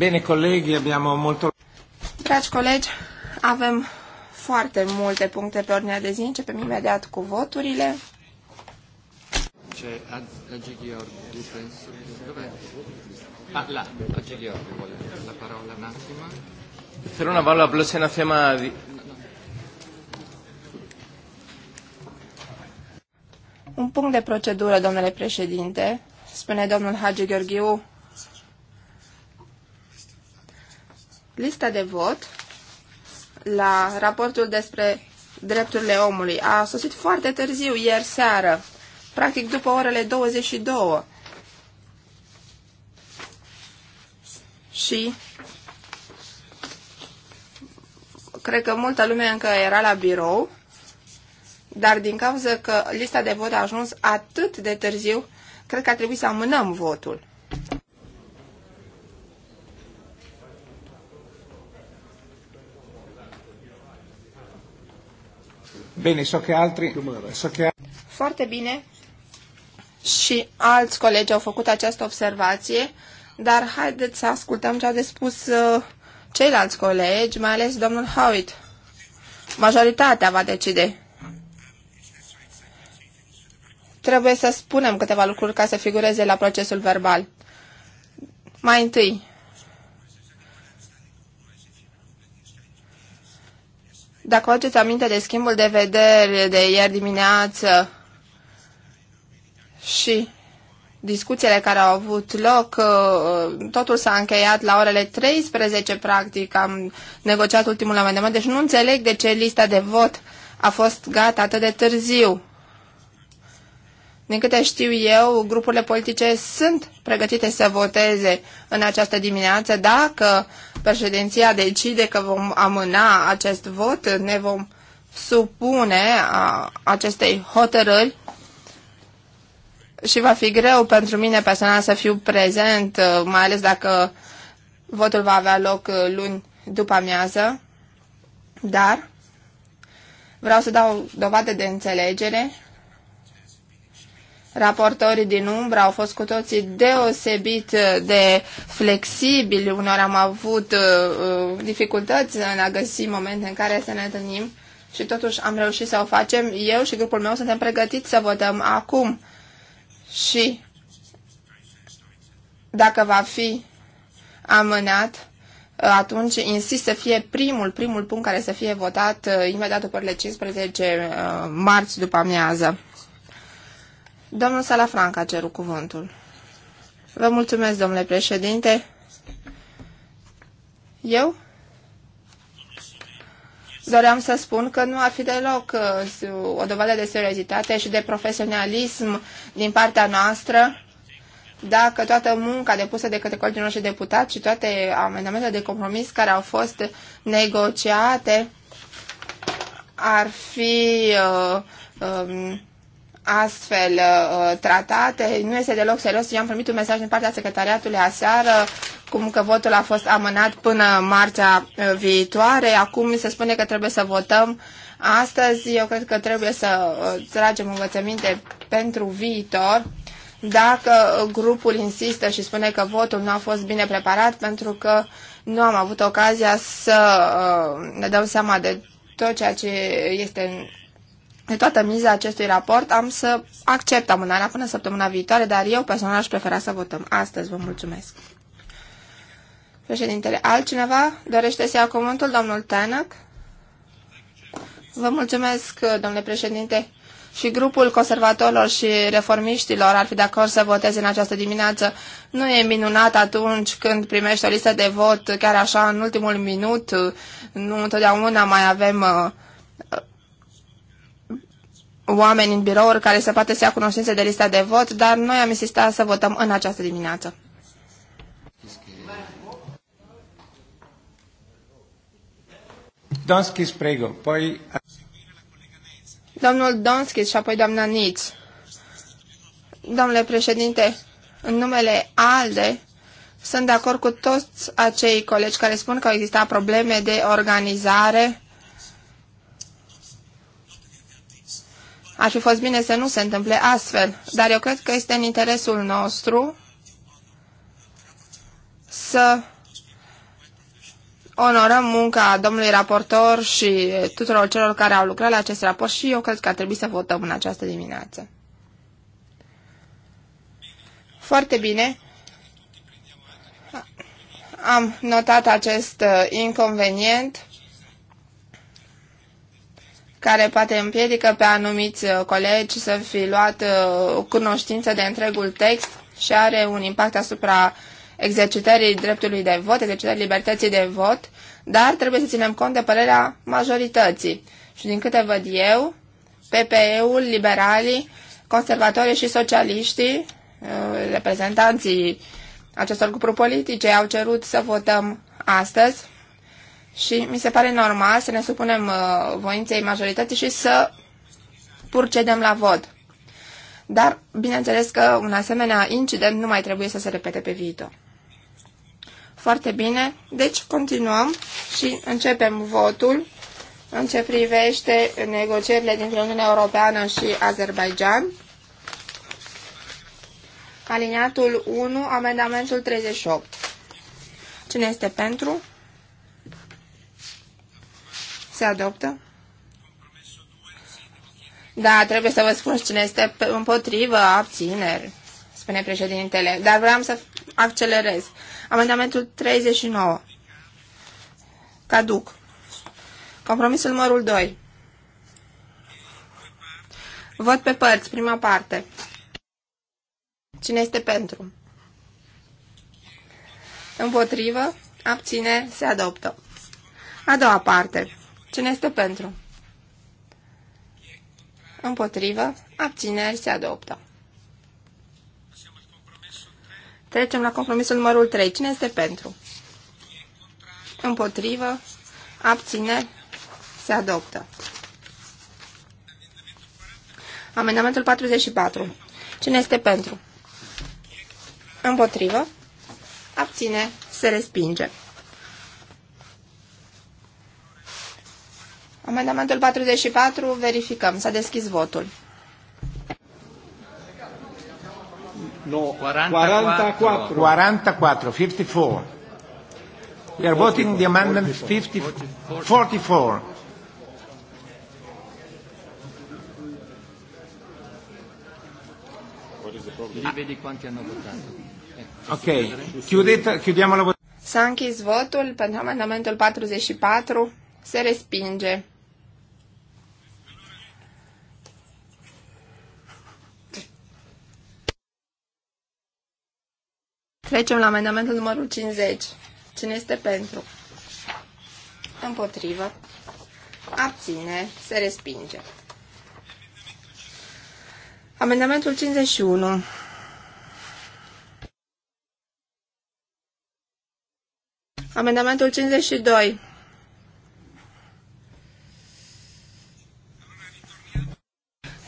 Bine, colegi, abbiamo molto... Dragi colegi, avem foarte multe puncte pe ordinea de zi. Începem imediat cu voturile. C'è Agi Gheorghe, penso. Ah, Gheorghe vuole la parola un attimo. Per una parola di... Un punct de procedură, domnule președinte, spune domnul Hagi Gheorghiu, Lista de vot la raportul despre drepturile omului a sosit foarte târziu, ieri seară, practic după orele 22. Și cred că multă lume încă era la birou, dar din cauza că lista de vot a ajuns atât de târziu, cred că a trebuit să amânăm votul. Bine, so că altri... So că. Foarte bine. Și alți colegi au făcut această observație, dar haideți să ascultăm ce au de spus uh, ceilalți colegi, mai ales domnul Howitt. Majoritatea va decide. Trebuie să spunem câteva lucruri ca să figureze la procesul verbal. Mai întâi, Dacă vă aduceți aminte de schimbul de vedere de ieri dimineață și discuțiile care au avut loc, uh, totul s-a încheiat la orele 13, practic, am negociat ultimul amendament, deci nu înțeleg de ce lista de vot a fost gata atât de târziu. Din câte știu eu, grupurile politice sunt pregătite să voteze în această dimineață dacă uh, președinția decide că vom amâna acest vot, ne vom supune a acestei hotărâri și va fi greu pentru mine personal să fiu prezent, mai ales dacă votul va avea loc luni după amiază, dar vreau să dau dovadă de înțelegere Raportorii din umbră au fost cu toții deosebit de flexibili, unor am avut uh, uh, dificultăți în a găsi momente în care să ne întâlnim și totuși am reușit să o facem. Eu și grupul meu suntem pregătiți să votăm acum și dacă va fi amânat, uh, atunci insist să fie primul, primul punct care să fie votat uh, imediat după le 15 marți după amiază. Domnul Salafranca a cerut cuvântul. Vă mulțumesc, domnule președinte. Eu? Doream să spun că nu ar fi deloc uh, o dovadă de seriozitate și de profesionalism din partea noastră dacă toată munca depusă de către colegii noștri deputați și toate amendamentele de compromis care au fost negociate ar fi uh, um, astfel uh, tratate. Nu este deloc serios. Eu am primit un mesaj din partea secretariatului aseară, cum că votul a fost amânat până marțea uh, viitoare. Acum se spune că trebuie să votăm astăzi. Eu cred că trebuie să uh, tragem învățăminte pentru viitor. Dacă grupul insistă și spune că votul nu a fost bine preparat pentru că nu am avut ocazia să uh, ne dăm seama de tot ceea ce este de toată miza acestui raport am să accept amânarea până săptămâna viitoare, dar eu personal aș prefera să votăm astăzi. Vă mulțumesc. Președintele, altcineva dorește să ia cuvântul, domnul Tanak? Vă mulțumesc, domnule președinte. Și grupul conservatorilor și reformiștilor ar fi de acord să voteze în această dimineață. Nu e minunat atunci când primești o listă de vot, chiar așa, în ultimul minut, nu întotdeauna mai avem uh, oameni în birouri care să poată să ia cunoștință de lista de vot, dar noi am insistat să votăm în această dimineață. Donskis, prego. Poi... Domnul Donskis și apoi doamna Nitz. Domnule președinte, în numele ALDE, sunt de acord cu toți acei colegi care spun că au existat probleme de organizare Ar fi fost bine să nu se întâmple astfel, dar eu cred că este în interesul nostru să onorăm munca domnului raportor și tuturor celor care au lucrat la acest raport și eu cred că ar trebui să votăm în această dimineață. Foarte bine. Am notat acest uh, inconvenient care poate împiedică pe anumiți uh, colegi să fi luat uh, cunoștință de întregul text și are un impact asupra exercitării dreptului de vot, exercitării libertății de vot, dar trebuie să ținem cont de părerea majorității. Și din câte văd eu, PPE-ul, liberalii, conservatorii și socialiștii, uh, reprezentanții acestor grupuri politice, au cerut să votăm astăzi și mi se pare normal să ne supunem uh, voinței majorității și să procedem la vot. Dar, bineînțeles că un asemenea incident nu mai trebuie să se repete pe viitor. Foarte bine, deci continuăm și începem votul în ce privește negocierile dintre Uniunea Europeană și Azerbaijan. Aliniatul 1, amendamentul 38. Cine este pentru? Se adoptă? Da, trebuie să vă spun cine este împotrivă, abțineri, spune președintele. Dar vreau să accelerez. Amendamentul 39. Caduc. Compromisul numărul 2. Vot pe părți, prima parte. Cine este pentru? Împotrivă, abține, se adoptă. A doua parte. Cine este pentru? Împotrivă. Abțineri se adoptă. Trecem la compromisul numărul 3. Cine este pentru? Împotrivă. Abțineri se adoptă. Amendamentul 44. Cine este pentru? Împotrivă. Abține. Se respinge. Amendamentul 44, verificăm. S-a deschis votul. No, 44. 44, 54. We are voting the amendment 50, 44. Ok, Chiudete, chiudiamo la votazione. S-a închis votul pentru amendamentul 44. Se respinge. Trecem la amendamentul numărul 50. Cine este pentru? Împotrivă. Abține. Se respinge. Amendamentul 51. Amendamentul 52.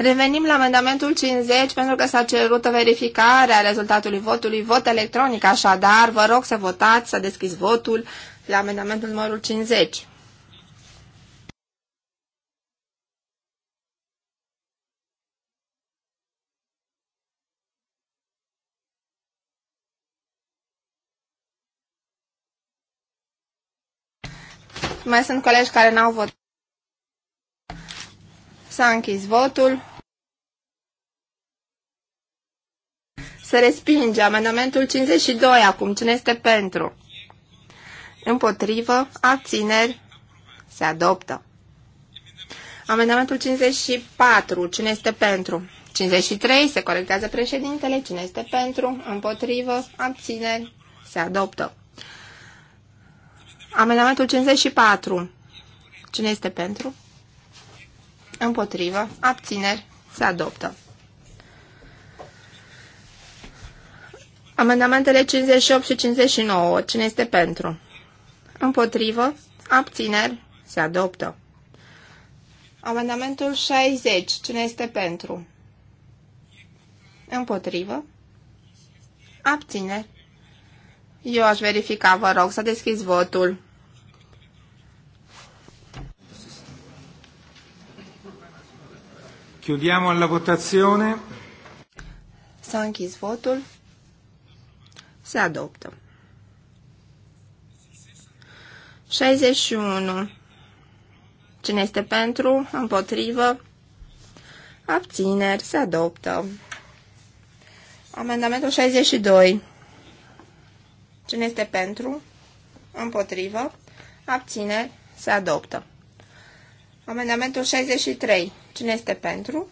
Revenim la amendamentul 50 pentru că s-a cerut verificarea rezultatului votului, vot electronic așadar. Vă rog să votați, să deschizi votul la amendamentul numărul 50. Mai sunt colegi care n-au votat. S-a închis votul. Se respinge amendamentul 52 acum. Cine este pentru? Împotrivă. Abțineri. Se adoptă. Amendamentul 54. Cine este pentru? 53. Se corectează președintele. Cine este pentru? Împotrivă. Abțineri. Se adoptă. Amendamentul 54. Cine este pentru? Împotrivă. Abțineri. Se adoptă. Amendamentele 58 și 59. Cine este pentru? Împotrivă. Abțineri. Se adoptă. Amendamentul 60. Cine este pentru? Împotrivă. Abțineri. Eu aș verifica, vă rog, să deschizi votul. Chiudiamo la votazione. S-a închis votul. Se adoptă. 61. Cine este pentru, împotrivă, abțineri, se adoptă. Amendamentul 62. Cine este pentru, împotrivă, abțineri, se adoptă. Amendamentul 63. Cine este pentru,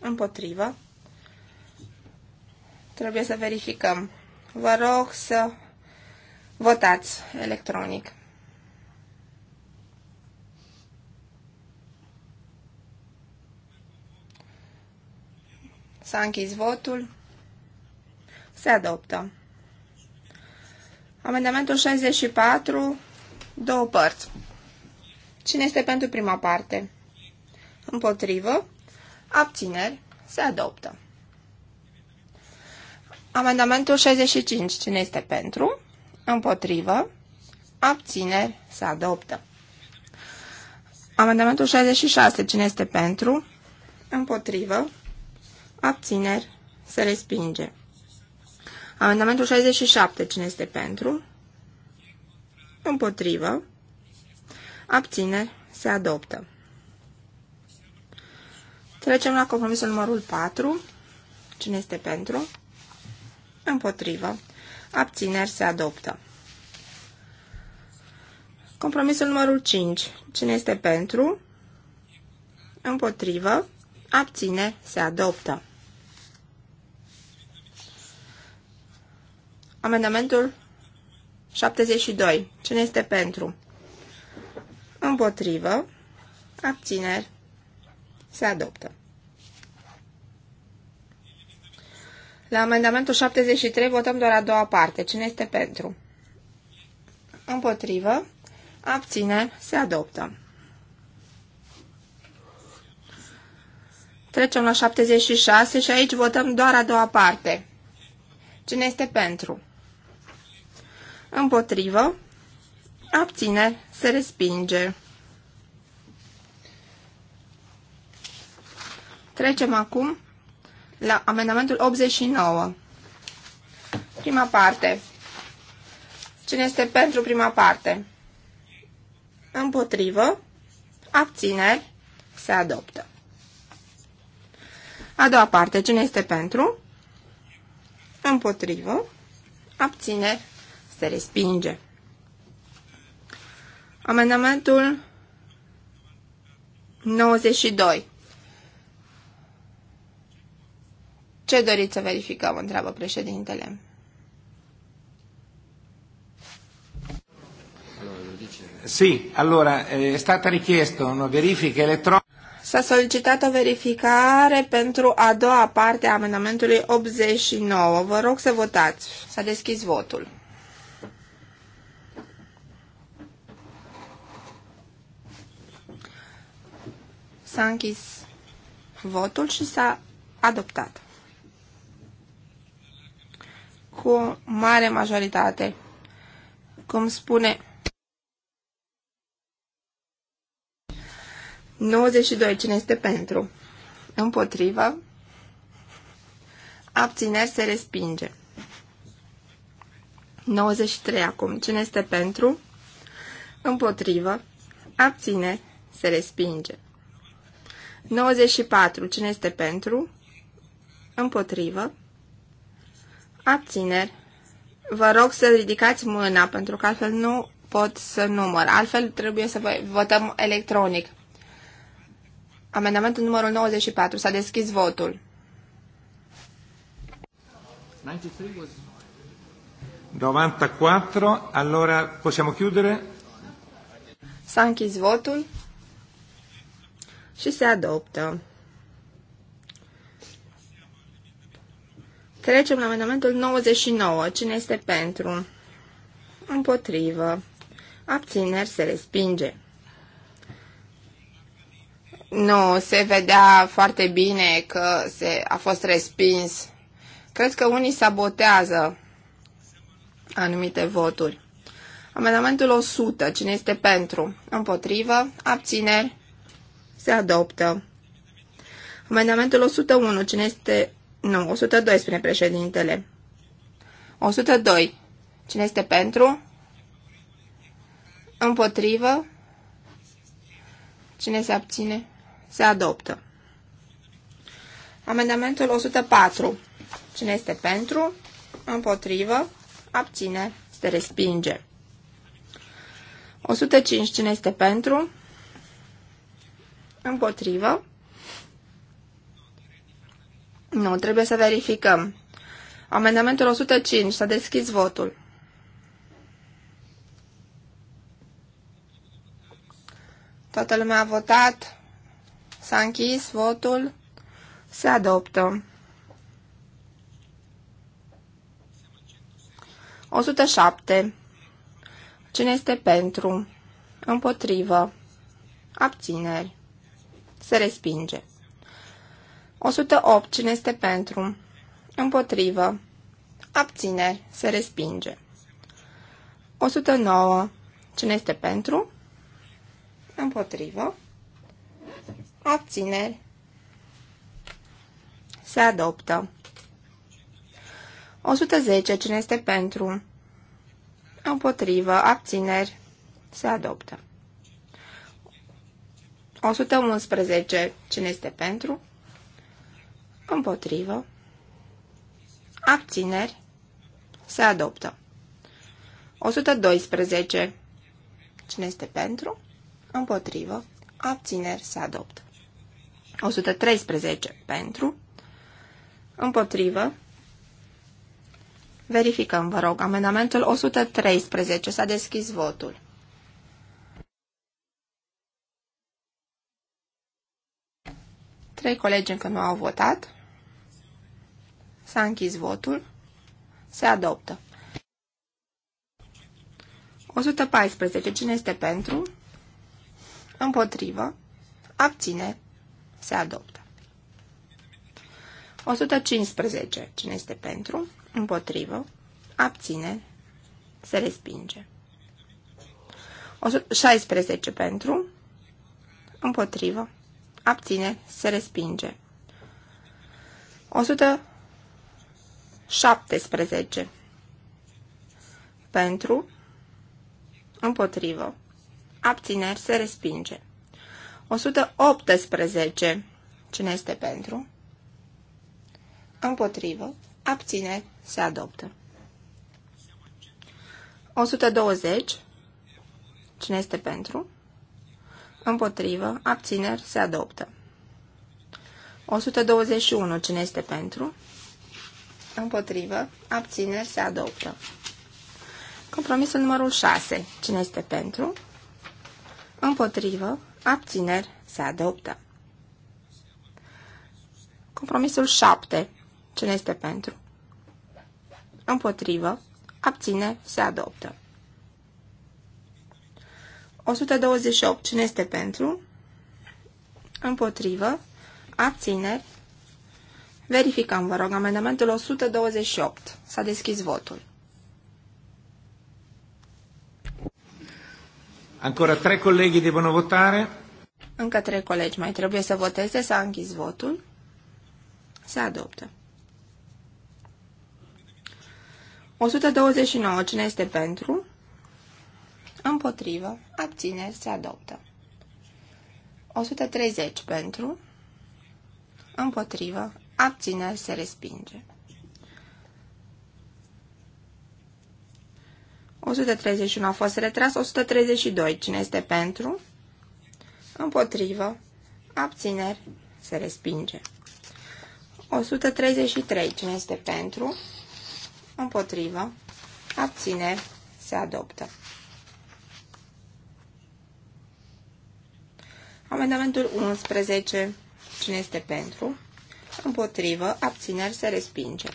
împotrivă, Trebuie să verificăm. Vă rog să votați electronic. S-a închis votul. Se adoptă. Amendamentul 64, două părți. Cine este pentru prima parte? Împotrivă. Abțineri. Se adoptă. Amendamentul 65. Cine este pentru? Împotrivă. Abțineri. Se adoptă. Amendamentul 66. Cine este pentru? Împotrivă. Abțineri. Se respinge. Amendamentul 67. Cine este pentru? Împotrivă. Abțineri. Se adoptă. Trecem la compromisul numărul 4. Cine este pentru? împotrivă, abțineri se adoptă. Compromisul numărul 5. Cine este pentru? Împotrivă, abține, se adoptă. Amendamentul 72. Cine este pentru? Împotrivă, abțineri, se adoptă. La amendamentul 73 votăm doar a doua parte. Cine este pentru? Împotrivă. Abține. Se adoptă. Trecem la 76 și aici votăm doar a doua parte. Cine este pentru? Împotrivă. Abține. Se respinge. Trecem acum la amendamentul 89. Prima parte. Cine este pentru prima parte? Împotrivă. Abțineri. Se adoptă. A doua parte. Cine este pentru? Împotrivă. Abțineri. Se respinge. Amendamentul 92. Ce doriți să verificăm, întreabă președintele. Sì, allora eh, è stata richiesta una verifica elettronica. S-a solicitat o verificare pentru a doua parte a amendamentului 89. Vă rog să votați. S-a deschis votul. S-a închis votul și s-a adoptat cu mare majoritate. Cum spune 92. Cine este pentru? Împotrivă. Abțineri se respinge. 93 acum. Cine este pentru? Împotrivă. Abține. se respinge. 94. Cine este pentru? Împotrivă. Abțineri. Vă rog să ridicați mâna, pentru că altfel nu pot să număr. Altfel trebuie să votăm electronic. Amendamentul numărul 94. S-a deschis votul. 94. Allora possiamo chiudere? S-a închis votul și se adoptă. Trecem la amendamentul 99. Cine este pentru? Împotrivă. Abțineri se respinge. Nu, se vedea foarte bine că se, a fost respins. Cred că unii sabotează anumite voturi. Amendamentul 100. Cine este pentru? Împotrivă. Abțineri. Se adoptă. Amendamentul 101. Cine este nu, 102, spune președintele. 102. Cine este pentru? Împotrivă? Cine se abține? Se adoptă. Amendamentul 104. Cine este pentru? Împotrivă? Abține? Se respinge. 105. Cine este pentru? Împotrivă? Nu, trebuie să verificăm. Amendamentul 105. S-a deschis votul. Toată lumea a votat. S-a închis votul. Se adoptă. 107. Cine este pentru? Împotrivă. Abțineri. Se respinge. 108. Cine este pentru? Împotrivă. Abțineri. Se respinge. 109. Cine este pentru? Împotrivă. Abțineri. Se adoptă. 110. Cine este pentru? Împotrivă. Abțineri. Se adoptă. 111. Cine este pentru? împotrivă, abțineri, se adoptă. 112. Cine este pentru? Împotrivă, abțineri, se adoptă. 113. Pentru, împotrivă, verificăm, vă rog, amendamentul 113, s-a deschis votul. Trei colegi încă nu au votat. S-a închis votul. Se adoptă. 114. Cine este pentru? Împotrivă. Abține. Se adoptă. 115. Cine este pentru? Împotrivă. Abține. Se respinge. 116. pentru. Împotrivă. Abține. Se respinge. 100 17. Pentru, împotrivă, abțineri se respinge. 118. Cine este pentru? Împotrivă, abțineri se adoptă. 120. Cine este pentru? Împotrivă, abțineri se adoptă. 121. Cine este pentru? Împotrivă. Abțineri se adoptă. Compromisul numărul 6. Cine este pentru? Împotrivă. Abțineri se adoptă. Compromisul 7. Cine este pentru? Împotrivă. Abține. Se adoptă. 128. Cine este pentru? Împotrivă. Abțineri. Verificăm, vă rog, amendamentul 128. S-a deschis votul. Ancora trei colleghi devono votare. Încă trei colegi mai trebuie să voteze, s-a închis votul. Se adoptă. 129. Cine este pentru? Împotrivă. Abțineri. Se adoptă. 130. Pentru. Împotrivă abțineri se respinge. 131 a fost retras, 132. Cine este pentru? Împotrivă. Abțineri. Se respinge. 133. Cine este pentru? Împotrivă. Abțineri. Se adoptă. Amendamentul 11. Cine este pentru? împotrivă, abțineri, se respinge.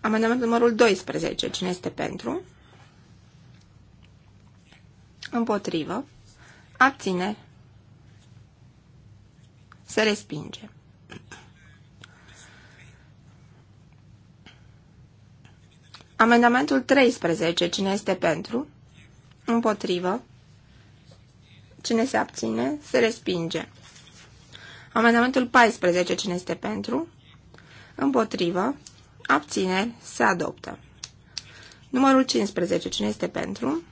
Amendamentul numărul 12. Cine este pentru? Împotrivă. Abține. Se respinge. Amendamentul 13. Cine este pentru? Împotrivă. Cine se abține? Se respinge. Amendamentul 14. Cine este pentru? Împotrivă. abține, Se adoptă. Numărul 15. Cine este pentru?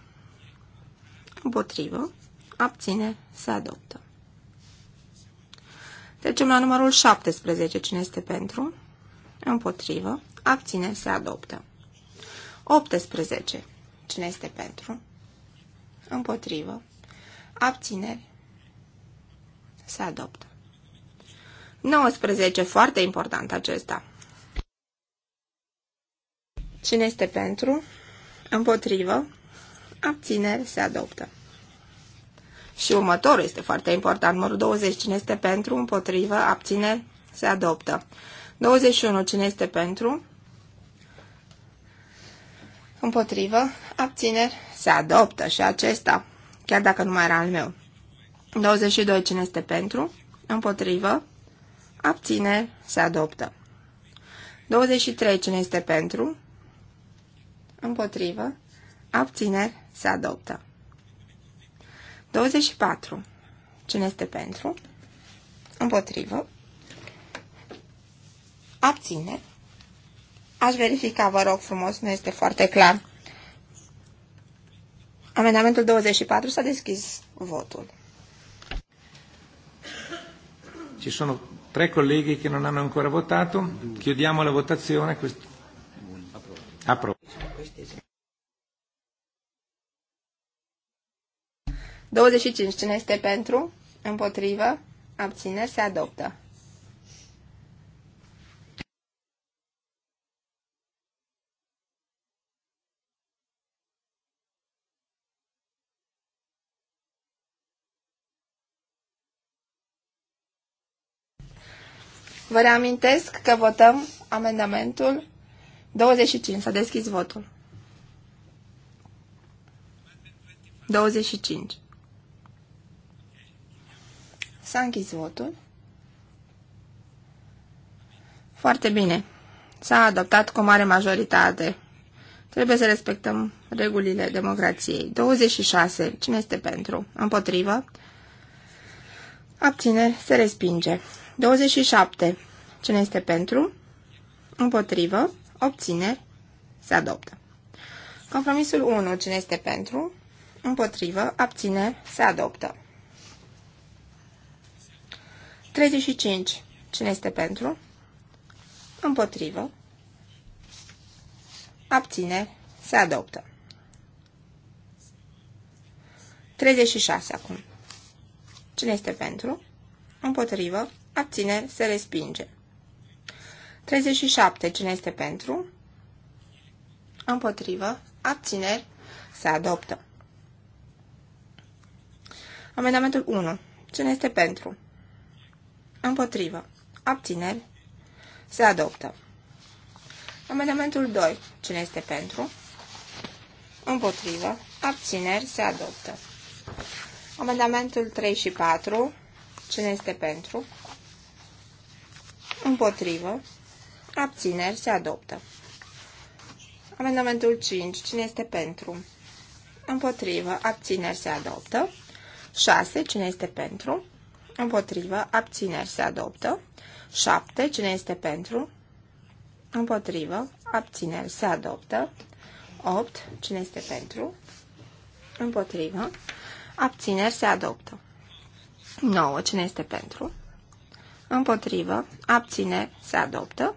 Împotrivă. abține, Se adoptă. Trecem la numărul 17. Cine este pentru? Împotrivă. abține, Se adoptă. 18. Cine este pentru? Împotrivă. abține, Se adoptă. 19, foarte important acesta. Cine este pentru? Împotrivă? Abțineri se adoptă. Și următorul este foarte important, numărul 20. Cine este pentru? Împotrivă? Abțineri se adoptă. 21. Cine este pentru? Împotrivă? Abțineri se adoptă și acesta, chiar dacă nu mai era al meu. 22. Cine este pentru? Împotrivă? Abține, Se adoptă. 23. Cine este pentru? Împotrivă. Abțineri. Se adoptă. 24. Cine este pentru? Împotrivă. abține. Aș verifica, vă rog frumos, nu este foarte clar. Amendamentul 24 s-a deschis votul. Ci sono Tre colleghi che non hanno ancora votato. Chiudiamo la votazione. Approvato. 25. Cine este pentru? Împotrivă? Abțineri? Se adoptă. Vă reamintesc că votăm amendamentul 25. S-a deschis votul. 25. S-a închis votul. Foarte bine. S-a adoptat cu mare majoritate. Trebuie să respectăm regulile democrației. 26. Cine este pentru? Împotrivă? Abține. Se respinge. 27. Cine este pentru? Împotrivă. Obțineri. Se adoptă. Compromisul 1. Cine este pentru? Împotrivă. Abțineri. Se adoptă. 35. Cine este pentru? Împotrivă. Abțineri. Se adoptă. 36 acum. Cine este pentru? Împotrivă abțineri, se respinge. 37. Cine este pentru? Împotrivă, abțineri, se adoptă. Amendamentul 1. Cine este pentru? Împotrivă, abțineri, se adoptă. Amendamentul 2. Cine este pentru? Împotrivă. Abțineri. Se adoptă. Amendamentul 3 și 4. Cine este pentru? Împotrivă. Abțineri. Se adoptă. Amendamentul 5. Cine este pentru? Împotrivă. Abțineri. Se adoptă. 6. Cine este pentru? Împotrivă. Abțineri. Se adoptă. 7. Cine este pentru? Împotrivă. Abțineri. Se adoptă. 8. Cine este pentru? Împotrivă. Abțineri se adoptă. 9. Cine este pentru? împotrivă, abține, se adoptă.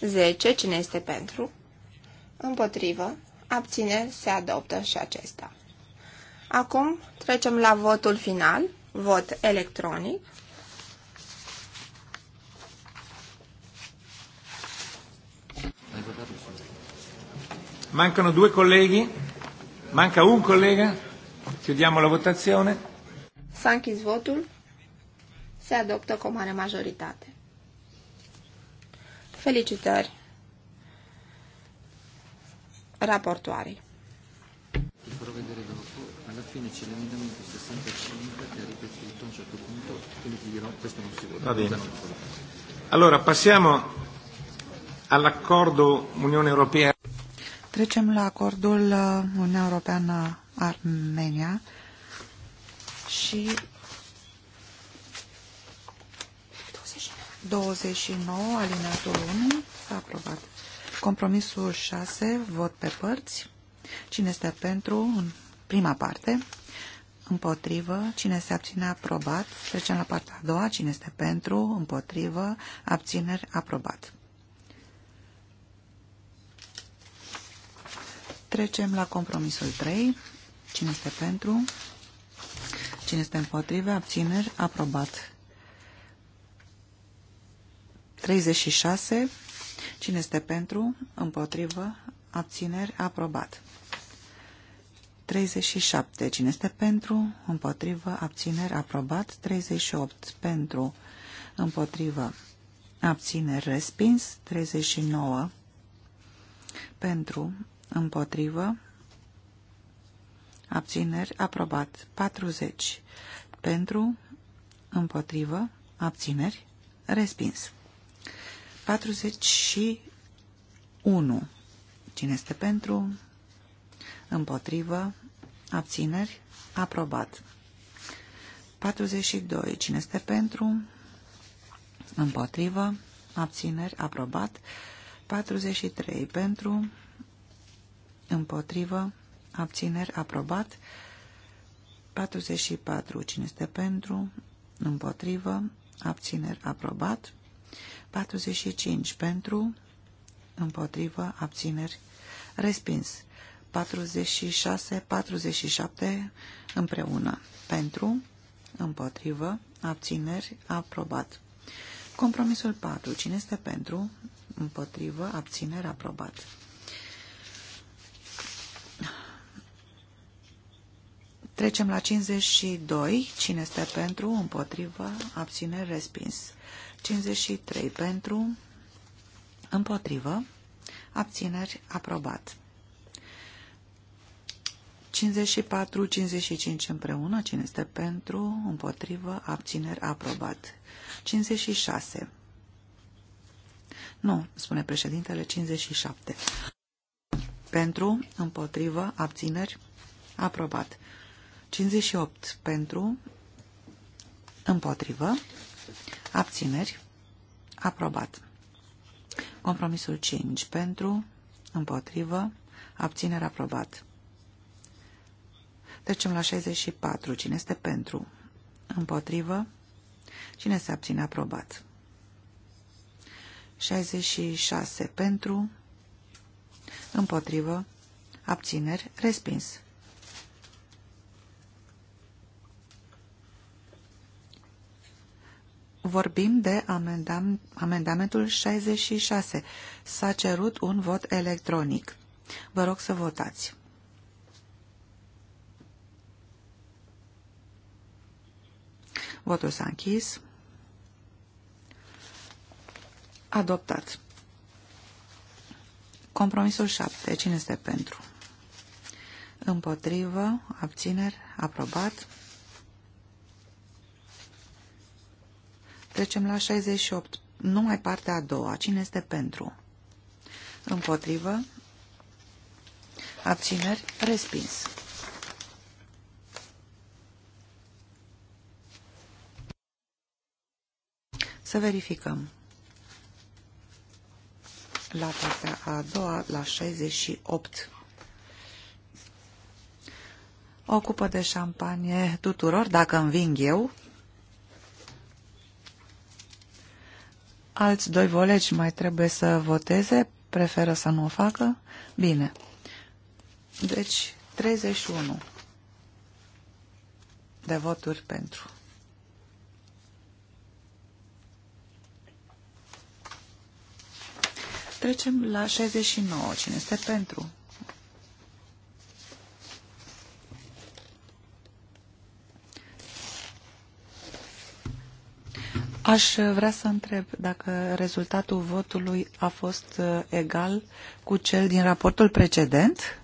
10. Cine este pentru? Împotrivă, abține, se adoptă și acesta. Acum trecem la votul final, vot electronic. Mancano due colleghi, manca un collega, chiudiamo la votazione. S-a închis votul se adoptă cu o mare majoritate. Felicitări raportoarei. Alla fine c'è l'emendamento 65 che ha ripetuto a un certo punto, quindi ti dirò questo non si vota. Va bene. Allora passiamo all'accordo Unione Europea. Trecem la acordul uh, Uniunea Europeană-Armenia și 29, alineatul 1, aprobat. Compromisul 6, vot pe părți. Cine este pentru în prima parte? Împotrivă. Cine se abține aprobat? Trecem la partea a doua. Cine este pentru? Împotrivă. Abțineri aprobat. Trecem la compromisul 3. Cine este pentru? Cine este împotrivă? Abțineri aprobat. 36. Cine este pentru? Împotrivă? Abțineri? Aprobat. 37. Cine este pentru? Împotrivă? Abțineri? Aprobat. 38. Pentru? Împotrivă? Abțineri? Respins. 39. Pentru? Împotrivă? Abțineri? Aprobat. 40. Pentru? Împotrivă? Abțineri? Respins. 41. Cine este pentru? Împotrivă? Abțineri? Aprobat. 42. Cine este pentru? Împotrivă? Abțineri? Aprobat. 43. Pentru? Împotrivă? Abțineri? Aprobat. 44. Cine este pentru? Împotrivă? Abțineri? Aprobat. 45 pentru, împotrivă, abțineri, respins. 46, 47 împreună, pentru, împotrivă, abțineri, aprobat. Compromisul 4. Cine este pentru, împotrivă, abțineri, aprobat. Trecem la 52. Cine este pentru, împotrivă, abțineri, respins. 53 pentru, împotrivă, abțineri, aprobat. 54-55 împreună, cine este pentru, împotrivă, abțineri, aprobat. 56. Nu, spune președintele, 57. Pentru, împotrivă, abțineri, aprobat. 58. Pentru, împotrivă, Abțineri. Aprobat. Compromisul 5. Pentru. Împotrivă. Abțineri. aprobat. Trecem la 64. Cine este pentru? Împotrivă. Cine se abține aprobat? 66. Pentru. Împotrivă. Abțineri. Respins. vorbim de amendam, amendamentul 66. S-a cerut un vot electronic. Vă rog să votați. Votul s-a închis. Adoptat. Compromisul 7. Cine este pentru? Împotrivă, abțineri, aprobat. Trecem la 68. Numai partea a doua. Cine este pentru? Împotrivă. Abțineri. Respins. Să verificăm. La partea a doua, la 68. Ocupă de șampanie tuturor, dacă înving eu. Alți doi voleci mai trebuie să voteze, preferă să nu o facă. Bine. Deci, 31 de voturi pentru. Trecem la 69. Cine este pentru? Aș vrea să întreb dacă rezultatul votului a fost uh, egal cu cel din raportul precedent.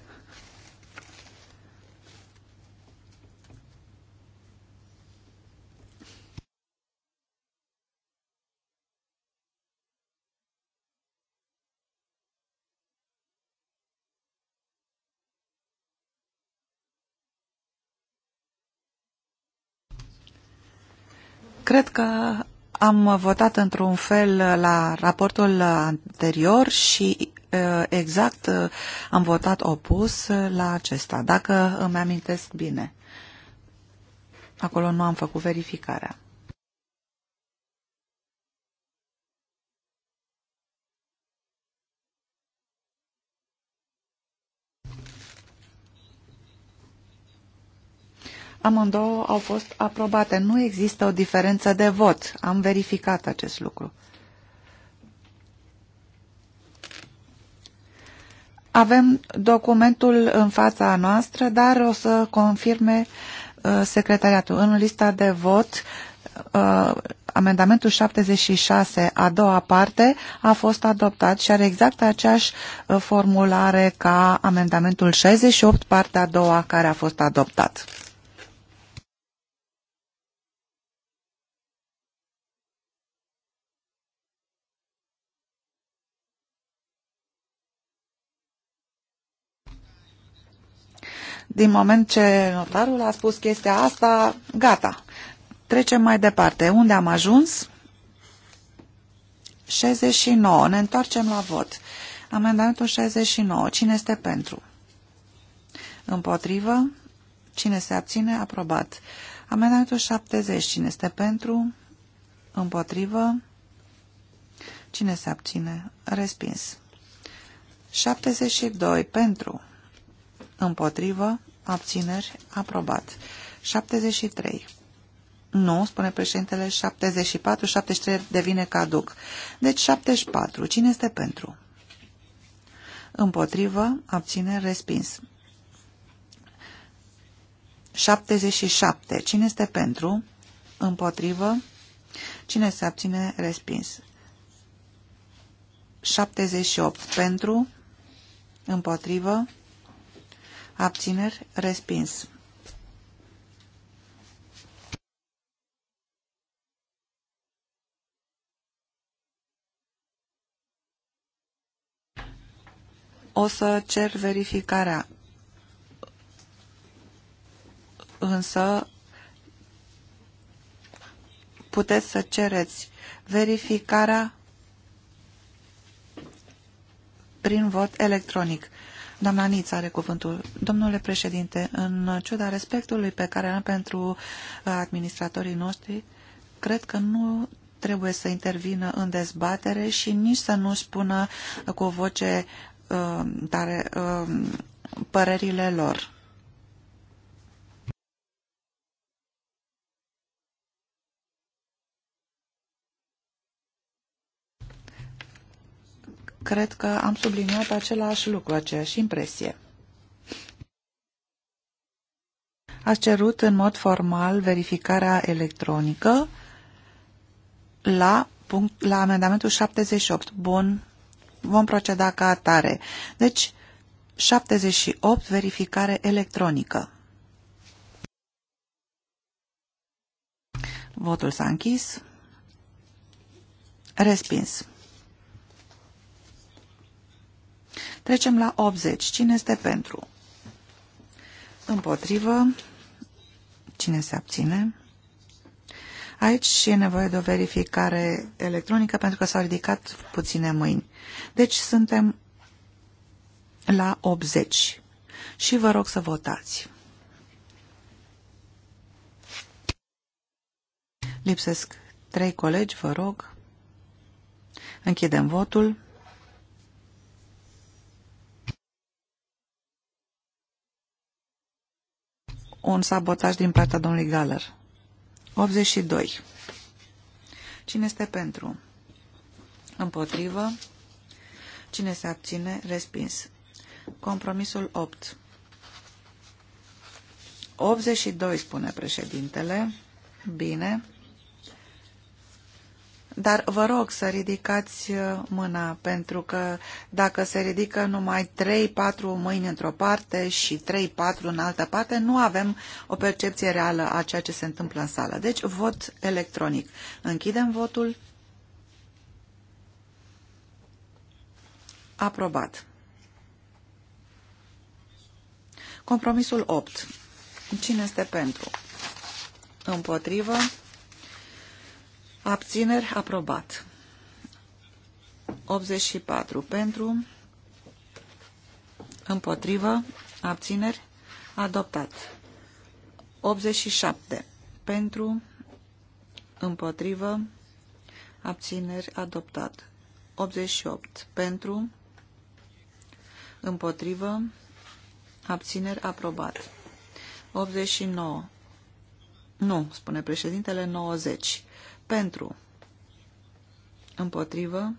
Cred că am votat într-un fel la raportul anterior și exact am votat opus la acesta, dacă îmi amintesc bine. Acolo nu am făcut verificarea. amândouă au fost aprobate. Nu există o diferență de vot. Am verificat acest lucru. Avem documentul în fața noastră, dar o să confirme uh, secretariatul. În lista de vot, uh, amendamentul 76, a doua parte, a fost adoptat și are exact aceeași uh, formulare ca amendamentul 68, partea a doua, care a fost adoptat. Din moment ce notarul a spus chestia asta, gata. Trecem mai departe. Unde am ajuns? 69. Ne întoarcem la vot. Amendamentul 69. Cine este pentru? Împotrivă? Cine se abține? Aprobat. Amendamentul 70. Cine este pentru? Împotrivă? Cine se abține? Respins. 72. Pentru împotrivă, abțineri, aprobat. 73. Nu, spune președintele, 74, 73 devine caduc. Deci 74. Cine este pentru? Împotrivă, abține, respins. 77. Cine este pentru? Împotrivă. Cine se abține? Respins. 78. Pentru. Împotrivă abțineri, respins. O să cer verificarea, însă puteți să cereți verificarea prin vot electronic. Doamna Niț are cuvântul. Domnule președinte, în ciuda respectului pe care am pentru uh, administratorii noștri, cred că nu trebuie să intervină în dezbatere și nici să nu spună cu o voce uh, tare uh, părerile lor. cred că am subliniat același lucru, aceeași impresie. Ați cerut în mod formal verificarea electronică la, punct, la amendamentul 78. Bun, vom proceda ca atare. Deci, 78, verificare electronică. Votul s-a închis. Respins. Trecem la 80. Cine este pentru? Împotrivă. Cine se abține? Aici e nevoie de o verificare electronică pentru că s-au ridicat puține mâini. Deci suntem la 80 și vă rog să votați. Lipsesc trei colegi, vă rog. Închidem votul. un sabotaj din partea domnului Galler. 82. Cine este pentru? Împotrivă. Cine se abține? Respins. Compromisul 8. 82, spune președintele. Bine. Dar vă rog să ridicați uh, mâna, pentru că dacă se ridică numai 3-4 mâini într-o parte și 3-4 în altă parte, nu avem o percepție reală a ceea ce se întâmplă în sală. Deci, vot electronic. Închidem votul. Aprobat. Compromisul 8. Cine este pentru? Împotrivă? Abțineri aprobat. 84 pentru, împotrivă, abțineri, adoptat. 87 pentru, împotrivă, abțineri, adoptat. 88 pentru, împotrivă, abțineri, aprobat. 89 nu, spune președintele, 90 pentru, împotrivă,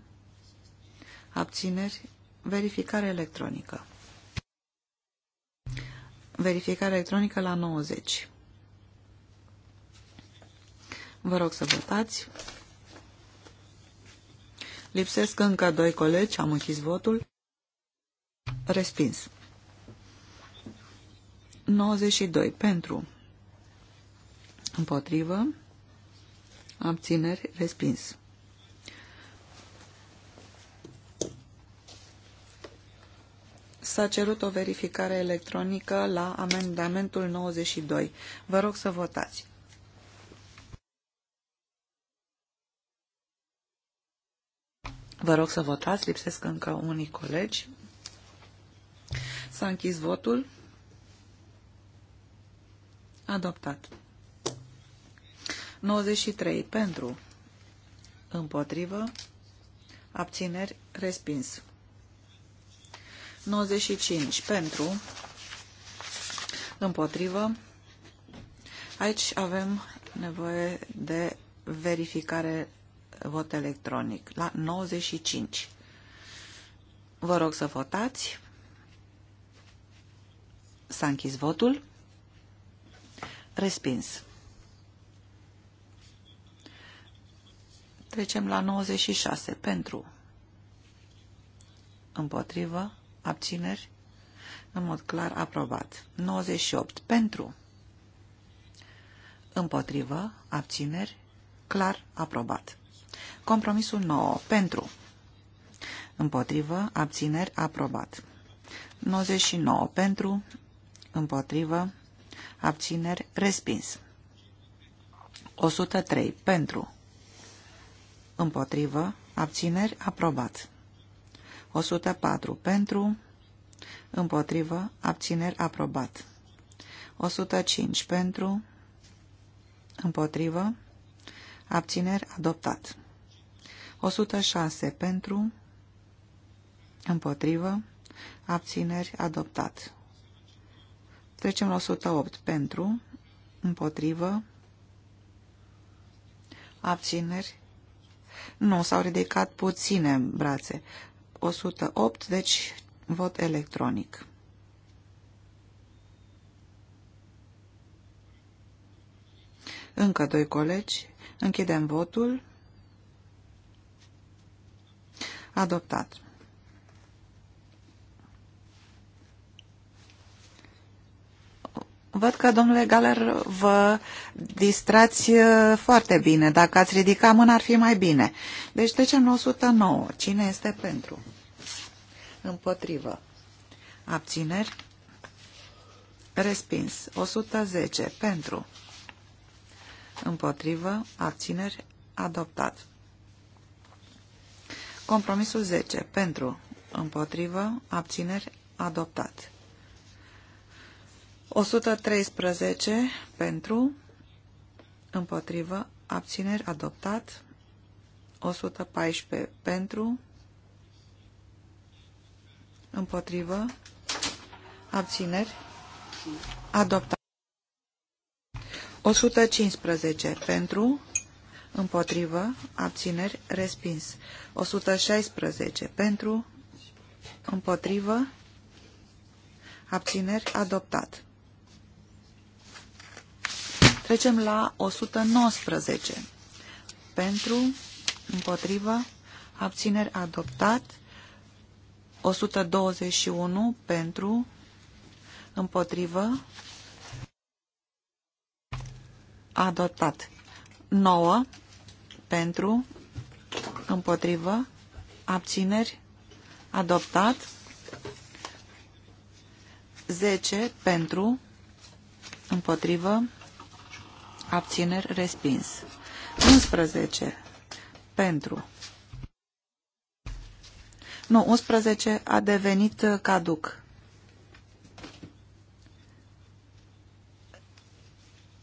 abțineri, verificare electronică. Verificare electronică la 90. Vă rog să votați. Lipsesc încă doi colegi, am închis votul. Respins. 92 pentru, împotrivă, abțineri, respins. S-a cerut o verificare electronică la amendamentul 92. Vă rog să votați. Vă rog să votați, lipsesc încă unii colegi. S-a închis votul. Adoptat. 93 pentru, împotrivă, abțineri, respins. 95 pentru, împotrivă. Aici avem nevoie de verificare vot electronic la 95. Vă rog să votați. S-a închis votul. Respins. Trecem la 96. Pentru. Împotrivă. Abțineri. În mod clar aprobat. 98. Pentru. Împotrivă. Abțineri. Clar aprobat. Compromisul 9. Pentru. Împotrivă. Abțineri. Aprobat. 99. Pentru. Împotrivă. Abțineri. Respins. 103. Pentru Împotrivă. Abțineri. Aprobat. 104 pentru. Împotrivă. Abțineri. Aprobat. 105 pentru. Împotrivă. Abțineri. Adoptat. 106 pentru. Împotrivă. Abțineri. Adoptat. Trecem la 108 pentru. Împotrivă. Abțineri. Nu, s-au ridicat puține brațe. 108, deci vot electronic. Încă doi colegi. Închidem votul. Adoptat. Văd că, domnule Galer, vă distrați uh, foarte bine. Dacă ați ridica mâna, ar fi mai bine. Deci trecem la 109. Cine este pentru? Împotrivă. Abțineri. Respins. 110. Pentru. Împotrivă. Abțineri. Adoptat. Compromisul 10. Pentru. Împotrivă. Abțineri. Adoptat. 113 pentru, împotrivă, abțineri, adoptat. 114 pentru, împotrivă, abțineri, adoptat. 115 pentru, împotrivă, abțineri, respins. 116 pentru, împotrivă, abțineri, adoptat. Trecem la 119. Pentru, împotrivă, abțineri adoptat. 121 pentru, împotrivă, adoptat. 9 pentru, împotrivă, abțineri, adoptat. 10 pentru, împotrivă, abțineri, respins. 11 pentru. Nu, 11 a devenit uh, caduc.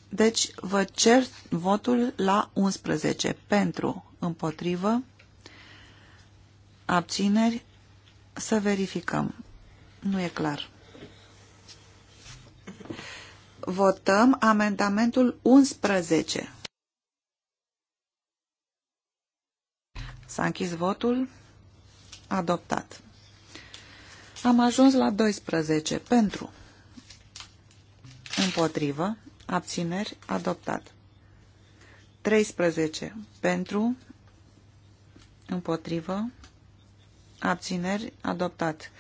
Deci vă cer votul la 11 pentru, împotrivă, abțineri, să verificăm. Nu e clar votăm amendamentul 11. S-a închis votul. Adoptat. Am ajuns la 12. Pentru. Împotrivă. Abțineri. Adoptat. 13. Pentru. Împotrivă. Abțineri. Adoptat.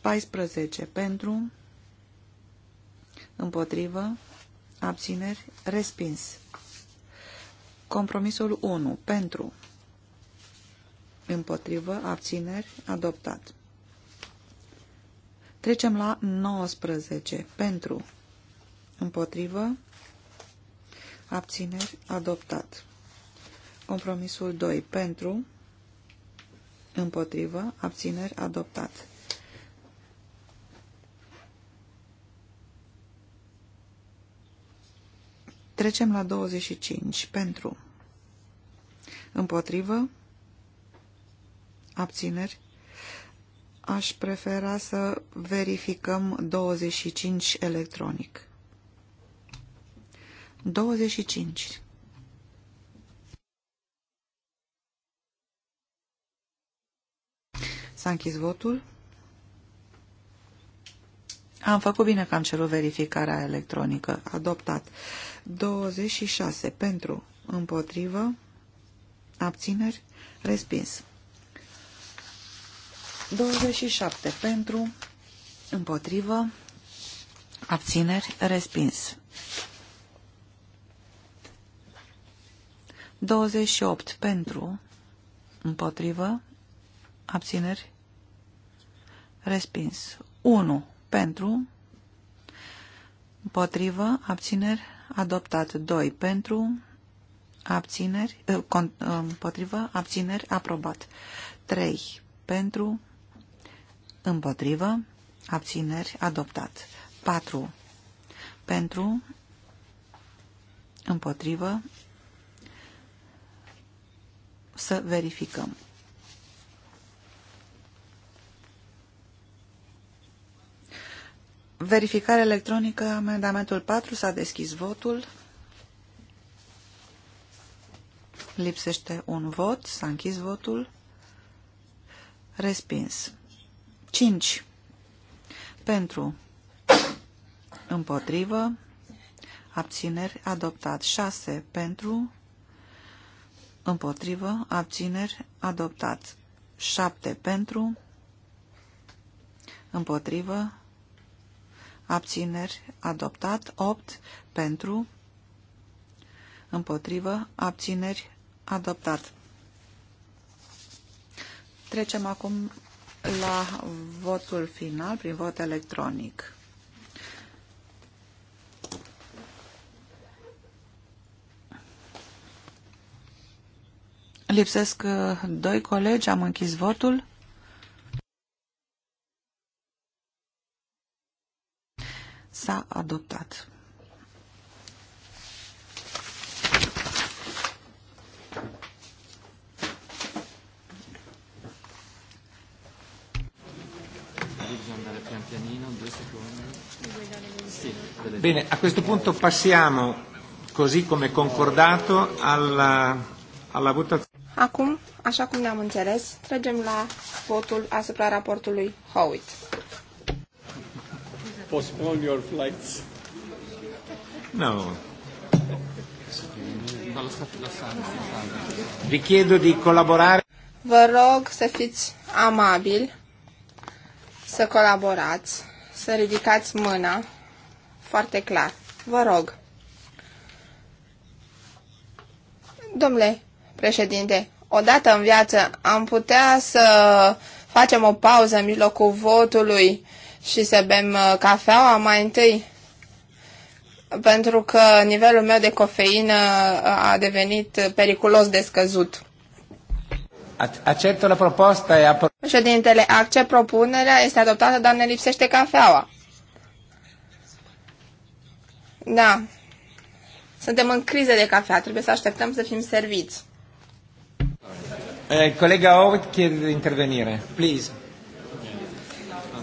14. Pentru împotrivă, abțineri, respins. Compromisul 1, pentru, împotrivă, abțineri, adoptat. Trecem la 19, pentru, împotrivă, abțineri, adoptat. Compromisul 2, pentru, împotrivă, abțineri, adoptat. Trecem la 25. Pentru. Împotrivă. Abțineri. Aș prefera să verificăm 25 electronic. 25. S-a închis votul. Am făcut bine că am cerut verificarea electronică. Adoptat. 26 pentru, împotrivă, abțineri, respins. 27 pentru, împotrivă, abțineri, respins. 28 pentru, împotrivă, abțineri, respins. 1 pentru, împotrivă, abțineri, adoptat 2 pentru, abțineri, eh, eh, împotrivă, abțineri, aprobat 3 pentru, împotrivă, abțineri, adoptat 4 pentru, împotrivă, să verificăm. Verificare electronică, amendamentul 4, s-a deschis votul. Lipsește un vot, s-a închis votul. Respins. 5. Pentru. Împotrivă. Abțineri. Adoptat. 6. Pentru. Împotrivă. Abțineri. Adoptat. 7. Pentru. Împotrivă abțineri, adoptat. 8 pentru, împotrivă, abțineri, adoptat. Trecem acum la votul final prin vot electronic. Lipsesc uh, doi colegi, am închis votul. S-a adoptat. Bene, a questo punto passiamo, così come concordato, alla, alla votazione. Acum, așa cum ne-am înțeles, trecem la votul asupra raportului Howitt postpone your flights? No. Vi chiedo di collaborare. Vă rog să fiți amabili, să colaborați, să ridicați mâna foarte clar. Vă rog. Domnule președinte, odată în viață am putea să facem o pauză în mijlocul votului și să bem uh, cafeaua mai întâi, pentru că nivelul meu de cofeină uh, a devenit periculos de scăzut. Acceptă la proposta e apro- Președintele, accept propunerea, este adoptată, dar ne lipsește cafeaua. Da. Suntem în criză de cafea, trebuie să așteptăm să fim serviți. Eh, colega Howard chiede intervenire. Please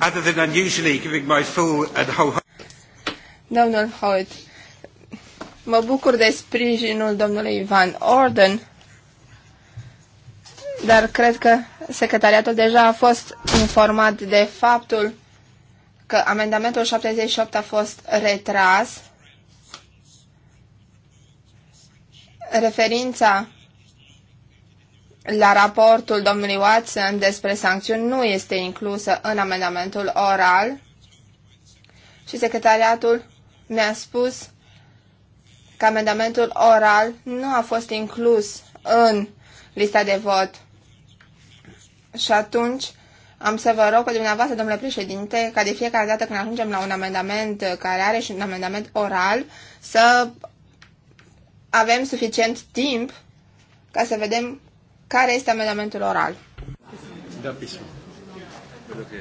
other than unusually giving my full and whole... Domnul Hoyt, mă bucur de sprijinul domnului Van Orden, dar cred că secretariatul deja a fost informat de faptul că amendamentul 78 a fost retras. Referința la raportul domnului Watson despre sancțiuni nu este inclusă în amendamentul oral și secretariatul mi-a spus că amendamentul oral nu a fost inclus în lista de vot. Și atunci am să vă rog pe dumneavoastră, domnule președinte, ca de fiecare dată când ajungem la un amendament care are și un amendament oral, să avem suficient timp ca să vedem care este amendamentul oral? Da, pismo. Quello che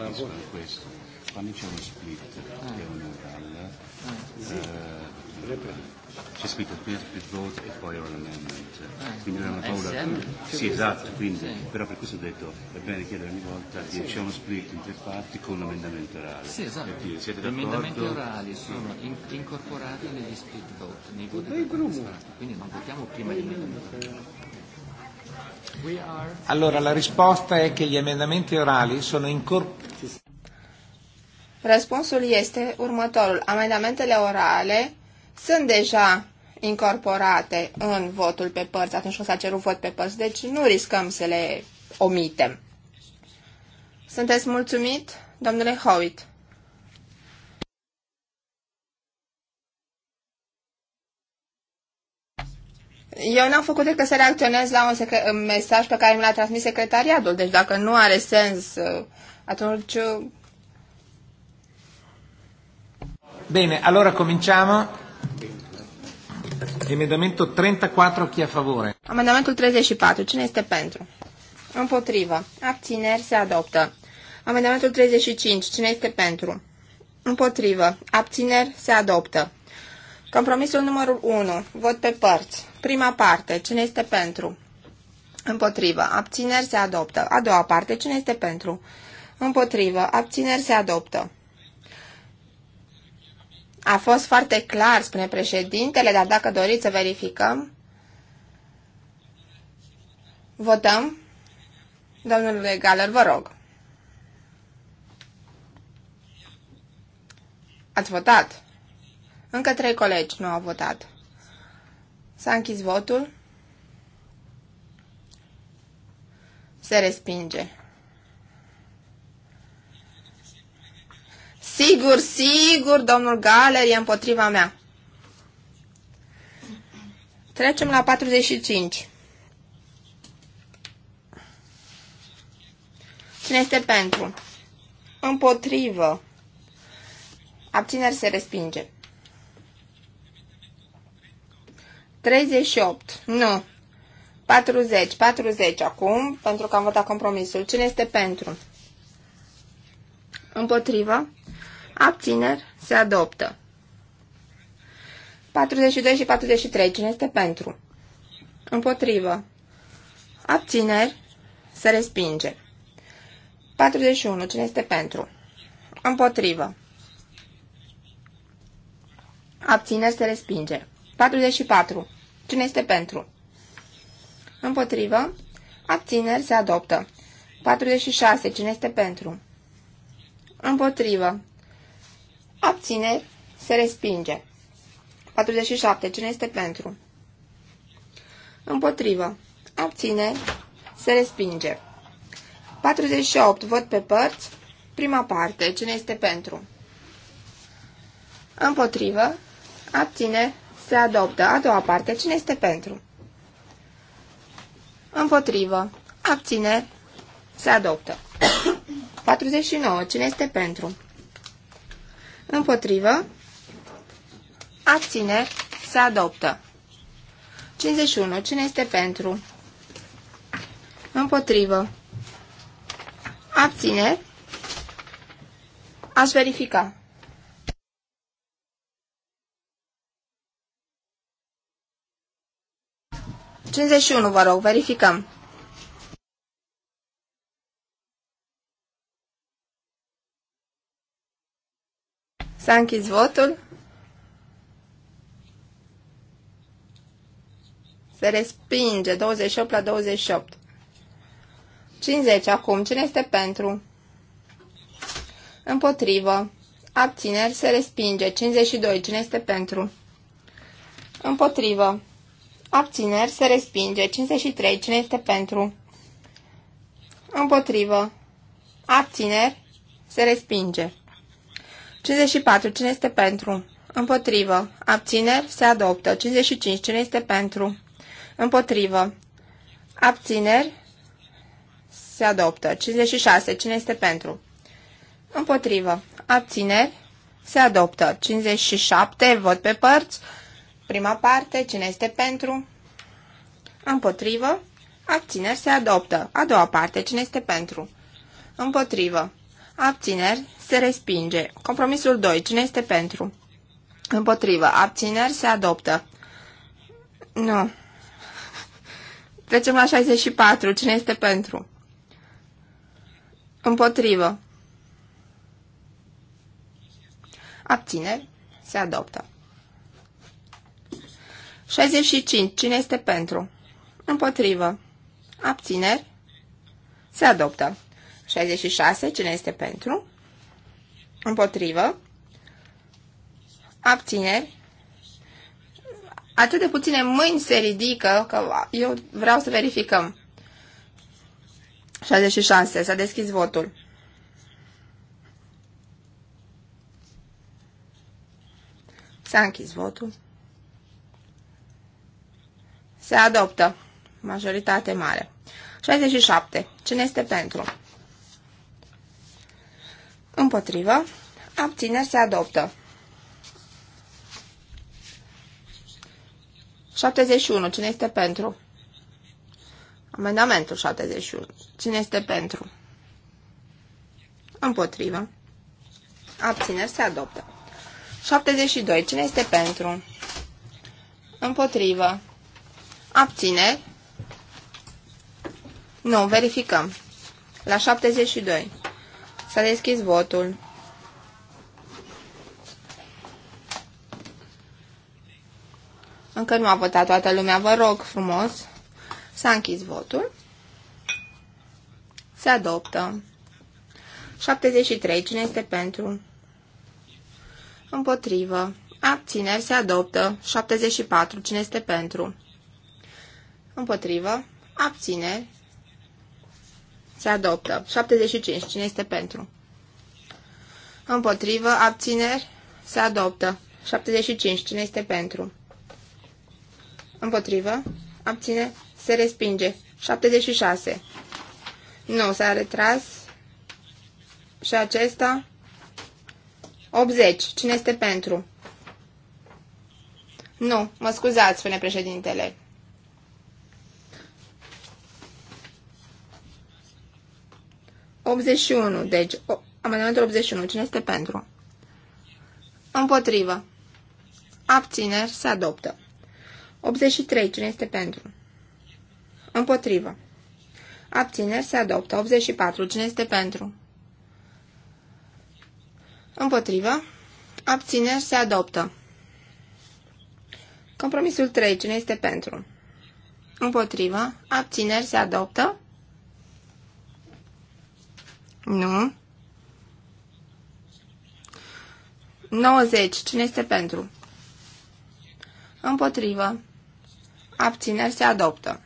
la, vot questo. Quando c'è uno split, ah. un oral, c'è scritto peer uh, split vote e poi un amendment. Ah, quindi era una paura. Sì, esatto, quindi, però per questo ho detto è bene chiedere ogni volta che c'è uno split in tre parti con un amendamento orale. Sì, esatto. Dire, siete Gli amendamenti orali sono in, incorporati negli split vote, nei voti quindi non votiamo prima gli emendamenti orali. Allora, la risposta è che gli emendamenti orali sono in Răspunsul este următorul. Amendamentele orale sunt deja incorporate în votul pe părți, atunci când s-a cerut vot pe părți, deci nu riscăm să le omitem. Sunteți mulțumit, domnule Howitt? Eu n-am făcut decât să reacționez la un, un mesaj pe care mi l-a transmis secretariatul. Deci dacă nu are sens, uh, atunci... Uh, Bine, allora cominciamo. Emendamentul 34, chi a favore? Amendamentul 34, cine este pentru? Împotrivă. Abțineri se adoptă. Amendamentul 35, cine este pentru? Împotrivă. Abțineri se adoptă. Compromisul numărul 1. Vot pe părți. Prima parte, cine este pentru? Împotrivă, abțineri se adoptă. A doua parte, cine este pentru? Împotrivă, abțineri se adoptă. A fost foarte clar, spune președintele, dar dacă doriți să verificăm, votăm. Domnule Galer, vă rog. Ați votat? Încă trei colegi nu au votat. S-a închis votul. Se respinge. Sigur, sigur, domnul Galer e împotriva mea. Trecem la 45. Cine este pentru? Împotrivă. Abțineri se respinge. 38. Nu. 40. 40 acum, pentru că am votat compromisul. Cine este pentru? Împotrivă. Abțineri. Se adoptă. 42 și 43. Cine este pentru? Împotrivă. Abțineri. Se respinge. 41. Cine este pentru? Împotrivă. Abțineri. Se respinge. 44. Cine este pentru? Împotrivă. Abțineri se adoptă. 46. Cine este pentru? Împotrivă. Abțineri se respinge. 47. Cine este pentru? Împotrivă. Abțineri se respinge. 48. Vot pe părți. Prima parte. Cine este pentru? Împotrivă. Abțineri se adoptă. A doua parte. Cine este pentru? Împotrivă. Abține. Se adoptă. 49. Cine este pentru? Împotrivă. Abține. Se adoptă. 51. Cine este pentru? Împotrivă. Abține. Aș verifica. 51, vă rog, verificăm. S-a închis votul. Se respinge 28 la 28. 50 acum. Cine este pentru? Împotrivă. Abțineri se respinge. 52. Cine este pentru? Împotrivă. Abțineri se respinge. 53. Cine este pentru? Împotrivă. Abțineri se respinge. 54. Cine este pentru? Împotrivă. Abțineri se adoptă. 55. Cine este pentru? Împotrivă. Abțineri se adoptă. 56. Cine este pentru? Împotrivă. Abțineri se adoptă. 57. Vot pe părți prima parte, cine este pentru, împotrivă, abțineri se adoptă. A doua parte, cine este pentru, împotrivă, abțineri se respinge. Compromisul 2, cine este pentru, împotrivă, abțineri se adoptă. Nu. Trecem la 64, cine este pentru? Împotrivă. Abțineri se adoptă. 65. Cine este pentru? Împotrivă. Abțineri. Se adoptă. 66. Cine este pentru? Împotrivă. Abțineri. Atât de puține mâini se ridică că eu vreau să verificăm. 66. S-a deschis votul. S-a închis votul. Se adoptă. Majoritate mare. 67. Cine este pentru? Împotrivă. Abțineri se adoptă. 71. Cine este pentru? Amendamentul 71. Cine este pentru? Împotrivă. Abțineri se adoptă. 72. Cine este pentru? Împotrivă. Abțineri. Nu, verificăm. La 72. S-a deschis votul. Încă nu a votat toată lumea, vă rog frumos. S-a închis votul. Se adoptă. 73. Cine este pentru? Împotrivă. Abțineri se adoptă. 74. Cine este pentru? Împotrivă. Abțineri. Se adoptă. 75. Cine este pentru? Împotrivă. Abțineri. Se adoptă. 75. Cine este pentru? Împotrivă. Abține. Se respinge. 76. Nu, s-a retras. Și acesta? 80. Cine este pentru? Nu, mă scuzați, spune președintele. 81. Deci, o, amendamentul 81. Cine este pentru? Împotrivă. Abțineri se adoptă. 83. Cine este pentru? Împotrivă. Abțineri se adoptă. 84. Cine este pentru? Împotrivă. Abțineri se adoptă. Compromisul 3. Cine este pentru? Împotrivă. Abțineri se adoptă. Nu. 90. Cine este pentru? Împotrivă. Abțineri se adoptă.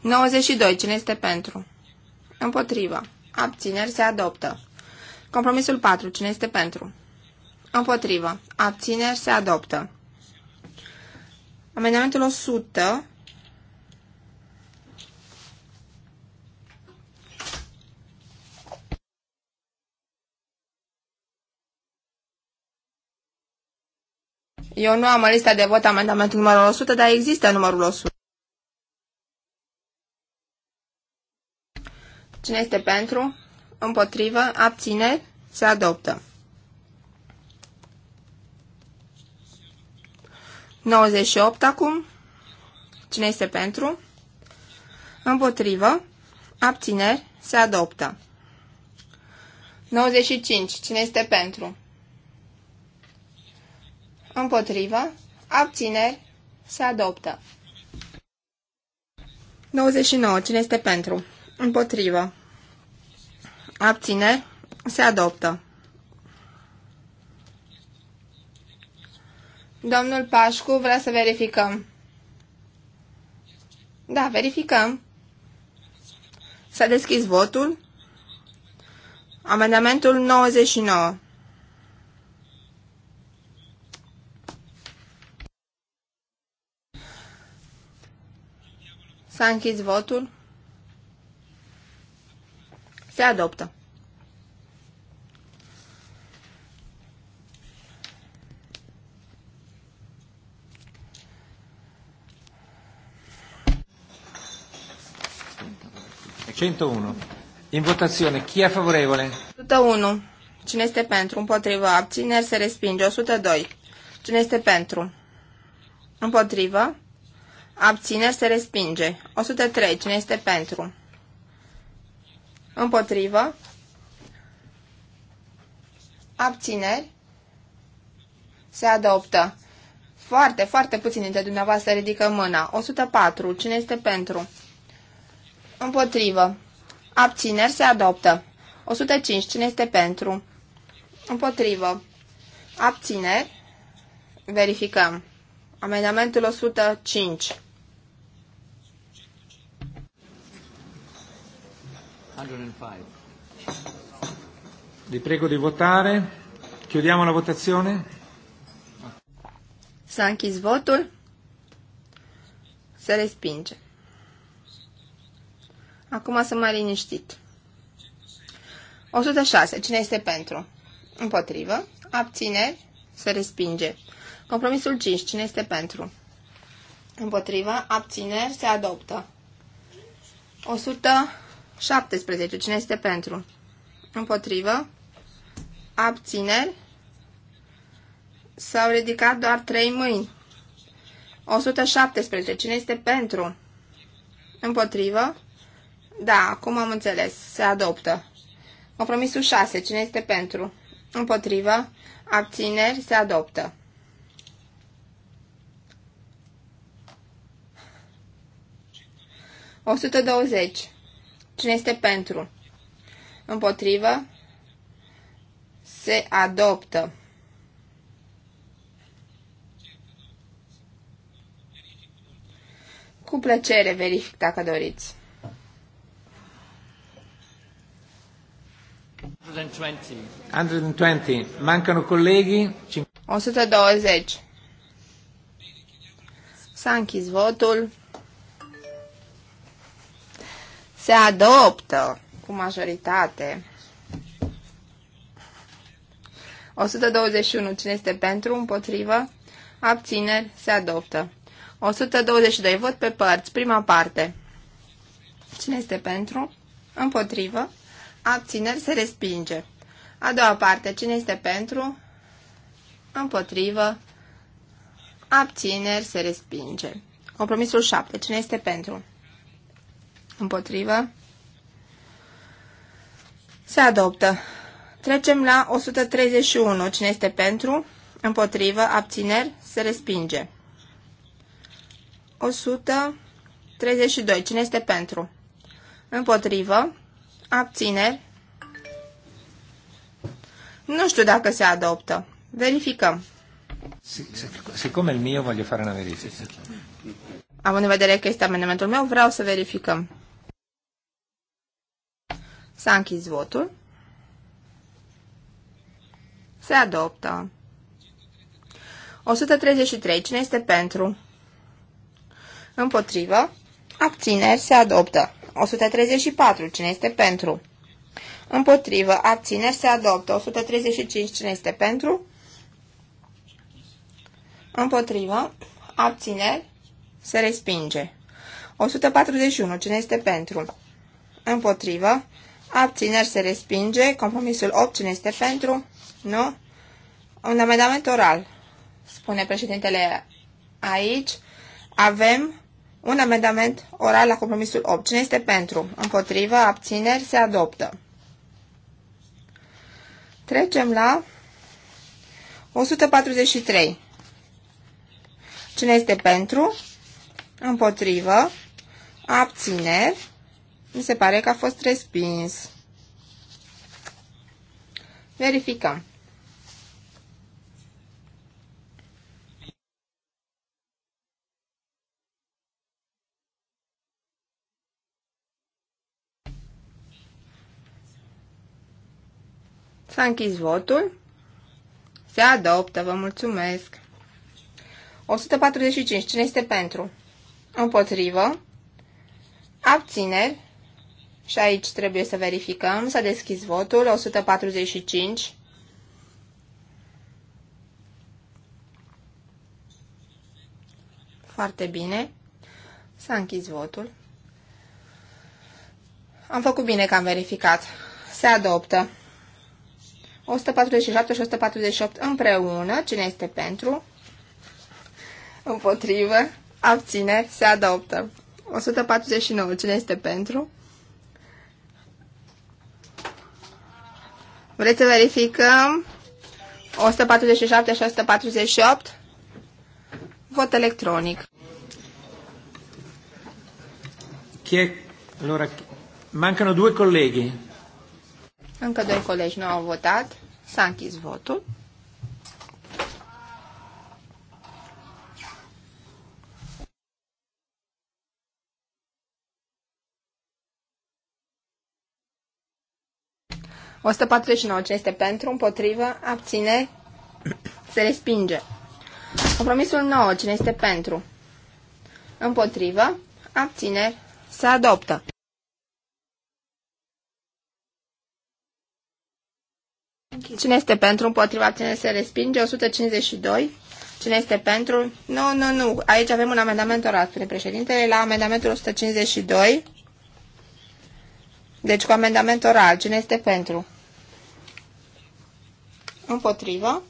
92. Cine este pentru? Împotrivă. Abțineri se adoptă. Compromisul 4. Cine este pentru? Împotrivă. Abțineri se adoptă. Amendamentul 100 Eu nu am în lista de vot amendamentul numărul 100, dar există numărul 100. Cine este pentru? Împotrivă? Abține? Se adoptă. 98 acum. Cine este pentru? Împotrivă? Abține? Se adoptă. 95. Cine este pentru? Împotrivă. Abțineri. Se adoptă. 99. Cine este pentru? Împotrivă. Abțineri. Se adoptă. Domnul Pașcu vrea să verificăm. Da, verificăm. S-a deschis votul. Amendamentul 99. S-a închis votul. Se adoptă. Centouno. In votazione, chi è favorevole? 101. Cine este pentru? Împotrivă. Abțineri se respinge. 102. Cine este pentru? Împotrivă. Abțineri se respinge. 103. Cine este pentru? Împotrivă. Abțineri. Se adoptă. Foarte, foarte puțin dintre dumneavoastră ridică mâna. 104. Cine este pentru? Împotrivă. Abțineri se adoptă. 105. Cine este pentru? Împotrivă. Abțineri. Verificăm. Amendamentul 105. 105. Vi prego di votare. Chiudiamo la votazione. S-a închis votul. Se respinge. Acum sunt mai liniștit. 106. Cine este pentru? Împotrivă. Abțineri. Se respinge. Compromisul 5. Cine este pentru? Împotrivă. Abțineri. Se adoptă. 100. 17. Cine este pentru? Împotrivă. Abțineri. S-au ridicat doar 3 mâini. 117. Cine este pentru? Împotrivă. Da, acum am înțeles. Se adoptă. Compromisul 6. Cine este pentru? Împotrivă. Abțineri. Se adoptă. O 120. Cine este pentru? Împotrivă? Se adoptă. Cu plăcere verific dacă doriți. 120. 120. Mancano colleghi. 120. S-a închis votul se adoptă cu majoritate. 121. Cine este pentru, împotrivă, abțineri, se adoptă. 122. Vot pe părți. Prima parte. Cine este pentru, împotrivă, abțineri, se respinge. A doua parte. Cine este pentru, împotrivă, abțineri, se respinge. Compromisul 7. Cine este pentru? Împotrivă. Se adoptă. Trecem la 131. Cine este pentru? Împotrivă. Abțineri. Se respinge. 132. Cine este pentru? Împotrivă. Abțineri. Nu știu dacă se adoptă. Verificăm. Siccome il mio voglio fare una verifica. Având în vedere că este amendamentul meu, vreau să verificăm. S-a închis votul. Se adoptă. 133. Cine este pentru? Împotrivă. Abțineri. Se adoptă. 134. Cine este pentru? Împotrivă. Abțineri. Se adoptă. 135. Cine este pentru? Împotrivă. Abțineri. Se respinge. 141. Cine este pentru? Împotrivă. Abțineri se respinge. Compromisul 8, cine este pentru? Nu? Un amendament oral, spune președintele aici. Avem un amendament oral la compromisul 8. Cine este pentru? Împotrivă, abțineri, se adoptă. Trecem la 143. Cine este pentru? Împotrivă, abțineri, mi se pare că a fost respins. Verificăm. S-a închis votul. Se adoptă, vă mulțumesc. 145. Cine este pentru? Împotrivă. Abțineri. Și aici trebuie să verificăm, să deschis votul, 145. Foarte bine. S-a închis votul. Am făcut bine că am verificat. Se adoptă. 147 și 148 împreună. Cine este pentru? Împotrivă. Abține? Se adoptă. 149. Cine este pentru? Vreți să verificăm 147 și 148? Vot electronic. Chi Allora, mancano due colleghi. Încă doi colegi nu au votat. S-a închis votul. 149. Cine este pentru? Împotrivă? abține, Se respinge. Compromisul 9. Cine este pentru? Împotrivă? abține, Se adoptă. Cine este pentru? împotrivă, abține, se respinge. 152. Cine este pentru? Nu, nu, nu. Aici avem un amendament oral, spune președintele, la amendamentul 152. Deci cu amendament oral. Cine este pentru? Împotrivă.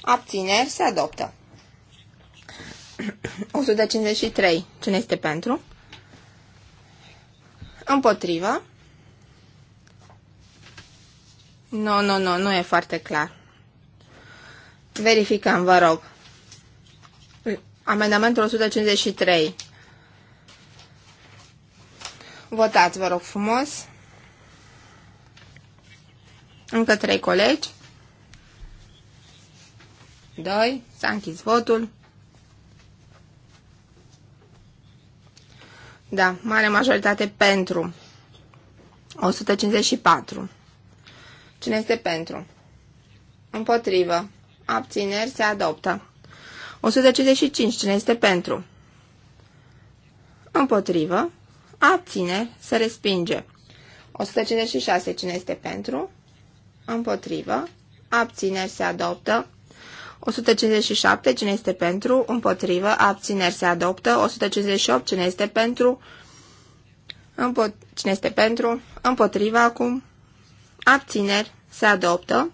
Abțineri se adoptă. 153. Cine este pentru? Împotrivă. Nu, nu, nu, nu e foarte clar. Verificăm, vă rog. Amendamentul 153. Votați, vă rog frumos. Încă trei colegi. Doi. S-a închis votul. Da, mare majoritate pentru. 154. Cine este pentru? Împotrivă. Abțineri se adoptă. 155. Cine este pentru? Împotrivă. Abțineri se respinge. 156. Cine este pentru? împotrivă, abțineri se adoptă. 157, cine este pentru, împotrivă, abțineri se adoptă. 158, cine este pentru, împo- cine este pentru, împotrivă acum, abțineri se adoptă.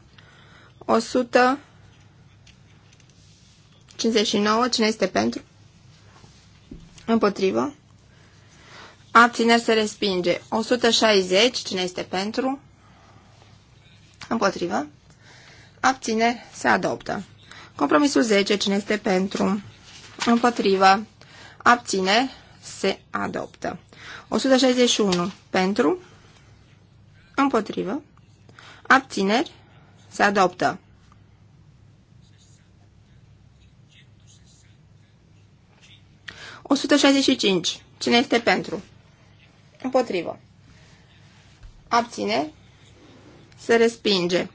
159, cine este pentru, împotrivă, abțineri se respinge. 160, cine este pentru, Împotrivă. Abțineri. Se adoptă. Compromisul 10. Cine este pentru? Împotrivă. Abțineri. Se adoptă. 161. Pentru. Împotrivă. Abțineri. Se adoptă. O 165. Cine este pentru? Împotrivă. Abțineri. Se respinge.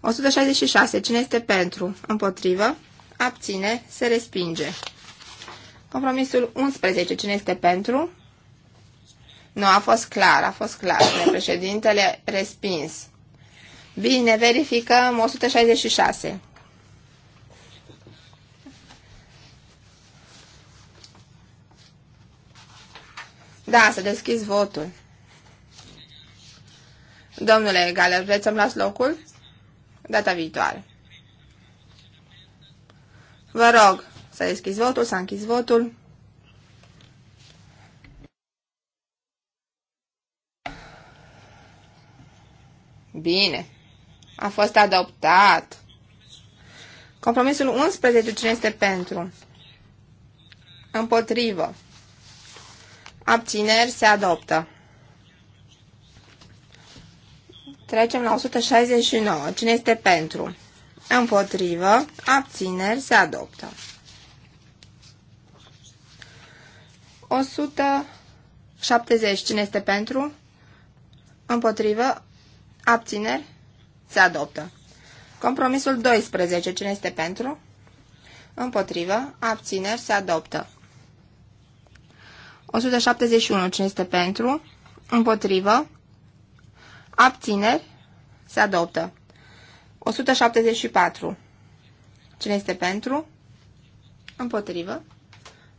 166. Cine este pentru? Împotrivă. Abține. Se respinge. Compromisul 11. Cine este pentru? Nu, a fost clar, a fost clar. Președintele respins. Bine, verificăm 166. Da, să deschizi votul. Domnule Galer, vreți să-mi las locul? Data viitoare. Vă rog să deschizi votul, să închizi votul. Bine. A fost adoptat. Compromisul 11, cine este pentru? Împotrivă. Abțineri se adoptă. Trecem la 169. Cine este pentru? Împotrivă. Abțineri. Se adoptă. 170. Cine este pentru? Împotrivă. Abțineri. Se adoptă. Compromisul 12. Cine este pentru? Împotrivă. Abțineri. Se adoptă. 171. Cine este pentru? Împotrivă. Abțineri. Se adoptă. 174. Cine este pentru? Împotrivă.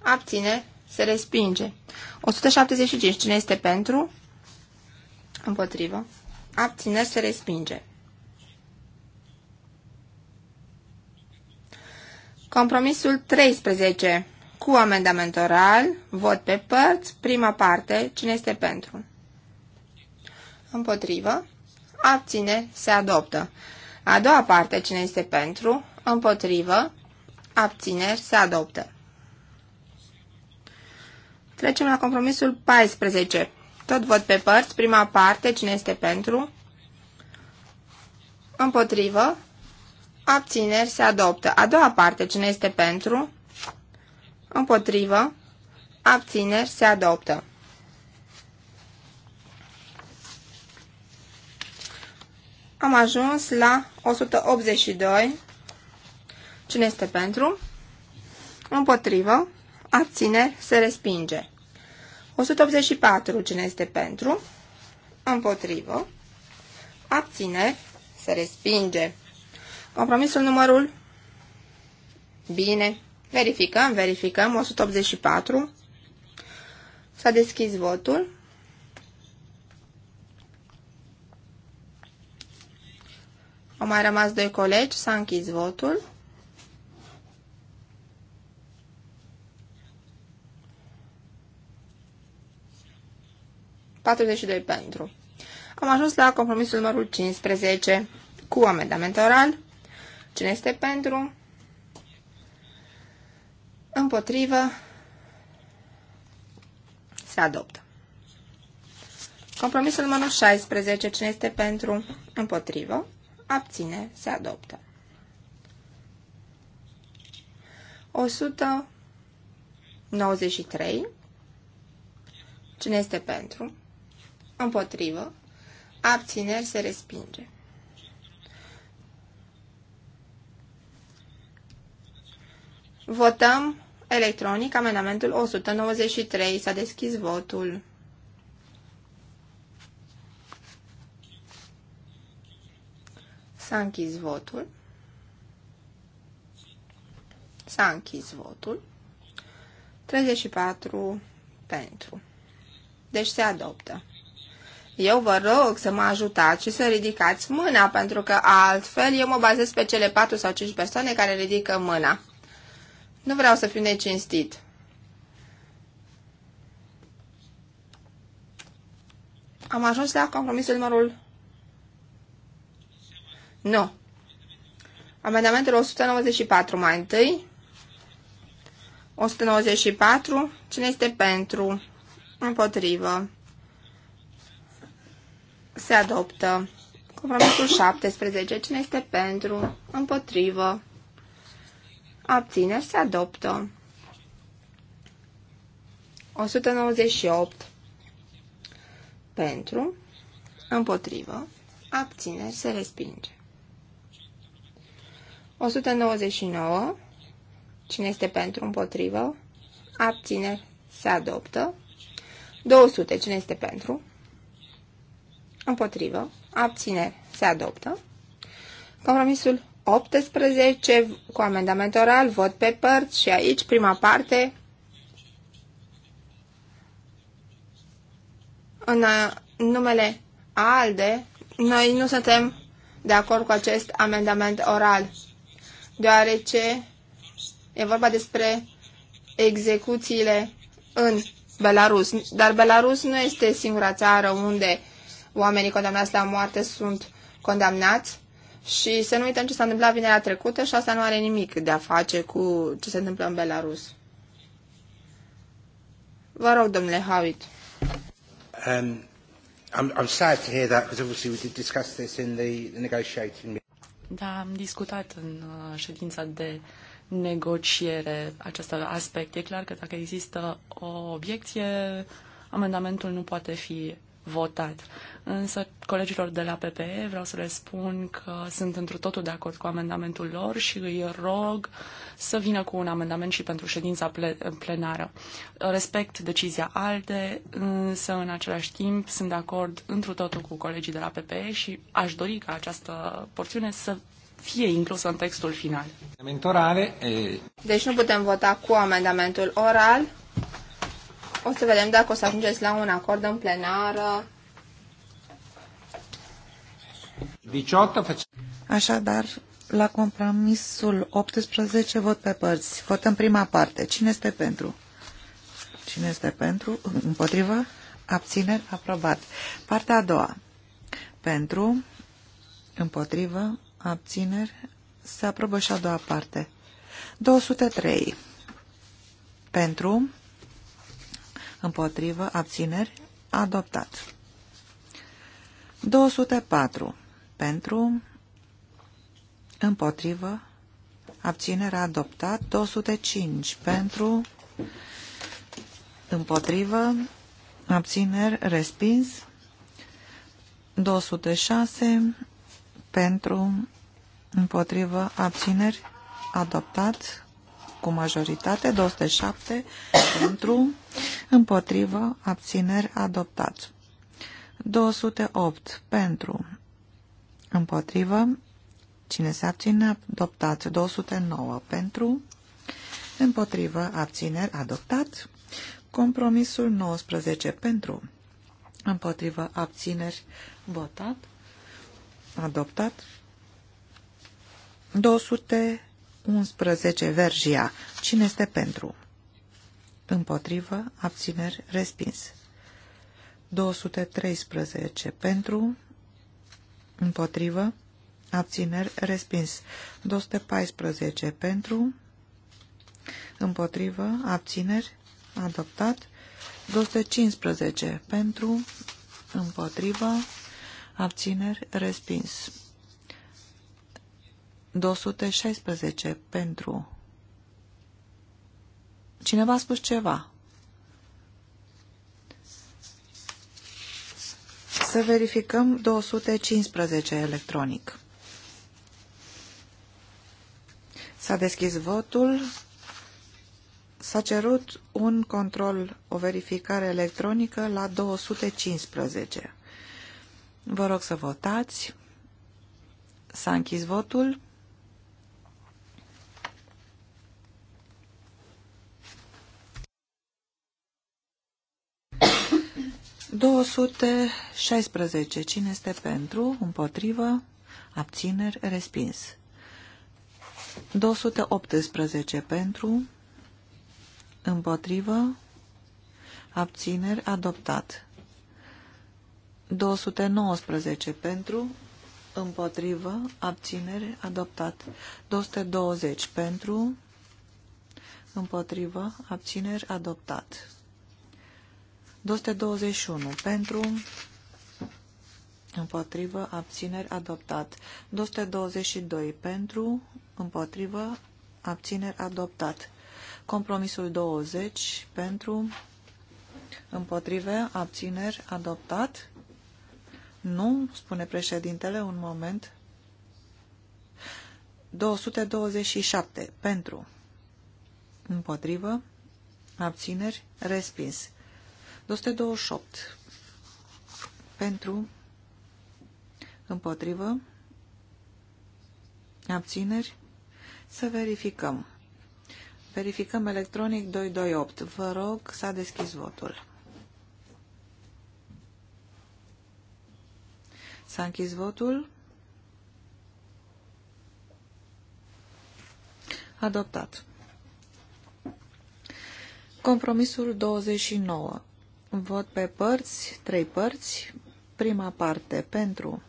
Abține, Se respinge. 175. Cine este pentru? Împotrivă. Abține, Se respinge. Compromisul 13. Cu amendament oral, vot pe părți, prima parte, cine este pentru? împotrivă, Abține. se adoptă. A doua parte, cine este pentru, împotrivă, abțineri, se adoptă. Trecem la compromisul 14. Tot vot pe părți, prima parte, cine este pentru, împotrivă, abțineri, se adoptă. A doua parte, cine este pentru, împotrivă, abțineri, se adoptă. Am ajuns la 182. Cine este pentru? Împotrivă. Abține. Se respinge. 184. Cine este pentru? Împotrivă. Abține. Se respinge. Compromisul numărul? Bine. Verificăm, verificăm. 184. S-a deschis votul. Au mai rămas doi colegi, s-a închis votul. doi pentru. Am ajuns la compromisul numărul 15 cu amendament oral. Cine este pentru? Împotrivă? Se adoptă. Compromisul numărul 16. Cine este pentru? Împotrivă? Abține. Se adoptă. 193. Cine este pentru? Împotrivă. Abțineri se respinge. Votăm electronic amendamentul 193. S-a deschis votul. S-a închis votul. S-a închis votul. 34 pentru. Deci se adoptă. Eu vă rog să mă ajutați și să ridicați mâna, pentru că altfel eu mă bazez pe cele 4 sau 5 persoane care ridică mâna. Nu vreau să fiu necinstit. Am ajuns la compromisul numărul nu. Amendamentul 194 mai întâi. 194. Cine este pentru? Împotrivă. Se adoptă. Compromisul 17. Cine este pentru? Împotrivă. Abțineri se adoptă. 198. Pentru. Împotrivă. Abțineri se respinge. 199. Cine este pentru, împotrivă, Abține, se adoptă. 200. Cine este pentru, împotrivă, abține, se adoptă. Compromisul 18 cu amendament oral, vot pe părți și aici prima parte în numele ALDE, noi nu suntem de acord cu acest amendament oral deoarece e vorba despre execuțiile în Belarus. Dar Belarus nu este singura țară unde oamenii condamnați la moarte sunt condamnați. Și să nu uităm ce s-a întâmplat vinerea trecută și asta nu are nimic de a face cu ce se întâmplă în Belarus. Vă rog, domnule Howitt. Um, I'm, I'm sad to hear that because obviously we did discuss this in the negotiating da, am discutat în uh, ședința de negociere acest aspect. E clar că dacă există o obiecție, amendamentul nu poate fi votat. Însă colegilor de la PPE vreau să le spun că sunt într totul de acord cu amendamentul lor și îi rog să vină cu un amendament și pentru ședința plenară. Respect decizia ALDE, însă în același timp sunt de acord într totul cu colegii de la PPE și aș dori ca această porțiune să fie inclusă în textul final. Deci nu putem vota cu amendamentul oral, o să vedem dacă o să ajungeți la un acord în plenară. 18 Așadar, la compromisul 18 vot pe părți. Votăm prima parte. Cine este pentru? Cine este pentru? Împotrivă? Abțineri? Aprobat. Partea a doua. Pentru? Împotrivă? Abțineri? Se aprobă și a doua parte. 203. Pentru? împotrivă, abțineri, adoptat. 204 pentru, împotrivă, abținere adoptat, 205 pentru, împotrivă, abțineri, respins, 206 pentru, împotrivă, abțineri, adoptat, cu majoritate, 207 pentru, împotrivă, abțineri, adoptat. 208 pentru, împotrivă, cine se abține, adoptat. 209 pentru, împotrivă, abțineri, adoptat. Compromisul 19 pentru, împotrivă, abțineri, votat, adoptat. 200 11 Vergia. Cine este pentru? Împotrivă, abțineri, respins. 213 pentru, împotrivă, abțineri, respins. 214 pentru, împotrivă, abțineri, adoptat. 215 pentru, împotrivă, abțineri, respins. 216 pentru. Cineva a spus ceva. Să verificăm 215 electronic. S-a deschis votul. S-a cerut un control, o verificare electronică la 215. Vă rog să votați. S-a închis votul. 216. Cine este pentru? Împotrivă? Abțineri? Respins. 218 pentru, împotrivă, abțineri, adoptat. 219 pentru, împotrivă, abțineri, adoptat. 220 pentru, împotrivă, abțineri, adoptat. 221 pentru, împotrivă, abțineri, adoptat. 222 pentru, împotrivă, abțineri, adoptat. Compromisul 20 pentru, împotrive, abțineri, adoptat. Nu, spune președintele, un moment. 227 pentru, împotrivă, abțineri, respins. 228 pentru, împotrivă, abțineri, să verificăm. Verificăm electronic 228. Vă rog, s-a deschis votul. S-a închis votul. Adoptat. Compromisul 29. Vot pe părți, trei părți. Prima parte pentru,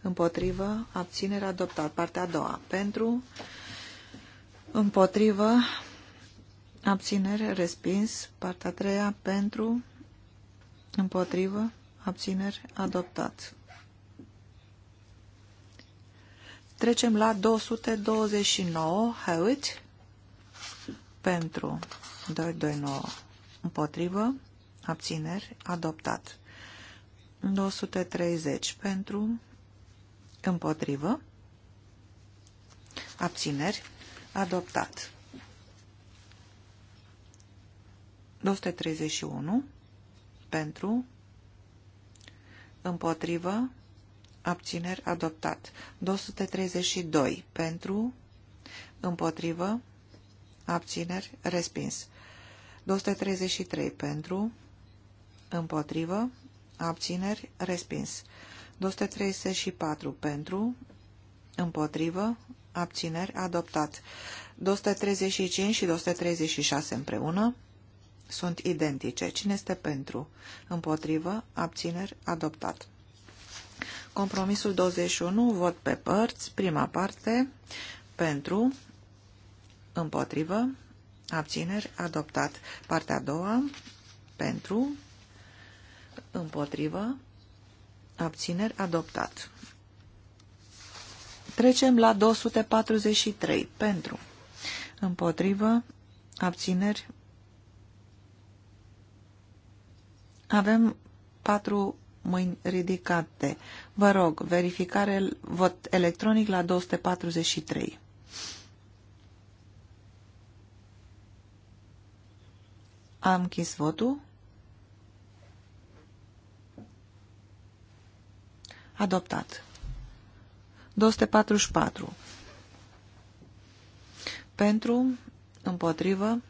împotrivă, abținere adoptat. Partea a doua pentru, împotrivă, abținere respins. Partea a treia pentru, împotrivă, abținere, adoptat. Trecem la 229, Hewitt, pentru 229 Împotrivă. Abțineri. Adoptat. 230 pentru. Împotrivă. Abțineri. Adoptat. 231 pentru. Împotrivă. Abțineri. Adoptat. 232 pentru. Împotrivă. Abțineri. Respins. 233 pentru, împotrivă, abțineri, respins. 234 pentru, împotrivă, abțineri, adoptat. 235 și 236 împreună sunt identice. Cine este pentru? Împotrivă, abțineri, adoptat. Compromisul 21, vot pe părți, prima parte, pentru, împotrivă, abțineri, adoptat. Partea a doua, pentru, împotrivă, abțineri, adoptat. Trecem la 243, pentru, împotrivă, abțineri, avem patru mâini ridicate. Vă rog, verificare, vot electronic la 243. Am închis votul. Adoptat. 244. Pentru, împotrivă,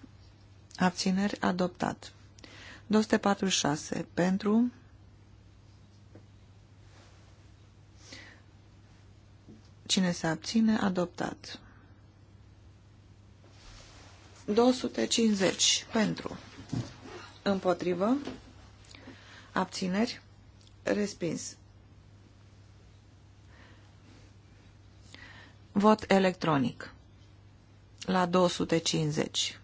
abțineri, adoptat. 246. Pentru, cine se abține, adoptat. 250. Pentru. Împotrivă. Abțineri. Respins. Vot electronic. La 250.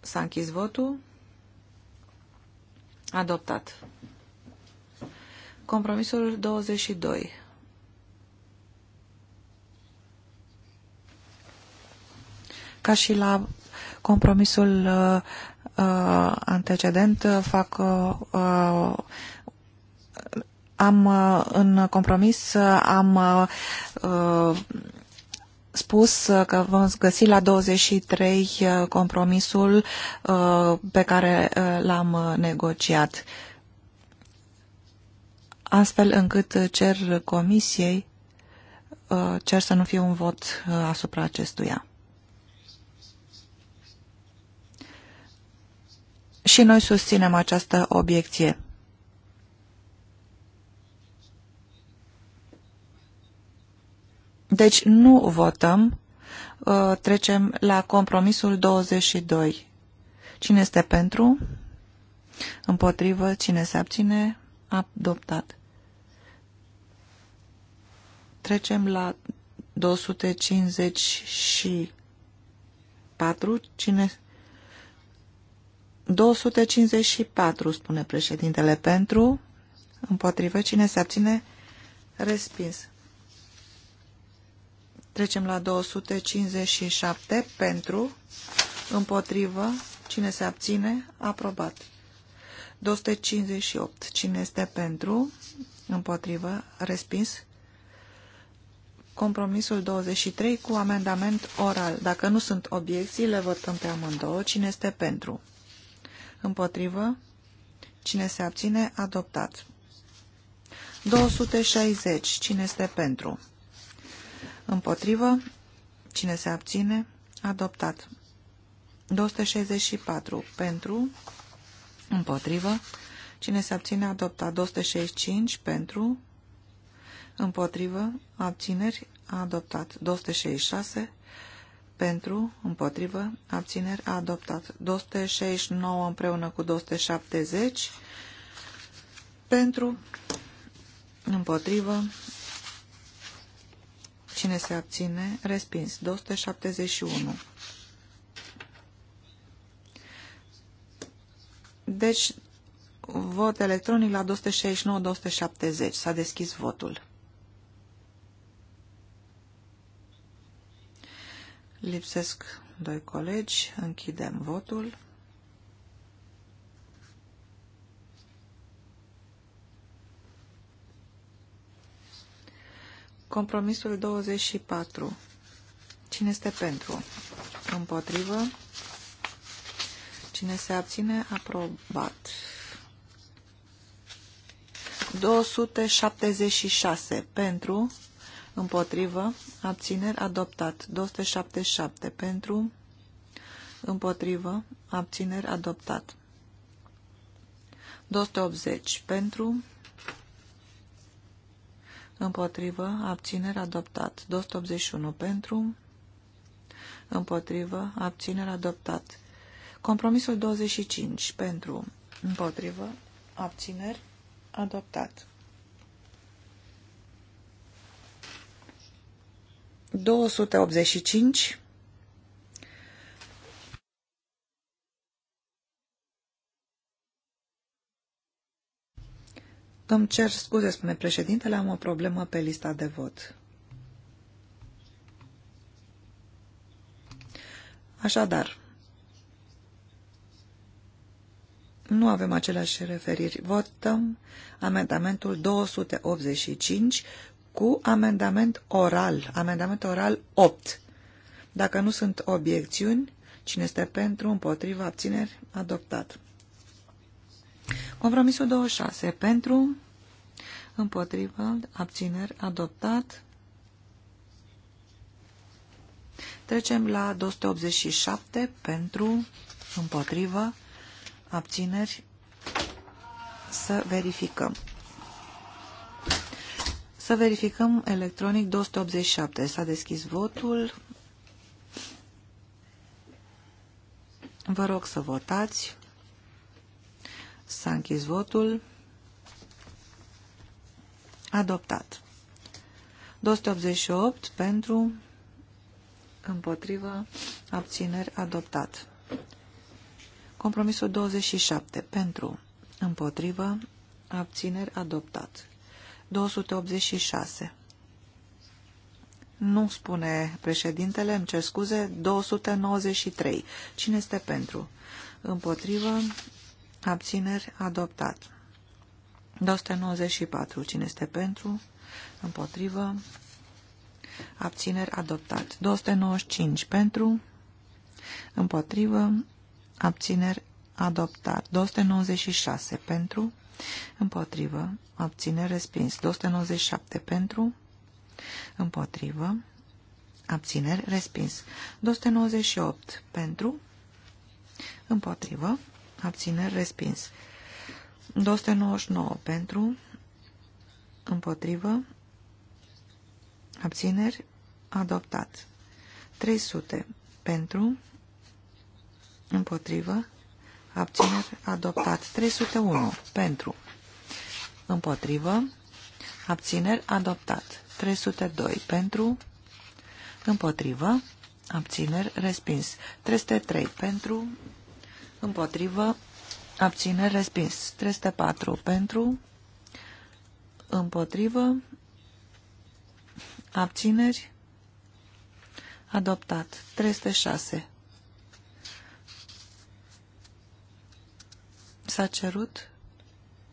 S-a închis votul. Adoptat. Compromisul 22. Ca și la compromisul uh, uh, antecedent, uh, fac am în compromis am uh, spus că vom găsi la 23 compromisul uh, pe care l-am negociat. Astfel încât cer comisiei, uh, cer să nu fie un vot asupra acestuia. Și noi susținem această obiecție. Deci nu votăm, uh, trecem la compromisul 22. Cine este pentru? Împotrivă? Cine se abține? Adoptat. Trecem la 254. Cine 254, spune președintele, pentru, împotrivă, cine se abține, respins. Trecem la 257, pentru, împotrivă, cine se abține, aprobat. 258, cine este pentru, împotrivă, respins. Compromisul 23 cu amendament oral. Dacă nu sunt obiecții, le votăm pe amândouă. Cine este pentru? Împotrivă. Cine se abține? Adoptat. 260. Cine este pentru? Împotrivă. Cine se abține? Adoptat. 264. Pentru. Împotrivă. Cine se abține? Adoptat. 265. Pentru. Împotrivă. Abțineri. Adoptat. 266 pentru, împotrivă, abțineri, adoptat. 269 împreună cu 270, pentru, împotrivă, cine se abține, respins. 271. Deci, vot electronic la 269-270. S-a deschis votul. Lipsesc doi colegi. Închidem votul. Compromisul 24. Cine este pentru? Împotrivă. Cine se abține? Aprobat. 276 pentru împotrivă, abțineri, adoptat. 277 pentru, împotrivă, abțineri, adoptat. 280 pentru, împotrivă, abțineri, adoptat. 281 pentru, împotrivă, abțineri, adoptat. Compromisul 25 pentru, împotrivă, abțineri, adoptat. 285 Îmi cer scuze, spune președintele, am o problemă pe lista de vot. Așadar, nu avem aceleași referiri. Votăm amendamentul 285 cu amendament oral, amendament oral 8. Dacă nu sunt obiecțiuni, cine este pentru, împotriva, abțineri, adoptat. Compromisul 26. Pentru, împotriva, abțineri, adoptat. Trecem la 287. Pentru, împotriva, abțineri, să verificăm. Să verificăm electronic 287. S-a deschis votul. Vă rog să votați. S-a închis votul. Adoptat. 288 pentru, împotriva, abțineri, adoptat. Compromisul 27 pentru, împotriva, abțineri, adoptat. 286. Nu spune președintele, îmi cer scuze, 293. Cine este pentru? Împotrivă, abțineri, adoptat. 294. Cine este pentru? Împotrivă, abțineri, adoptat. 295. Pentru, împotrivă, abțineri, adoptat. 296. Pentru, Împotrivă. abține, respins. 297 pentru. Împotrivă. Abțineri respins. 298 pentru. Împotrivă. Abțineri respins. 299 pentru. Împotrivă. Abțineri adoptat. 300 pentru. Împotrivă abțineri, adoptat. 301 pentru, împotrivă, abțineri, adoptat. 302 pentru, împotrivă, abțineri, respins. 303 pentru, împotrivă, abțineri, respins. 304 pentru, împotrivă, abțineri, adoptat. 306 s-a cerut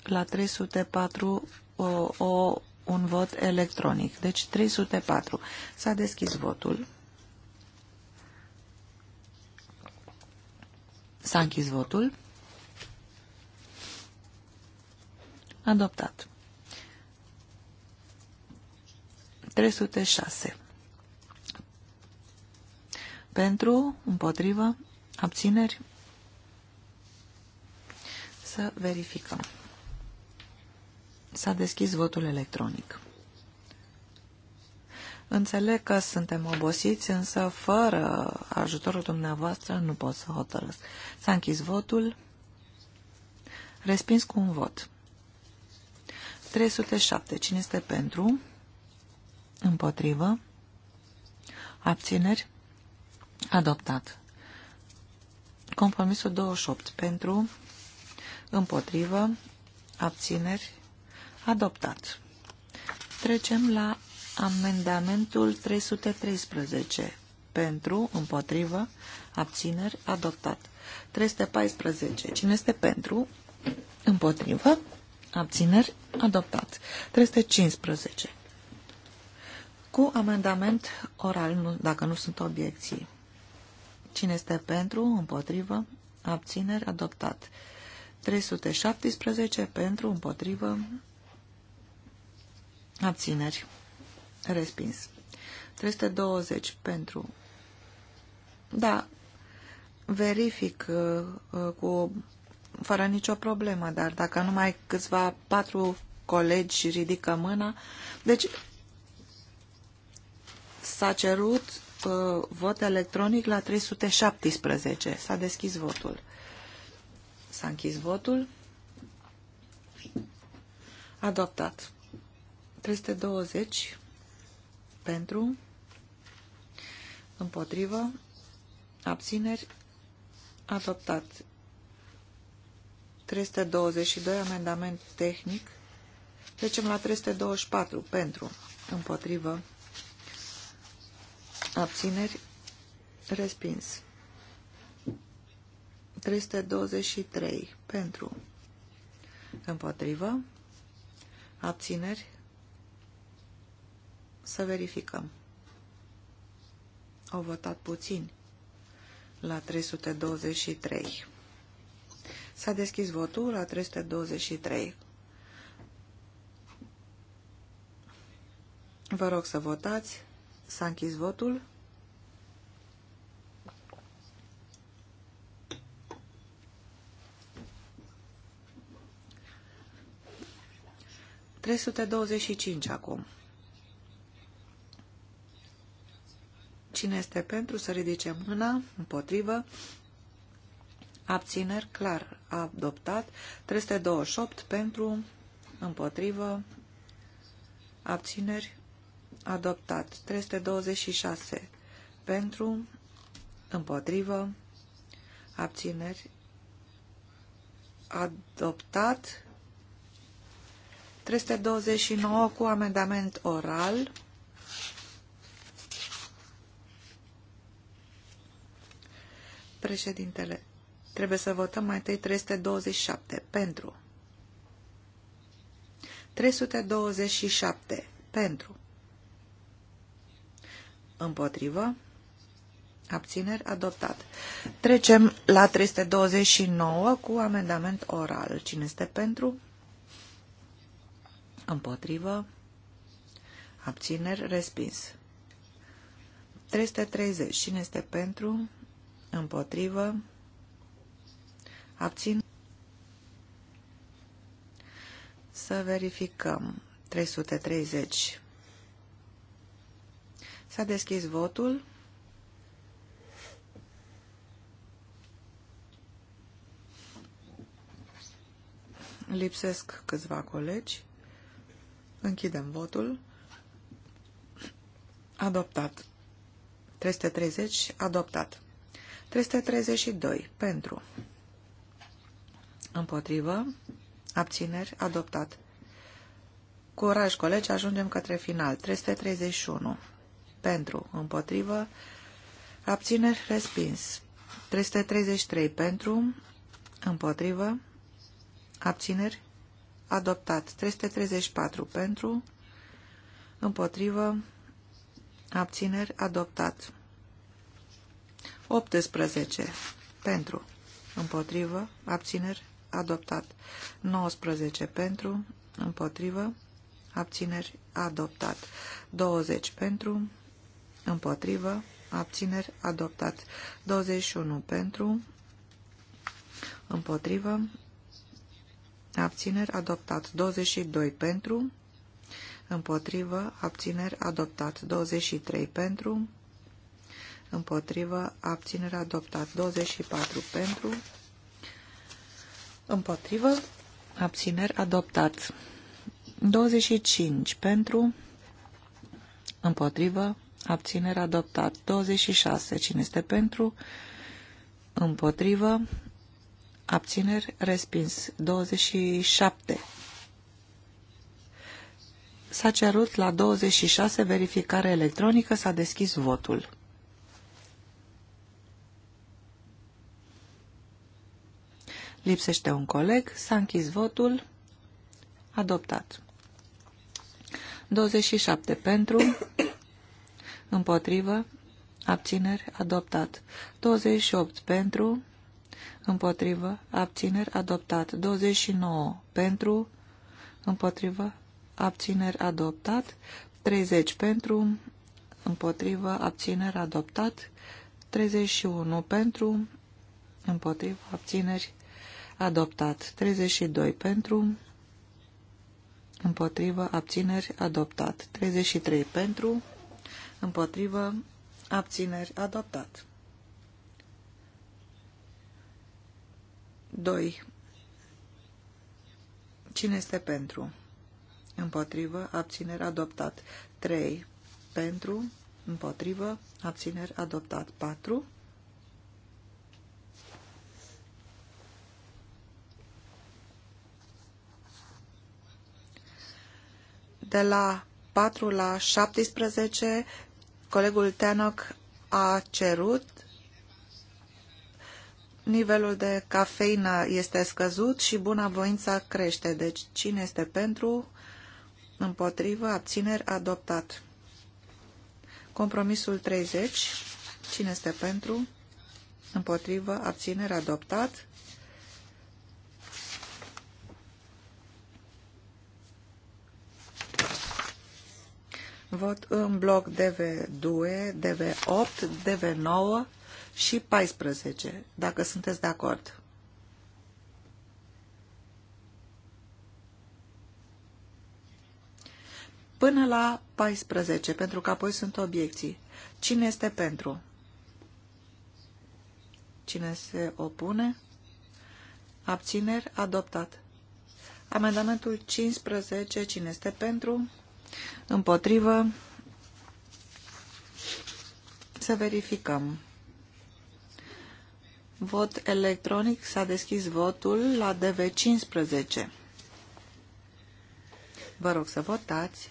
la 304 o, o, un vot electronic. Deci 304. S-a deschis votul. S-a închis votul. Adoptat. 306. Pentru, împotrivă, abțineri, să verificăm. S-a deschis votul electronic. Înțeleg că suntem obosiți, însă fără ajutorul dumneavoastră nu pot să hotărăsc. S-a închis votul. Respins cu un vot. 307. Cine este pentru? Împotrivă. Abțineri. Adoptat. Compromisul 28. Pentru împotrivă, abțineri, adoptat. Trecem la amendamentul 313. Pentru, împotrivă, abțineri, adoptat. 314. Cine este pentru, împotrivă, abțineri, adoptat. 315. Cu amendament oral, nu, dacă nu sunt obiecții. Cine este pentru, împotrivă, abțineri, adoptat. 317 pentru, împotrivă, abțineri, respins. 320 pentru. Da, verific uh, uh, cu, fără nicio problemă, dar dacă numai câțiva patru colegi ridică mâna, deci s-a cerut uh, vot electronic la 317. S-a deschis votul. S-a închis votul. Adoptat. 320 pentru, împotrivă, abțineri, adoptat. 322, amendament tehnic. Trecem la 324, pentru, împotrivă, abțineri, respins. 323 pentru, împotrivă, abțineri, să verificăm. Au votat puțin. la 323. S-a deschis votul la 323. Vă rog să votați. S-a închis votul. 325 acum. Cine este pentru să ridice mâna? Împotrivă. Abțineri, clar, adoptat. 328 pentru, împotrivă. Abțineri, adoptat. 326 pentru, împotrivă. Abțineri, adoptat. 329 cu amendament oral. Președintele, trebuie să votăm mai întâi 327 pentru. 327 pentru. Împotrivă. Abțineri adoptat. Trecem la 329 cu amendament oral. Cine este pentru? Pentru. Împotrivă. Abțineri. Respins. 330. Cine este pentru? Împotrivă. Abțin. Să verificăm. 330. S-a deschis votul. Lipsesc câțiva colegi. Închidem votul. Adoptat. 330. Adoptat. 332. Pentru. Împotrivă. Abțineri. Adoptat. Curaj, colegi, ajungem către final. 331. Pentru. Împotrivă. Abțineri. Respins. 333. Pentru. Împotrivă. Abțineri adoptat. 334 pentru, împotrivă, abțineri, adoptat. 18 pentru, împotrivă, abțineri, adoptat. 19 pentru, împotrivă, abțineri, adoptat. 20 pentru, împotrivă, abțineri, adoptat. 21 pentru, împotrivă, abțineri adoptat 22 pentru, împotrivă, abțineri adoptat 23 pentru, împotrivă, Abțineri adoptat 24 pentru, împotrivă, abțineri adoptat 25 pentru, împotrivă, Abțineri adoptat 26, cine este pentru, împotrivă, Abțineri respins. 27. S-a cerut la 26 verificare electronică, s-a deschis votul. Lipsește un coleg, s-a închis votul, adoptat. 27 pentru, împotrivă, abțineri, adoptat. 28 pentru, împotrivă, abțineri, adoptat. 29 pentru, împotrivă, abțineri, adoptat. 30 pentru, împotrivă, abțineri, adoptat. 31 pentru, împotrivă, abțineri, adoptat. 32 pentru, împotrivă, abțineri, adoptat. 33 pentru, împotrivă, abțineri, adoptat. 2. Cine este pentru? Împotrivă, abțineri, adoptat. 3. Pentru, împotrivă, abțineri, adoptat. 4. De la 4 la 17, colegul Tenoc a cerut nivelul de cafeină este scăzut și bunăvoința crește. Deci cine este pentru, împotrivă, abțineri, adoptat. Compromisul 30, cine este pentru, împotrivă, abțineri, adoptat. Vot în bloc DV2, DV8, DV9, și 14, dacă sunteți de acord. Până la 14, pentru că apoi sunt obiecții. Cine este pentru? Cine se opune? Abțineri? Adoptat. Amendamentul 15. Cine este pentru? Împotrivă? Să verificăm. Vot electronic. S-a deschis votul la DV15. Vă rog să votați.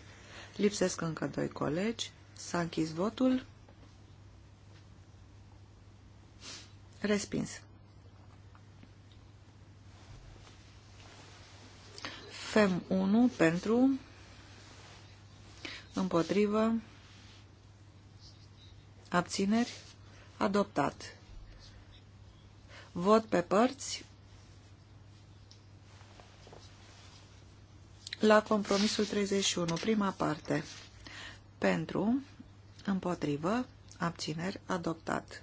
Lipsesc încă doi colegi. S-a închis votul. Respins. FEM 1 pentru împotrivă abțineri adoptat. Vot pe părți. La compromisul 31, prima parte. Pentru, împotrivă, abțineri, adoptat.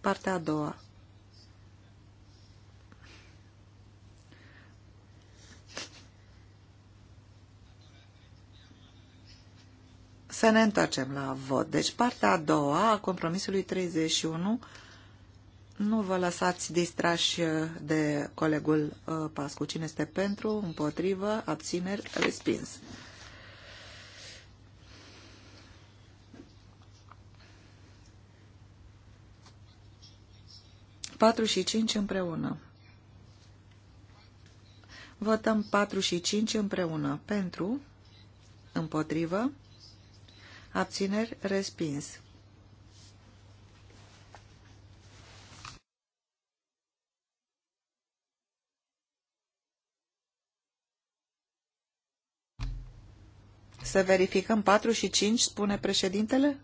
Partea a doua. Să ne întoarcem la vot. Deci partea a doua a compromisului 31 nu vă lăsați distrași de colegul uh, Pascu. Cine este pentru, împotrivă, abțineri, respins. Patru și cinci împreună. Votăm 4 și 5 împreună. Pentru, împotrivă, abțineri, respins. să verificăm 4 și 5, spune președintele?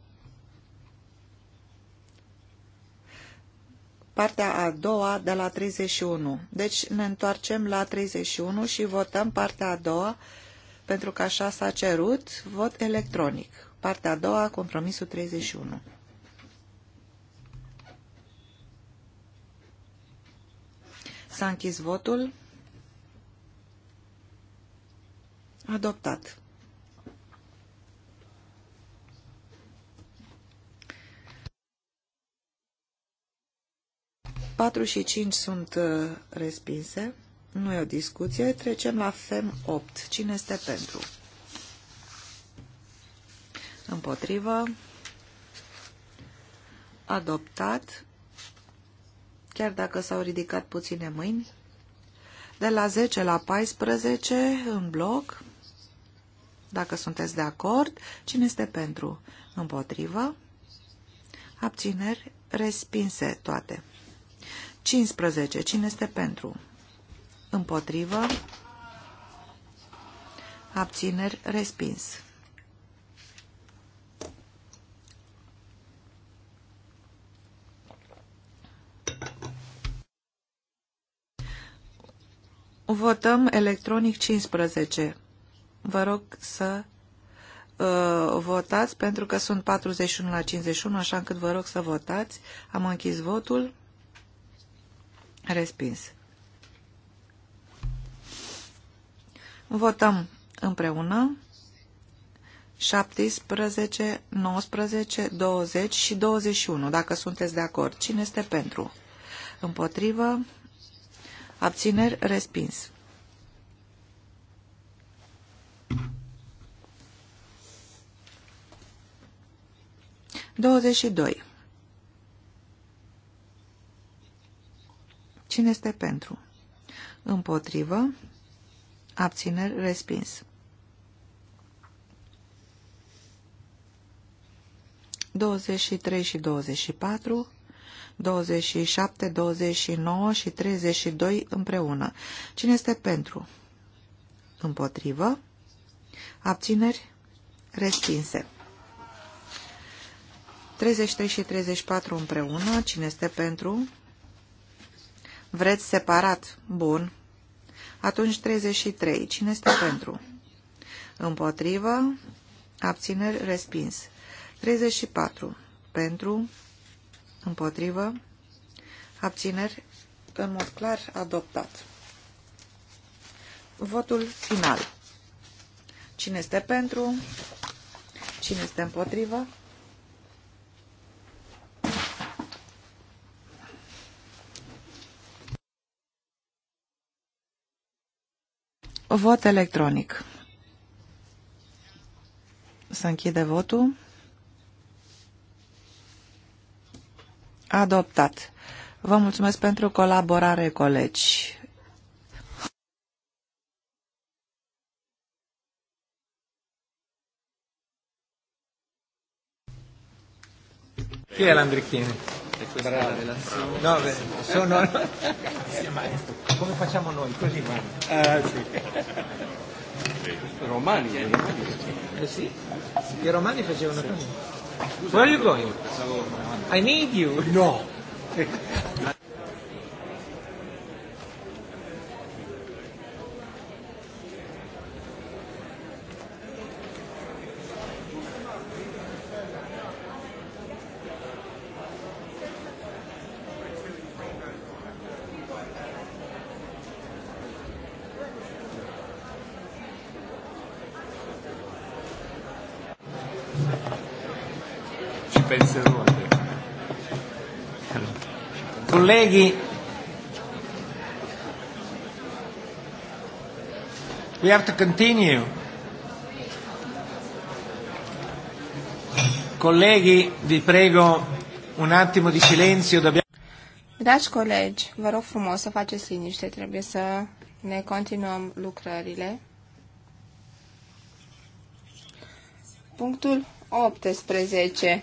Partea a doua de la 31. Deci ne întoarcem la 31 și votăm partea a doua, pentru că așa s-a cerut, vot electronic. Partea a doua, compromisul 31. S-a închis votul. Adoptat. 4 și 5 sunt uh, respinse. Nu e o discuție. Trecem la FEM 8. Cine este pentru? Împotrivă. Adoptat. Chiar dacă s-au ridicat puține mâini. De la 10 la 14 în bloc. Dacă sunteți de acord, cine este pentru? Împotrivă. Abțineri respinse toate. 15. Cine este pentru? Împotrivă. Abțineri. Respins. Votăm electronic 15. Vă rog să uh, votați pentru că sunt 41 la 51, așa încât vă rog să votați. Am închis votul. Respins. Votăm împreună 17, 19, 20 și 21, dacă sunteți de acord. Cine este pentru? Împotrivă? Abțineri? Respins. Douăzeci și doi. Cine este pentru? Împotrivă. Abțineri. Respins. 23 și 24, 27, 29 și 32 împreună. Cine este pentru? Împotrivă. Abțineri. Respinse. 33 și 34 împreună. Cine este pentru? Vreți separat? Bun. Atunci 33. Cine este pentru? Împotrivă. Abțineri. Respins. 34. Pentru. Împotrivă. Abțineri. În mod clar adoptat. Votul final. Cine este pentru? Cine este împotrivă? Vot electronic. Să închide votul. Adoptat. Vă mulțumesc pentru colaborare, colegi. Chi è l'Andricchini? E questa Bravo. è la relazione. No, beh, sono... Come facciamo noi? Così va. Ah, sì. Romani, i romani. Eh sì, i romani facevano così. Where are you going? I need you. No. colleghi, we have to continue. Colleghi, vi prego un attimo di silenzio. Dobbiamo... Dragi colegi, vă rog frumos să faceți liniște, trebuie să ne continuăm lucrările. Punctul 18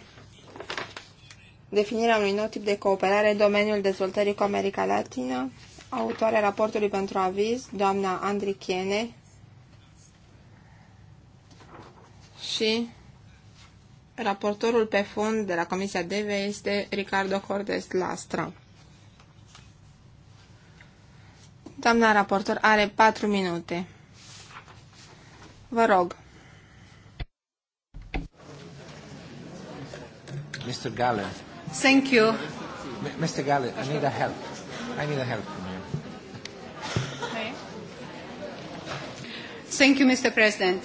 definirea unui nou tip de cooperare în domeniul dezvoltării cu America Latină, autoarea raportului pentru aviz, doamna Chiene, și raportorul pe fond de la Comisia DV este Ricardo Cordes Lastra. Doamna raportor are patru minute. Vă rog. Mr. Galler. Thank you. Mr. Gallet, I need a help. I need a help from you. Thank you, Mr. President.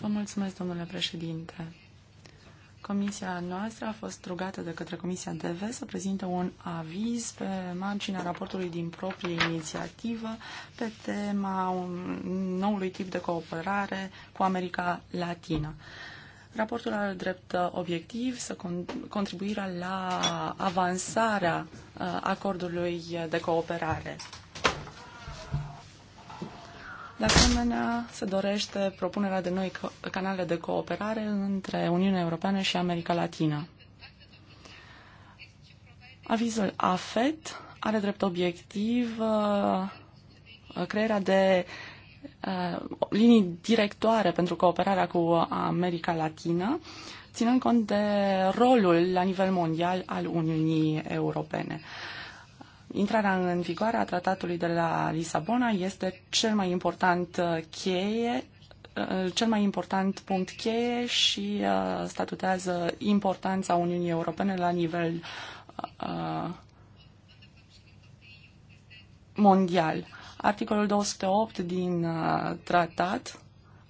Vă mulțumesc, domnule președinte. Comisia noastră a fost rugată de către Comisia DV să prezinte un aviz pe marginea raportului din proprie inițiativă pe tema noului tip de cooperare cu America Latină. Raportul are drept uh, obiectiv să con- contribuirea la avansarea uh, acordului de cooperare. De asemenea, se dorește propunerea de noi canale de cooperare între Uniunea Europeană și America Latină. Avizul AFET are drept obiectiv uh, crearea de uh, Uh, linii directoare pentru cooperarea cu America Latină, ținând cont de rolul la nivel mondial al Uniunii Europene. Intrarea în vigoare a tratatului de la Lisabona este cel mai important uh, cheie uh, cel mai important punct cheie și uh, statutează importanța Uniunii Europene la nivel uh, mondial. Articolul 208 din uh, tratat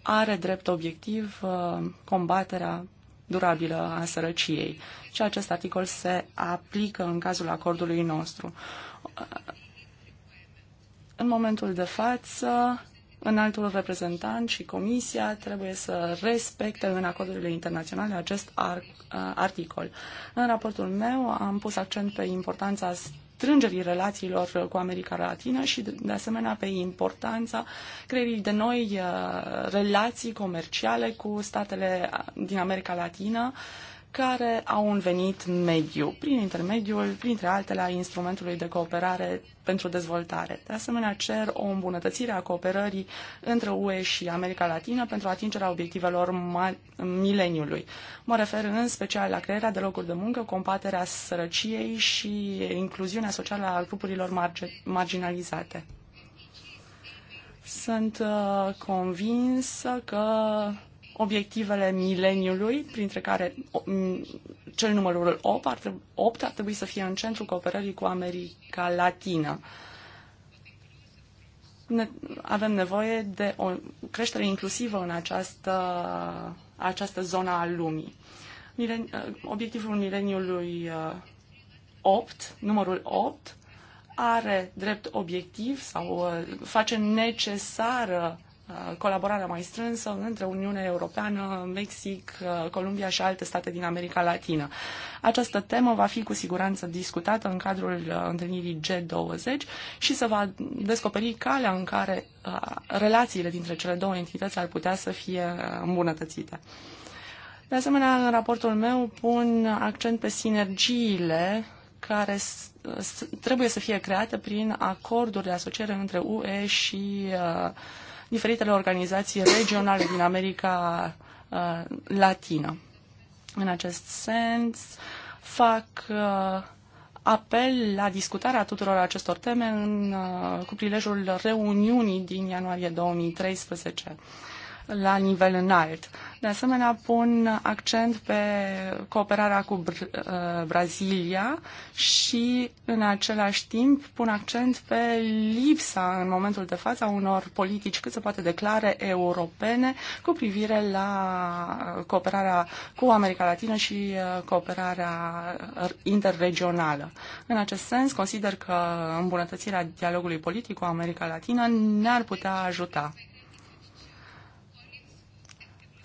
are drept obiectiv uh, combaterea durabilă a sărăciei și acest articol se aplică în cazul acordului nostru. În momentul de față, înaltul reprezentant și comisia trebuie să respecte în acordurile internaționale acest uh, articol. În raportul meu am pus accent pe importanța strângerii relațiilor cu America Latină și, de asemenea, pe importanța creierii de noi uh, relații comerciale cu statele uh, din America Latină, uh, care au un venit mediu, prin intermediul, printre altele, a instrumentului de cooperare pentru dezvoltare. De asemenea, cer o îmbunătățire a cooperării între UE și America Latină pentru atingerea obiectivelor mileniului. Mă refer în special la crearea de locuri de muncă, combaterea sărăciei și incluziunea socială a grupurilor marge- marginalizate. Sunt uh, convinsă că obiectivele mileniului, printre care cel numărul 8 ar, trebui, 8 ar trebui să fie în centrul cooperării cu America Latină. Ne, avem nevoie de o creștere inclusivă în această, această zonă a lumii. Milen, uh, obiectivul mileniului 8, uh, numărul 8, are drept obiectiv sau uh, face necesară Uh, colaborarea mai strânsă între Uniunea Europeană, Mexic, uh, Columbia și alte state din America Latină. Această temă va fi cu siguranță discutată în cadrul uh, întâlnirii G20 și se va descoperi calea în care relațiile dintre cele două entități ar putea să fie îmbunătățite. De asemenea, în raportul meu pun accent pe sinergiile care trebuie să fie create prin acorduri de asociere între UE și uh, diferitele organizații regionale din America uh, Latină. În acest sens, fac uh, apel la discutarea tuturor acestor teme în, uh, cu prilejul reuniunii din ianuarie 2013 la nivel înalt. De asemenea, pun accent pe cooperarea cu Br- uh, Brazilia și, în același timp, pun accent pe lipsa, în momentul de față, a unor politici cât se poate declare europene cu privire la uh, cooperarea cu America Latină și uh, cooperarea interregională. În acest sens, consider că îmbunătățirea dialogului politic cu America Latină ne-ar putea ajuta.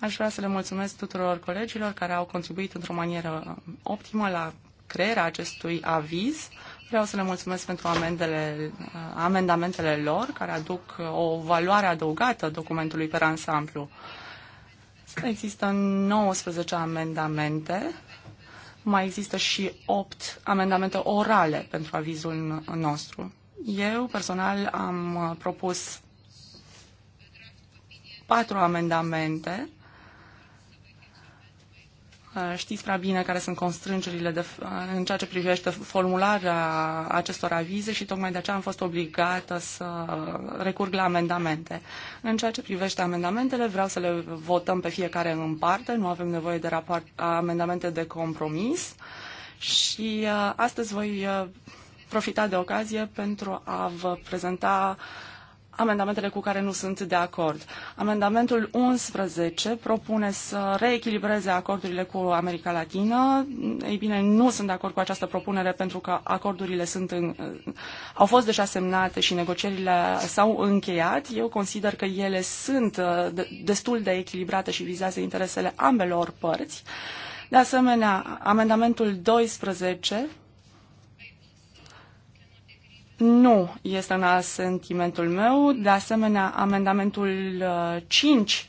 Aș vrea să le mulțumesc tuturor colegilor care au contribuit într-o manieră optimă la crearea acestui aviz. Vreau să le mulțumesc pentru amendele, uh, amendamentele lor, care aduc o valoare adăugată documentului pe ansamblu. Există 19 amendamente, mai există și 8 amendamente orale pentru avizul nostru. Eu personal am propus patru amendamente Uh, știți prea bine care sunt constrângerile de, uh, în ceea ce privește formularea acestor avize și tocmai de aceea am fost obligată să recurg la amendamente. În ceea ce privește amendamentele, vreau să le votăm pe fiecare în parte, nu avem nevoie de raport, amendamente de compromis și uh, astăzi voi profita de ocazie pentru a vă prezenta uh, amendamentele cu care nu sunt de acord. Amendamentul 11 propune să reechilibreze acordurile cu America Latină. Ei bine, nu sunt de acord cu această propunere pentru că acordurile sunt în, uh, au fost deja semnate și negocierile s-au încheiat. Eu consider că ele sunt uh, destul de echilibrate și vizează interesele ambelor părți. De asemenea, amendamentul 12 nu este în asentimentul meu. De asemenea, amendamentul 5,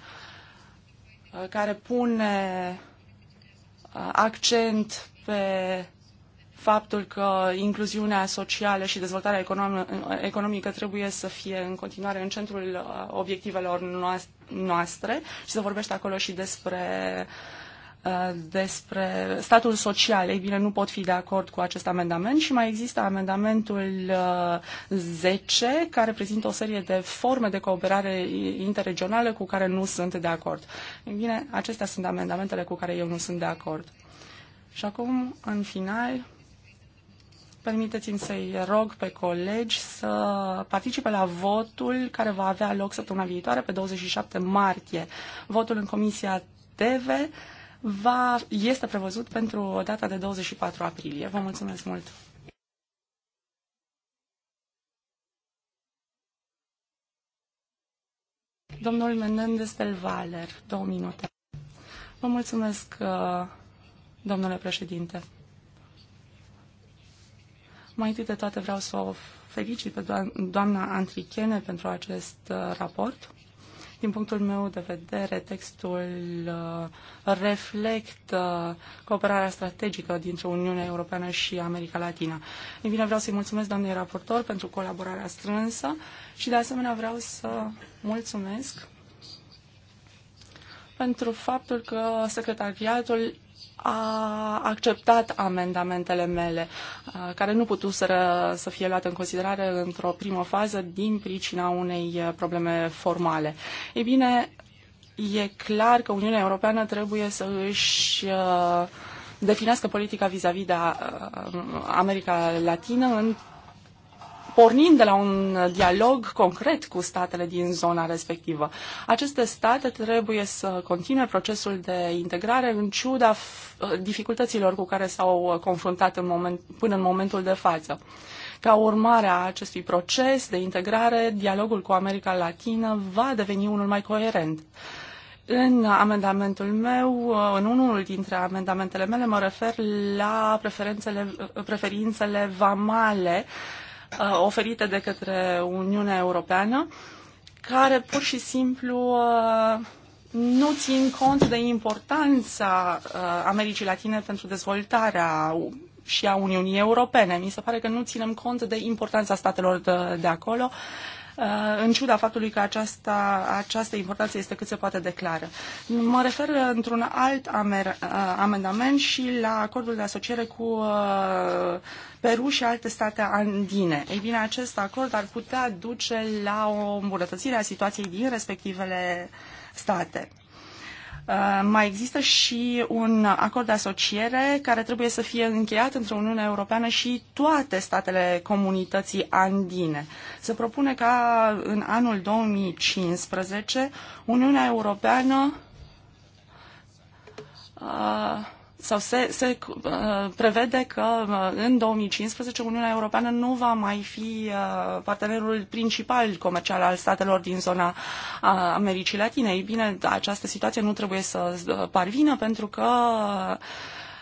uh, uh, care pune uh, accent pe faptul că incluziunea socială și dezvoltarea economică trebuie să fie în continuare în centrul obiectivelor noastre și se vorbește acolo și despre uh, Uh, despre statul social. Ei bine, nu pot fi de acord cu acest amendament și mai există amendamentul 10 uh, care prezintă o serie de forme de cooperare interregională cu care nu sunt de acord. Ei bine, acestea sunt amendamentele cu care eu nu sunt de acord. Și acum, în final, permiteți-mi să-i rog pe colegi să participe la votul care va avea loc săptămâna viitoare, pe 27 martie. Votul în Comisia TV va, este prevăzut pentru o data de 24 aprilie. Vă mulțumesc mult! Domnul Menendez del Valer, două minute. Vă mulțumesc, uh, domnule președinte. Mai întâi de toate vreau să o felicit pe doamna Antrichene pentru acest uh, raport. Din punctul meu de vedere, textul uh, reflectă cooperarea strategică dintre Uniunea Europeană și America Latina. În fine, vreau să-i mulțumesc doamnei raportor pentru colaborarea strânsă și, de asemenea, vreau să mulțumesc pentru faptul că secretariatul a acceptat amendamentele mele, care nu putuseră să fie luate în considerare într-o primă fază din pricina unei uh, probleme formale. Ei bine, e clar că Uniunea Europeană trebuie să își uh, definească politica vis-a-vis -vis de uh, America Latină în pornind de la un dialog concret cu statele din zona respectivă. Aceste state trebuie să continue procesul de integrare în ciuda uh, dificultăților cu care s-au uh, confruntat în moment, până în momentul de față. Ca urmare a acestui proces de integrare, dialogul cu America Latină va deveni unul mai coerent. În amendamentul meu, uh, în unul dintre amendamentele mele, mă refer la preferințele vamale Uh, oferite de către Uniunea Europeană, care pur și simplu uh, nu țin cont de importanța uh, Americii Latine pentru dezvoltarea și a Uniunii Europene. Mi se pare că nu ținem cont de importanța statelor de, de acolo Uh, în ciuda faptului că aceasta, această importanță este cât se poate declară. Mă refer într-un alt uh, amendament și la acordul de asociere cu uh, Peru și alte state andine. Ei bine, acest acord ar putea duce la o îmbunătățire a situației din respectivele state. Uh, mai există și un acord de asociere care trebuie să fie încheiat între Uniunea Europeană și toate statele comunității andine. Se propune ca în anul 2015 Uniunea Europeană uh, sau se, se uh, prevede că uh, în 2015 Uniunea Europeană nu va mai fi uh, partenerul principal comercial al statelor din zona Americii Latine. Ei bine, această situație nu trebuie să parvină pentru că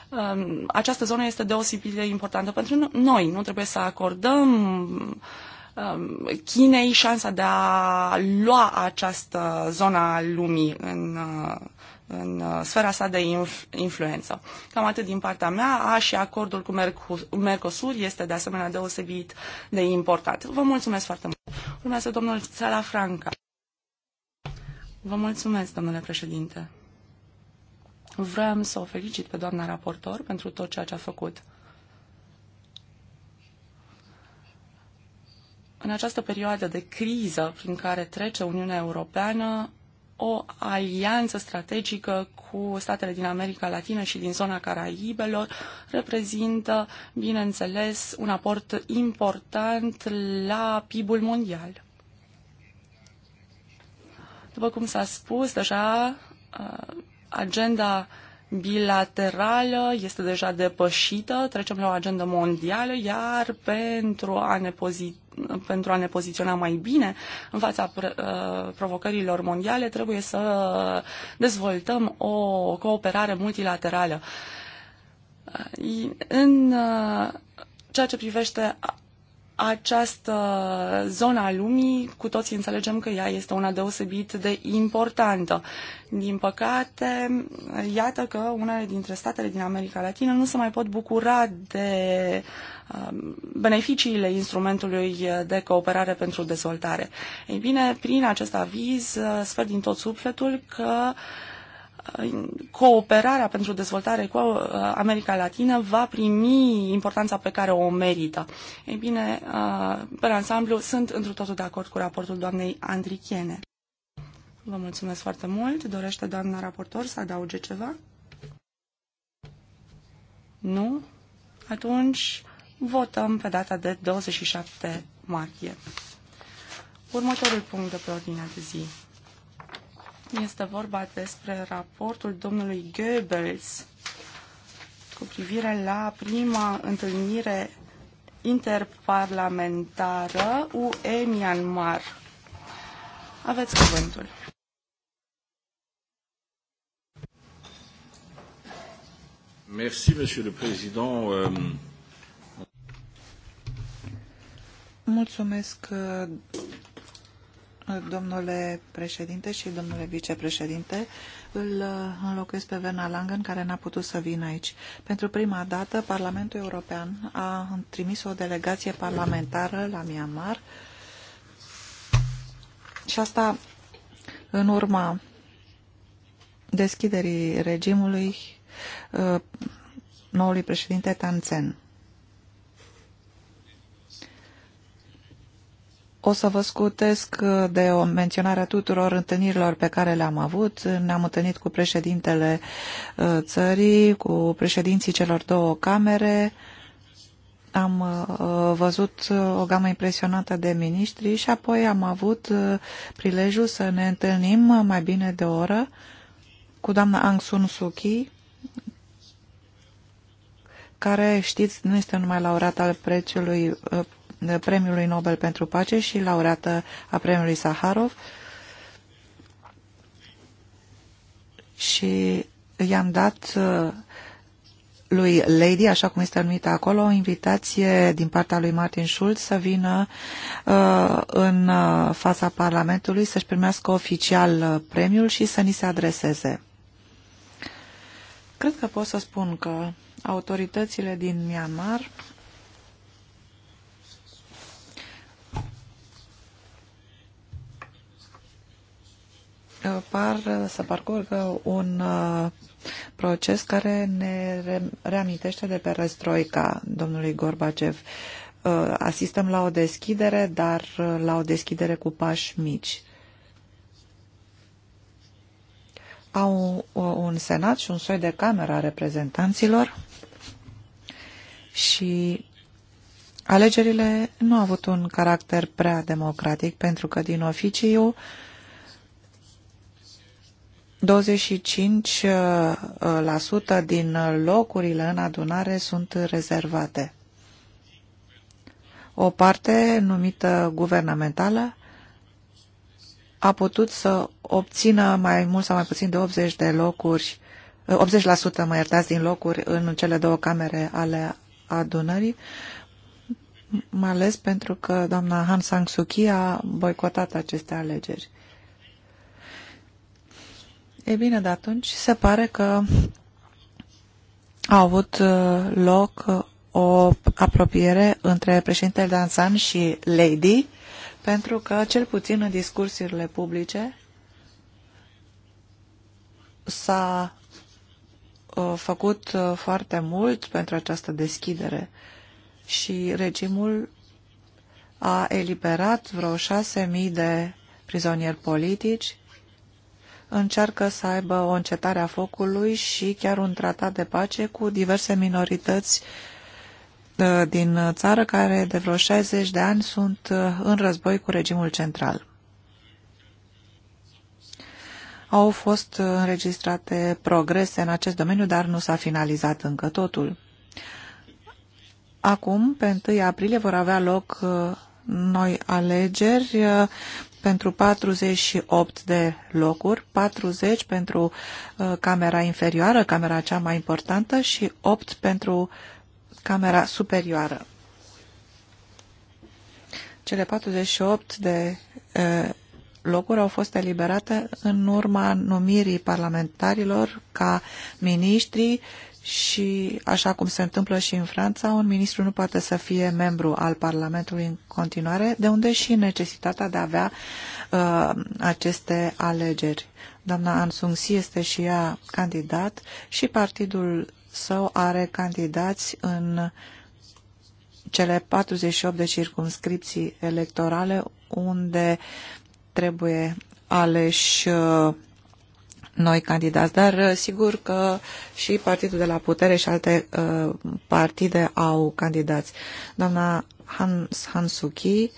um, această zonă este deosebit de importantă pentru noi. Nu trebuie să acordăm um, Chinei șansa de a lua această zonă a lumii în în uh, sfera sa de influență. Cam atât din partea mea, a și acordul cu Mercosur este de asemenea deosebit de important. Vă mulțumesc foarte mult. Urmează domnul Țala Franca. Vă mulțumesc, domnule președinte. Vreau să o felicit pe doamna raportor pentru tot ceea ce a făcut. În această perioadă de criză prin care trece Uniunea Europeană, o alianță strategică cu statele din America Latină și din zona Caraibelor reprezintă, bineînțeles, un aport important la PIB-ul mondial. După cum s-a spus deja, uh, agenda bilaterală este deja depășită, trecem la o agendă mondială, iar pentru a ne pozitiv pentru a ne poziționa mai bine în fața uh, provocărilor mondiale, trebuie să dezvoltăm o cooperare multilaterală. Uh, în uh, ceea ce privește această zonă a lumii, cu toții înțelegem că ea este una deosebit de importantă. Din păcate, iată că unele dintre statele din America Latină nu se mai pot bucura de um, beneficiile instrumentului de cooperare pentru dezvoltare. Ei bine, prin acest aviz sper din tot sufletul că uh, cooperarea pentru dezvoltare cu uh, America Latină va primi importanța pe care o merită. Ei bine, uh, pe ansamblu, sunt într totul de acord cu raportul doamnei Andrichiene. Vă mulțumesc foarte mult. Dorește doamna raportor să adauge ceva? Nu? Atunci votăm pe data de 27 martie. Următorul punct de pe ordinea de zi este vorba despre raportul domnului Goebbels cu privire la prima întâlnire interparlamentară UE-Myanmar. Aveți cuvântul. Merci, Monsieur le Président. Mulțumesc, Domnule președinte și domnule vicepreședinte, îl înlocuiesc pe Verna Langen, care n-a putut să vină aici. Pentru prima dată, Parlamentul European a trimis o delegație parlamentară la Myanmar și asta în urma deschiderii regimului uh, noului președinte Tanzen. O să vă scutesc de o menționare a tuturor întâlnirilor pe care le-am avut. Ne-am întâlnit cu președintele uh, țării, cu președinții celor două camere, am uh, văzut uh, o gamă impresionată de miniștri și apoi am avut prilejul să ne întâlnim mai bine de o oră cu doamna Aung San Suu Kyi, care, știți, nu este numai laureat al prețului, Premiului Nobel pentru Pace și laureată a Premiului Saharov și i-am dat uh, lui Lady, așa cum este numită acolo, o invitație din partea lui Martin Schulz să vină uh, în uh, fața Parlamentului să-și primească oficial uh, premiul și să ni se adreseze. Cred că pot să spun că autoritățile din Myanmar par să parcurgă un uh, proces care ne reamintește de perestroica domnului Gorbacev. Uh, asistăm la o deschidere, dar uh, la o deschidere cu pași mici. Au un senat și un soi de cameră a reprezentanților și alegerile nu au avut un caracter prea democratic pentru că din oficiu uh, 25% uh, uh, din locurile în adunare sunt rezervate. O parte numită guvernamentală a putut să obțină mai mult sau mai puțin de 80 de locuri, 80% uh, mă iertați din locuri în cele două camere ale adunării, mai ales pentru că doamna Han Sang Suu Kyi a boicotat aceste alegeri. E bine, de atunci se pare că a avut uh, loc uh, o apropiere între președintele Dansan și Lady, pentru că, cel puțin în discursurile publice, s-a uh, făcut foarte mult pentru această deschidere și regimul a eliberat vreo mii de prizonieri politici încearcă să aibă o încetare a focului și chiar un tratat de pace cu diverse minorități uh, din țară care de vreo 60 de ani sunt uh, în război cu regimul central. Au fost uh, înregistrate progrese în acest domeniu, dar nu s-a finalizat încă totul. Acum, pe 1 aprilie, vor avea loc noi alegeri pentru 48 de locuri, 40 pentru uh, camera inferioară, camera cea mai importantă și 8 pentru camera superioară. Cele 48 de uh, locuri au fost eliberate în urma numirii parlamentarilor ca miniștri și, așa cum se întâmplă și în Franța, un ministru nu poate să fie membru al Parlamentului în continuare, de unde și necesitatea de a avea uh, aceste alegeri. Doamna Ansungsi este și ea candidat și partidul său are candidați în cele 48 de circumscripții electorale unde trebuie aleși uh, noi candidați, dar uh, sigur că și Partidul de la Putere și alte uh, partide au candidați. Doamna Hans Hansuki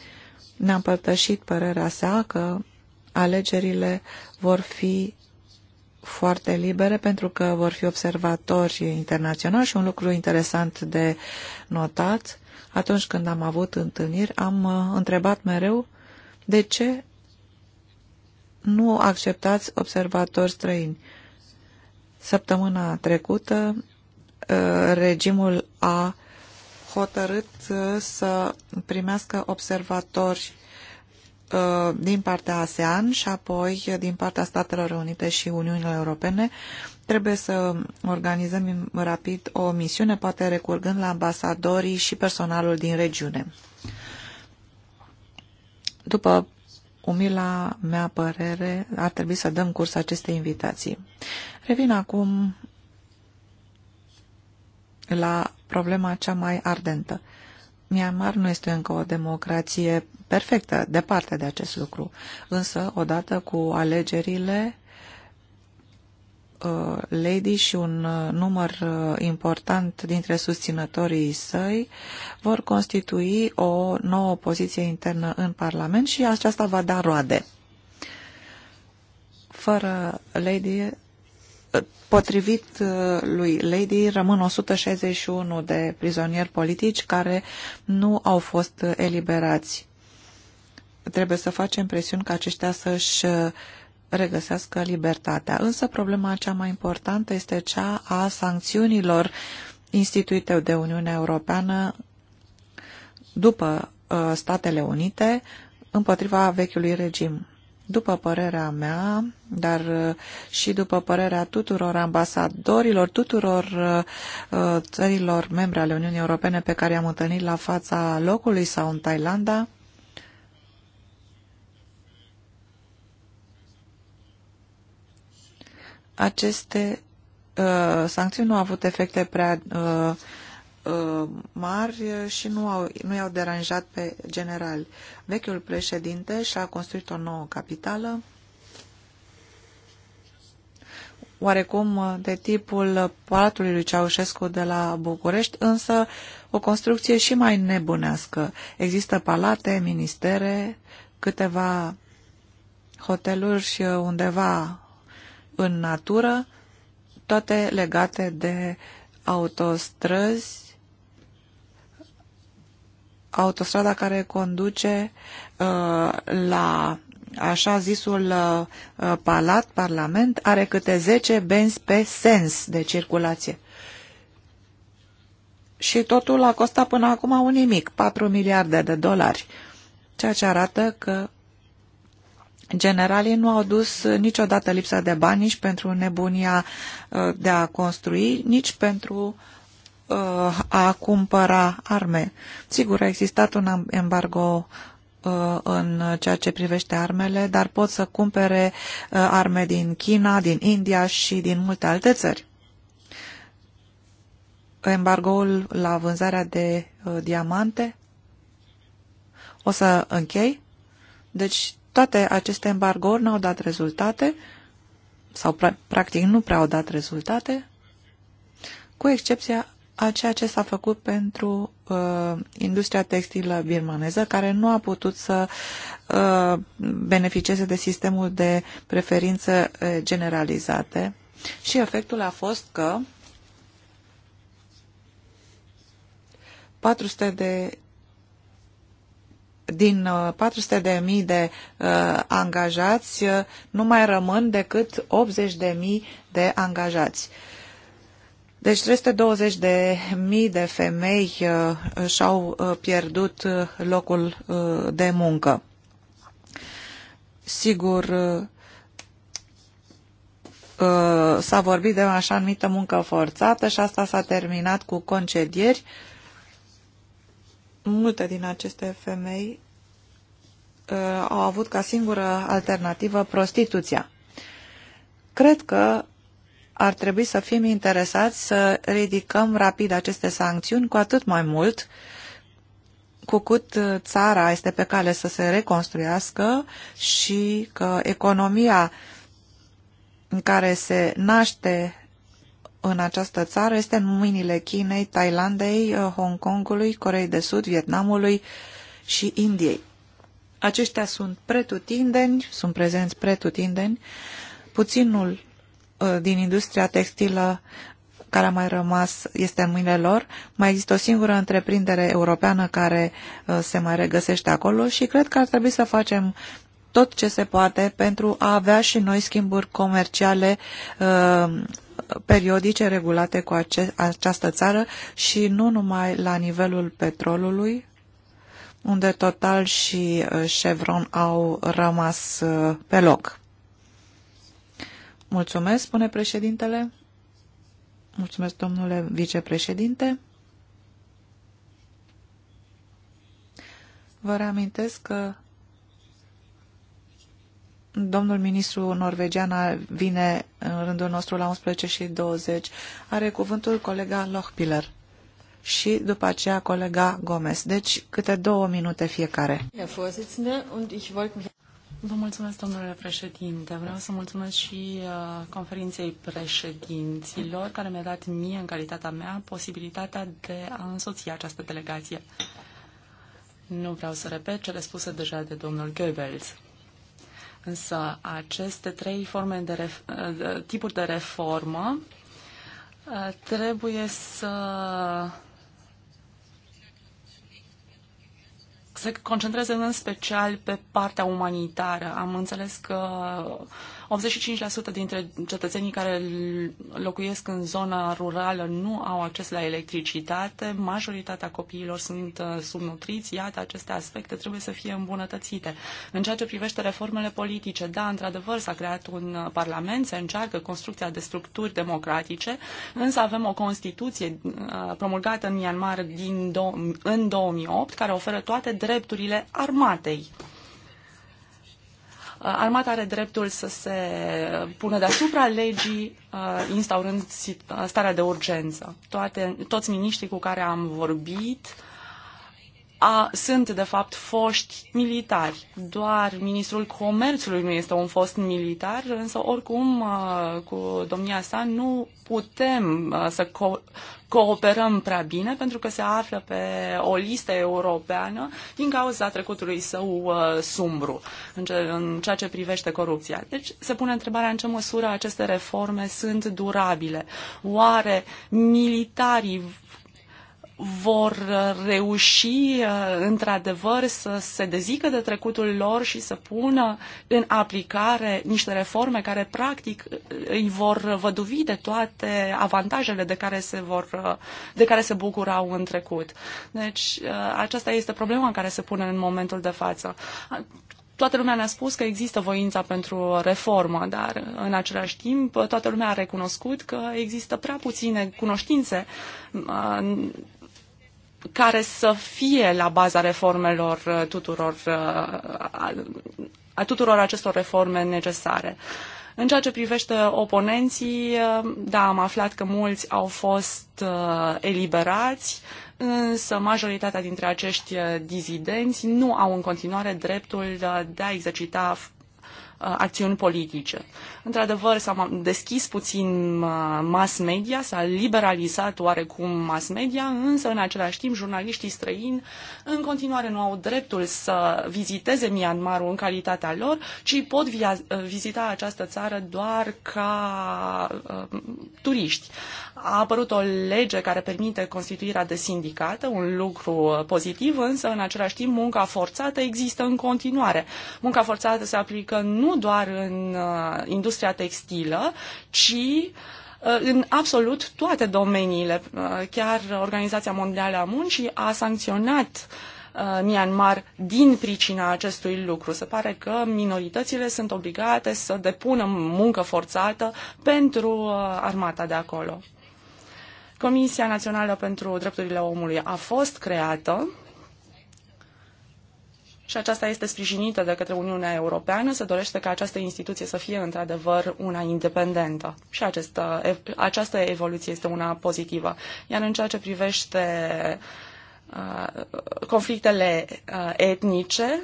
ne-a împărtășit părerea sa că alegerile vor fi foarte libere pentru că vor fi observatori internaționali și un lucru interesant de notat, atunci când am avut întâlniri, am uh, întrebat mereu de ce nu acceptați observatori străini. Săptămâna trecută, uh, regimul a hotărât uh, să primească observatori uh, din partea ASEAN și apoi din partea Statelor Unite și Uniunile Europene. Trebuie să organizăm rapid o misiune, poate recurgând la ambasadorii și personalul din regiune. După umila mea părere, ar trebui să dăm curs acestei invitații. Revin acum la problema cea mai ardentă. Myanmar nu este încă o democrație perfectă, departe de acest lucru. Însă, odată cu alegerile, Uh, lady și un uh, număr uh, important dintre susținătorii săi vor constitui o nouă poziție internă în Parlament și aceasta va da roade. Fără Lady, potrivit lui Lady, rămân 161 de prizonieri politici care nu au fost eliberați. Trebuie să facem presiuni ca aceștia să-și regăsească libertatea. Însă problema cea mai importantă este cea a sancțiunilor instituite de Uniunea Europeană după uh, Statele Unite împotriva vechiului regim. După părerea mea, dar uh, și după părerea tuturor ambasadorilor, tuturor uh, țărilor membre ale Uniunii Europene pe care i-am întâlnit la fața locului sau în Thailanda, Aceste uh, sancțiuni nu au avut efecte prea uh, uh, mari și nu, au, nu i-au deranjat pe generali. Vechiul președinte și-a construit o nouă capitală, oarecum de tipul Palatului lui Ceaușescu de la București, însă o construcție și mai nebunească. Există palate, ministere, câteva hoteluri și undeva în natură, toate legate de autostrăzi, autostrada care conduce uh, la așa zisul uh, palat, parlament, are câte 10 benzi pe sens de circulație. Și totul a costat până acum un nimic, 4 miliarde de dolari, ceea ce arată că Generalii nu au dus niciodată lipsa de bani nici pentru nebunia uh, de a construi, nici pentru uh, a cumpăra arme. Sigur, a existat un embargo uh, în ceea ce privește armele, dar pot să cumpere arme din China, din India și din multe alte țări. Embargoul la vânzarea de diamante. O să închei. Deci toate aceste embargouri n-au dat rezultate sau practic nu prea au dat rezultate, cu excepția a ceea ce s-a făcut pentru uh, industria textilă birmaneză, care nu a putut să uh, beneficieze de sistemul de preferință uh, generalizate și efectul a fost că 400 de din 400.000 uh, de, mii de uh, angajați, uh, nu mai rămân decât 80.000 de, mii de angajați. Deci 320.000 de, mii de femei uh, și-au uh, pierdut locul uh, de muncă. Sigur, uh, s-a vorbit de așa anumită muncă forțată și asta s-a terminat cu concedieri. Uh, Multe din aceste femei uh, au avut ca singură alternativă prostituția. Cred că ar trebui să fim interesați să ridicăm rapid aceste sancțiuni, cu atât mai mult cu cât uh, țara este pe cale să se reconstruiască și că economia în care se naște în această țară este în mâinile Chinei, Thailandei, uh, Hong Kongului, Coreei de Sud, Vietnamului și Indiei. Aceștia sunt pretutindeni, sunt prezenți pretutindeni. Puținul uh, din industria textilă care a mai rămas este în mâinile lor. Mai există o singură întreprindere europeană care uh, se mai regăsește acolo și cred că ar trebui să facem tot ce se poate pentru a avea și noi schimburi comerciale periodice regulate cu ace această țară și nu numai la nivelul petrolului, unde Total și uh, Chevron au rămas uh, pe loc. Mulțumesc, spune președintele. Mulțumesc, domnule vicepreședinte. Vă reamintesc că Domnul ministru norvegian vine în rândul nostru la 11 și 20. Are cuvântul colega Lochpiller și după aceea colega Gomez. Deci câte două minute fiecare. Vă mulțumesc, domnule președinte. Vreau să mulțumesc și uh, conferinței președinților care mi-a dat mie, în calitatea mea, posibilitatea de a însoți această delegație. Nu vreau să repet cele spuse deja de domnul Goebbels. Însă aceste trei forme de ref, tipuri de reformă uh, trebuie să se concentreze în special pe partea umanitară. Am înțeles că uh, 85% dintre cetățenii care locuiesc în zona rurală nu au acces la electricitate, majoritatea copiilor sunt uh, subnutriți, iată, aceste aspecte trebuie să fie îmbunătățite. În ceea ce privește reformele politice, da, într-adevăr s-a creat un uh, parlament, se încearcă construcția de structuri democratice, însă avem o Constituție uh, promulgată în Myanmar din, în 2008 care oferă toate drepturile armatei. Uh, armata are dreptul să se pună deasupra legii, uh, instaurând uh, starea de urgență. Toate, toți miniștrii cu care am vorbit a, sunt de fapt foști militari. Doar ministrul comerțului nu este un fost militar, însă oricum cu domnia sa nu putem să co- cooperăm prea bine pentru că se află pe o listă europeană din cauza trecutului său sumbru în, ce, în ceea ce privește corupția. Deci se pune întrebarea în ce măsură aceste reforme sunt durabile. Oare militarii vor reuși uh, într-adevăr să se dezică de trecutul lor și să pună în aplicare niște reforme care practic îi vor văduvi de toate avantajele de care se, vor, uh, de care se bucurau în trecut. Deci uh, aceasta este problema care se pune în momentul de față. Toată lumea ne-a spus că există voința pentru reformă, dar în același timp toată lumea a recunoscut că există prea puține cunoștințe care să fie la baza reformelor uh, tuturor, uh, a tuturor acestor reforme necesare. În ceea ce privește oponenții, uh, da, am aflat că mulți au fost eliberați, însă majoritatea dintre acești dizidenți nu au în continuare dreptul de a exercita Uh, acțiuni politice. Într-adevăr, s-a deschis puțin uh, mass media, s-a liberalizat oarecum mass media, însă în același timp jurnaliștii străini în continuare nu au dreptul să viziteze Myanmarul în calitatea lor, ci pot via- vizita această țară doar ca uh, turiști. A apărut o lege care permite constituirea de sindicate, un lucru uh, pozitiv, însă în același timp munca forțată există în continuare. Munca forțată se aplică nu doar în uh, industria textilă, ci uh, în absolut toate domeniile. Chiar Organizația Mondială a Muncii a sancționat Myanmar din pricina acestui lucru. Se pare că minoritățile sunt obligate să depună muncă forțată pentru armata de acolo. Comisia Națională pentru Drepturile Omului a fost creată și aceasta este sprijinită de către Uniunea Europeană. Se dorește ca această instituție să fie într-adevăr una independentă și această, această evoluție este una pozitivă. Iar în ceea ce privește uh, conflictele uh, etnice,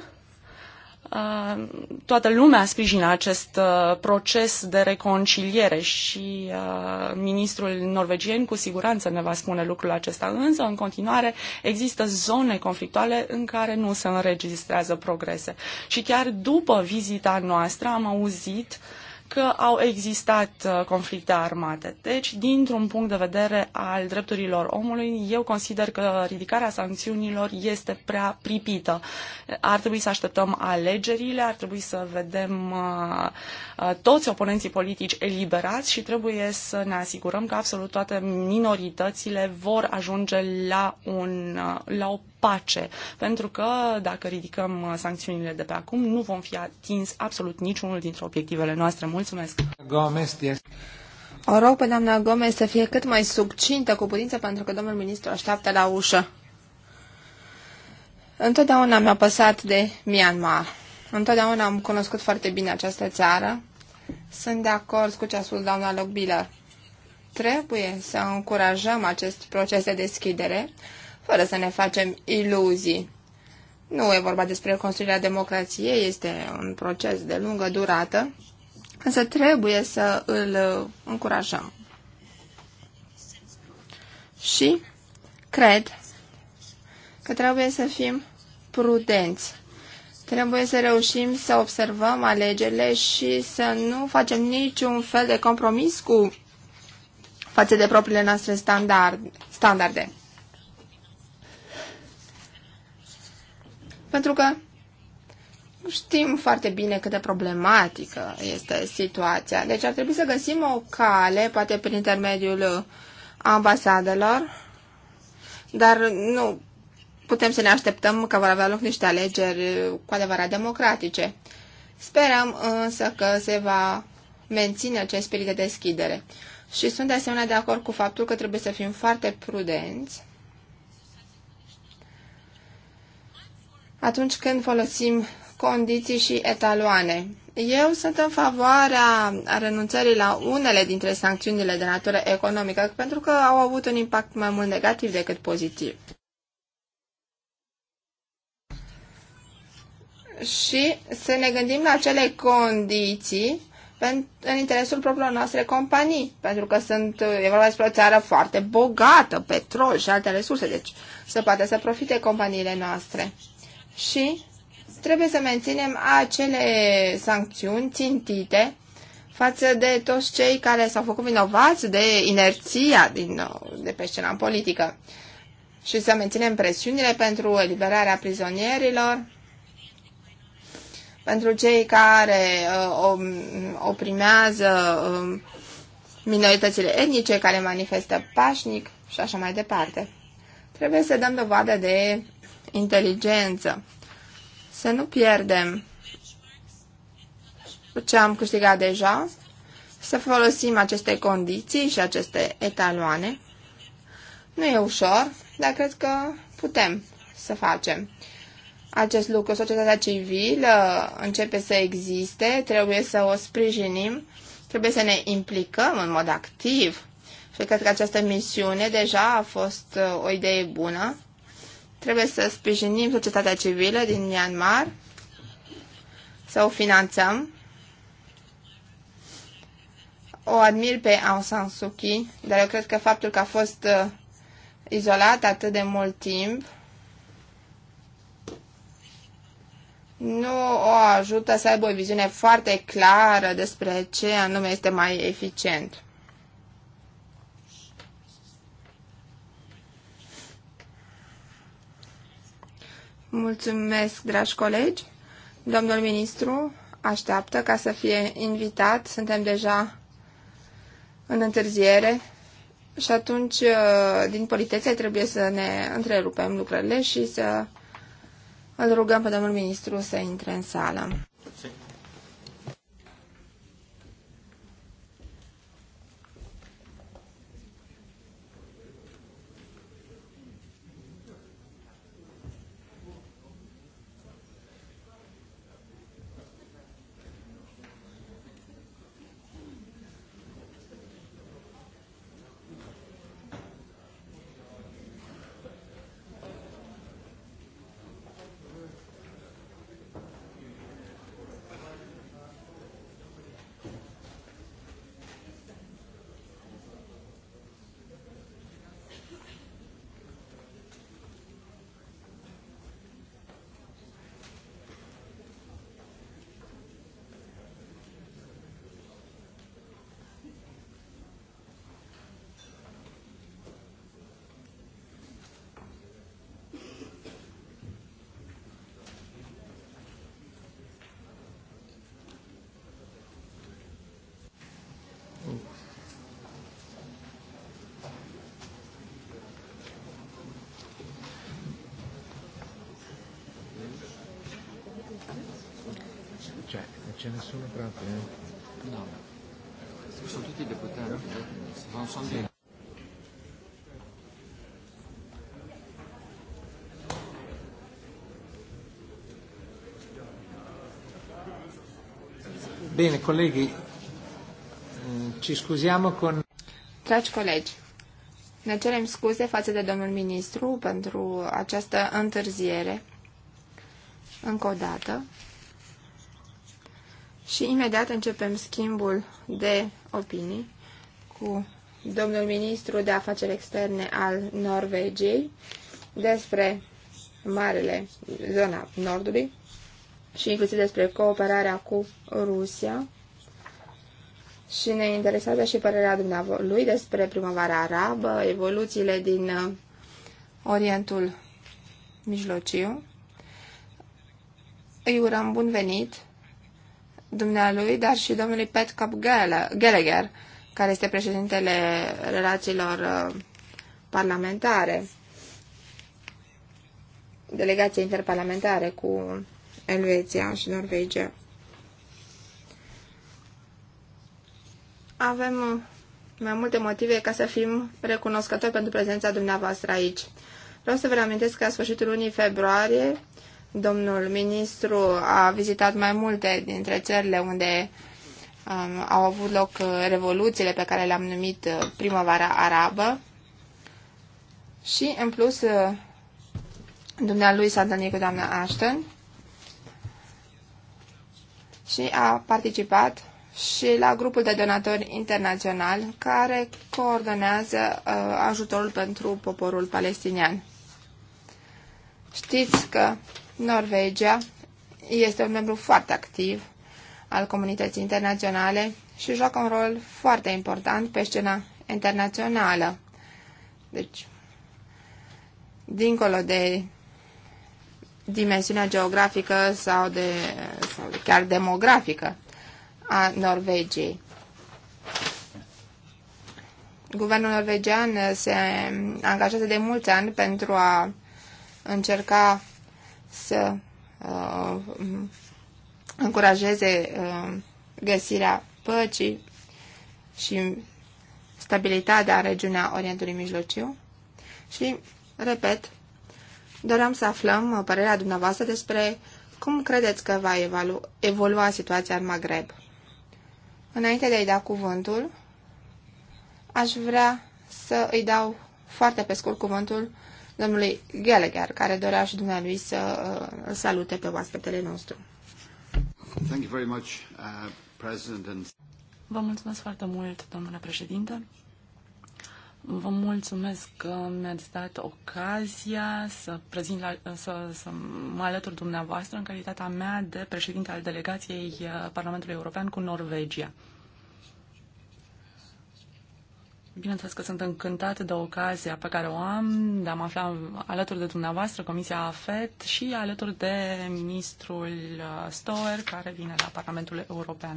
Uh, toată lumea sprijină acest uh, proces de reconciliere și uh, ministrul norvegien cu siguranță ne va spune lucrul acesta, însă în continuare există zone conflictuale în care nu se înregistrează progrese. Și chiar după vizita noastră am auzit uh, că au existat uh, conflicte armate. Deci, dintr-un punct de vedere al drepturilor omului, eu consider că ridicarea sancțiunilor este prea pripită. Ar trebui să așteptăm alegerile, ar trebui să vedem uh, uh, toți oponenții politici eliberați și trebuie să ne asigurăm că absolut toate minoritățile vor ajunge la, un, la o pace, pentru că dacă ridicăm uh, sancțiunile de pe acum, nu vom fi atins absolut niciunul dintre obiectivele noastre. Mulțumesc! Gomes, yes. O rog pe doamna Gomez să fie cât mai succintă cu putință, pentru că domnul ministru așteaptă la ușă. Întotdeauna mi-a păsat de Myanmar. Întotdeauna am cunoscut foarte bine această țară. Sunt de acord cu ce a spus doamna Lockbiller. Trebuie să încurajăm acest proces de deschidere, fără să ne facem iluzii. Nu e vorba despre construirea democrației, este un proces de lungă durată, însă trebuie să îl uh, încurajăm. Și cred că trebuie să fim prudenți. Trebuie să reușim să observăm alegerile și să nu facem niciun fel de compromis cu față de propriile noastre standard, standarde. Pentru că știm foarte bine cât de problematică este situația. Deci ar trebui să găsim o cale, poate prin intermediul ambasadelor, dar nu putem să ne așteptăm că vor avea loc niște alegeri cu adevărat democratice. Sperăm însă că se va menține acest spirit de deschidere. Și sunt de asemenea de acord cu faptul că trebuie să fim foarte prudenți atunci când folosim condiții și etaloane. Eu sunt în favoarea renunțării la unele dintre sancțiunile de natură economică, pentru că au avut un impact mai mult negativ decât pozitiv. Și să ne gândim la acele condiții în interesul propriilor noastre companii, pentru că sunt, e vorba despre o țară foarte bogată, petrol și alte resurse, deci să poate să profite companiile noastre și trebuie să menținem acele sancțiuni țintite față de toți cei care s-au făcut vinovați de inerția din, de pe scena politică și să menținem presiunile pentru eliberarea prizonierilor, pentru cei care uh, oprimează uh, minoritățile etnice, care manifestă pașnic și așa mai departe. Trebuie să dăm dovadă de inteligență. Să nu pierdem ce am câștigat deja, să folosim aceste condiții și aceste etaloane. Nu e ușor, dar cred că putem să facem acest lucru. Societatea civilă începe să existe, trebuie să o sprijinim, trebuie să ne implicăm în mod activ. Și cred că această misiune deja a fost uh, o idee bună Trebuie să sprijinim societatea civilă din Myanmar, să o finanțăm. O admir pe Aung San Suu Kyi, dar eu cred că faptul că a fost uh, izolat atât de mult timp nu o ajută să aibă o viziune foarte clară despre ce anume este mai eficient. Mulțumesc, dragi colegi. Domnul ministru așteaptă ca să fie invitat. Suntem deja în întârziere și atunci, uh, din politețe, trebuie să ne întrerupem lucrările și să îl rugăm pe domnul ministru să intre în sală. Bine, colegi, eh, ci scuziamo con... Dragi colegi, ne cerem scuze față de domnul ministru pentru această întârziere. Încă o dată. Și imediat începem schimbul de opinii cu domnul ministru de afaceri externe al Norvegiei despre Marele Zona Nordului, și inclusiv despre cooperarea cu Rusia. Și ne interesează și părerea dumneavoastră despre primăvara arabă, evoluțiile din uh, Orientul Mijlociu. Îi urăm bun venit dumnealui, dar și domnului Pet Cap Gallagher, care este președintele relațiilor uh, parlamentare, delegației interparlamentare cu Elveția și Norvegia. Avem uh, mai multe motive ca să fim recunoscători pentru prezența dumneavoastră aici. Vreau să vă reamintesc că la sfârșitul lunii februarie, domnul ministru a vizitat mai multe dintre țările unde um, au avut loc uh, revoluțiile pe care le-am numit uh, primăvara arabă și, în plus, dumnealui s-a întâlnit cu doamna Ashton și a participat și la grupul de donatori internațional care coordonează uh, ajutorul pentru poporul palestinian. Știți că Norvegia este un membru foarte activ al comunității internaționale și joacă un rol foarte important pe scena internațională. Deci, dincolo de dimensiunea geografică sau, de, sau chiar demografică a Norvegiei. Guvernul norvegian se angajează de mulți ani pentru a încerca să uh, încurajeze uh, găsirea păcii și stabilitatea regiunea Orientului Mijlociu și, repet, Doream să aflăm uh, părerea dumneavoastră despre cum credeți că va evolua situația în Maghreb. Înainte de a-i da cuvântul, aș vrea să îi dau foarte pe scurt cuvântul domnului Gallagher, care dorea și dumnealui să uh, îl uh, salute pe oaspetele nostru. Thank you very much, uh, President. Vă mulțumesc foarte mult, domnule președinte. Vă mulțumesc că mi-ați dat ocazia să, prezint la, să, să mă alătur dumneavoastră în calitatea mea de președinte al delegației uh, Parlamentului European cu Norvegia. Bineînțeles că sunt încântat de ocazia pe care o am de a mă afla alături de dumneavoastră, Comisia AFET și alături de ministrul uh, Stoer, care vine la Parlamentul European.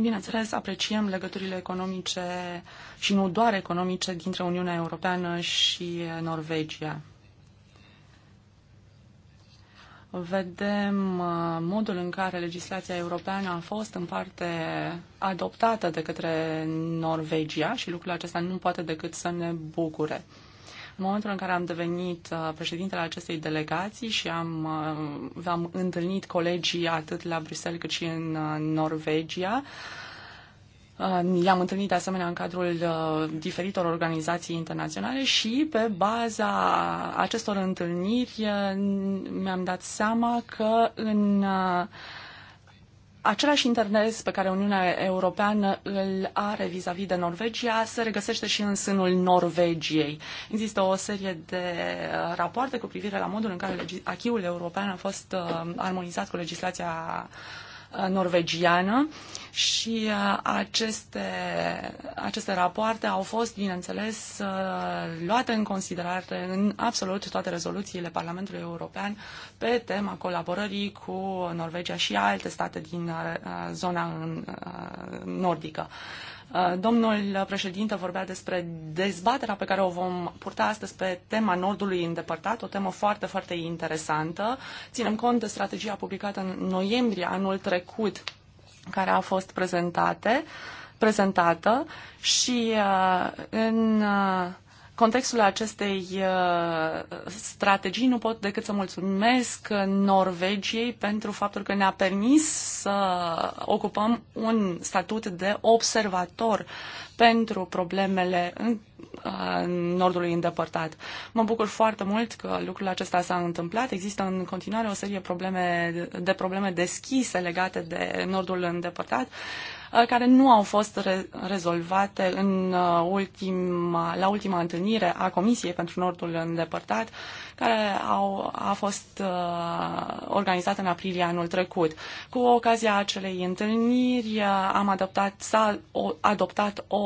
Bineînțeles, apreciem legăturile economice și nu doar economice dintre Uniunea Europeană și Norvegia. Vedem uh, modul în care legislația europeană a fost în parte adoptată de către Norvegia și lucrul acesta nu poate decât să ne bucure. În momentul în care am devenit uh, președintele acestei delegații și am, uh, am întâlnit colegii atât la Bruxelles cât și în uh, Norvegia, I-am întâlnit de asemenea în cadrul diferitor organizații internaționale și pe baza acestor întâlniri mi-am dat seama că în același interes pe care Uniunea Europeană îl are vis-a-vis -vis de Norvegia se regăsește și în sânul Norvegiei. Există o serie de uh, rapoarte cu privire la modul în care achiul european a fost uh, armonizat cu legislația uh, Uh, norvegiană și uh, aceste, aceste rapoarte au fost, bineînțeles, uh, luate în considerare în absolut toate rezoluțiile Parlamentului European pe tema colaborării cu Norvegia și alte state din zona nordică. Uh, domnul președinte vorbea despre dezbaterea pe care o vom purta astăzi pe tema Nordului îndepărtat, o temă foarte, foarte interesantă. Ținem cont de strategia publicată în noiembrie anul trecut, care a fost prezentate, prezentată și uh, în uh, contextul acestei uh, strategii nu pot decât să mulțumesc Norvegiei pentru faptul că ne-a permis să ocupăm un statut de observator pentru problemele în Nordului îndepărtat. Mă bucur foarte mult că lucrul acesta s-a întâmplat. Există în continuare o serie probleme, de probleme deschise legate de Nordul îndepărtat. Uh, care nu au fost re- rezolvate în uh, ultima, la ultima întâlnire a Comisiei pentru Nordul Îndepărtat care au, a fost uh, organizată în aprilie anul trecut. Cu ocazia acelei întâlniri uh, am adoptat, s-a o, adoptat o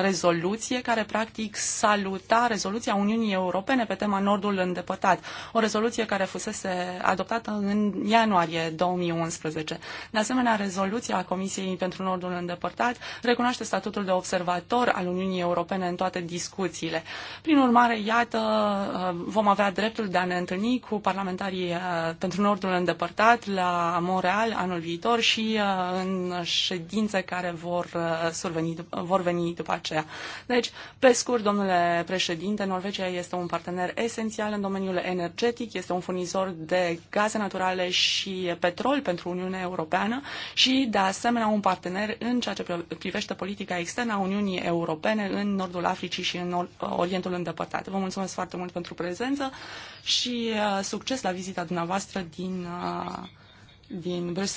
rezoluție care practic saluta rezoluția Uniunii Europene pe tema Nordul îndepărtat, o rezoluție care fusese adoptată în ianuarie 2011. De asemenea, rezoluția Comisiei pentru Nordul îndepărtat recunoaște statutul de observator al Uniunii Europene în toate discuțiile. Prin urmare, iată, uh, vom avea dreptul de a ne întâlni cu parlamentarii uh, pentru Nordul îndepărtat la Montreal anul viitor și uh, în ședințe care vor, uh, surveni, vor veni după aceea. Deci, pe scurt, domnule președinte, Norvegia este un partener esențial în domeniul energetic, este un furnizor de gaze naturale și petrol pentru Uniunea Europeană și, de asemenea, un partener în ceea ce privește politica externă a Uniunii Europene în Nordul Africii și în Orientul îndepărtat. Vă mulțumesc foarte mult pentru prezență viteză și uh, succes la vizita dumneavoastră din, uh, din Bruxelles.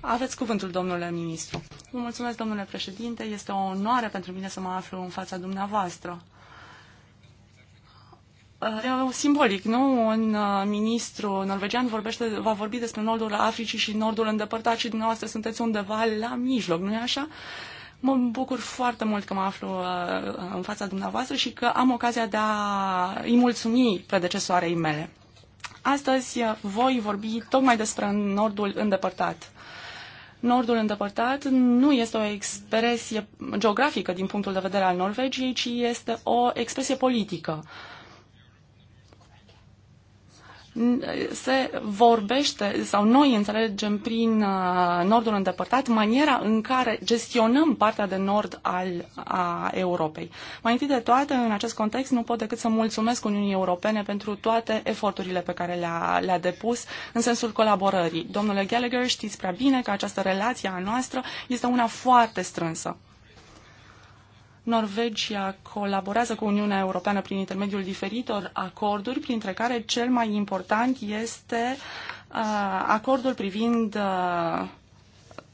Aveți cuvântul, domnule ministru. Vă mulțumesc, domnule președinte. Este o onoare pentru mine să mă aflu în fața dumneavoastră. Uh, simbolic, nu? Un ministru norvegian vorbește, va vorbi despre nordul Africii și nordul îndepărtat și dumneavoastră sunteți undeva la mijloc, nu-i așa? Uh, Mă bucur foarte mult că mă aflu uh, în fața dumneavoastră și că am ocazia de a i mulțumi predecesoarei mele. Astăzi uh, voi vorbi tocmai despre nordul îndepărtat. Nordul îndepărtat nu este o expresie geografică din punctul de vedere al Norvegiei, ci este o expresie politică. Uh, se vorbește sau noi înțelegem prin uh, nordul îndepărtat maniera în care gestionăm partea de nord al, a Europei. Mai întâi de toate, în acest context, nu pot decât să mulțumesc Uniunii Europene pentru toate eforturile pe care le-a, le, -a, depus în sensul colaborării. Domnule Gallagher, știți prea bine că această relație a noastră este una foarte strânsă. Norvegia colaborează cu Uniunea Europeană prin intermediul diferitor acorduri, printre care cel mai important este uh, acordul privind uh,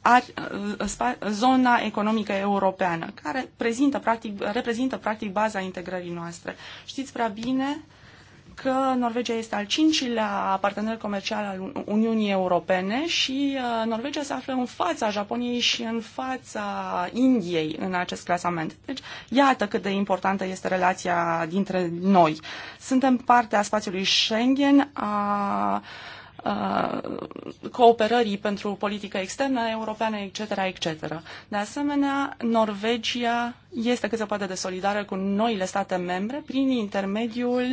ar, uh, zona economică europeană, care prezintă, practic, reprezintă practic baza integrării noastre. Știți prea bine că Norvegia este al cincilea partener comercial al Uniunii Europene și uh, Norvegia se află în fața Japoniei și în fața Indiei în acest clasament. Deci, iată cât de importantă este relația dintre noi. Suntem parte a spațiului Schengen, a cooperării pentru politică externă europeană, etc., etc. De asemenea, Norvegia este cât se poate de solidară cu noile state membre prin intermediul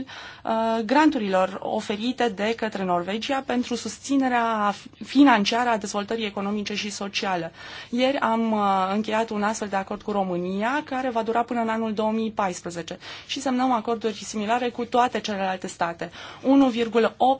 uh, granturilor oferite de către Norvegia pentru susținerea financiară a dezvoltării economice și sociale. Ieri am uh, încheiat un astfel de acord cu România care va dura până în anul 2014 și semnăm acorduri similare cu toate celelalte state.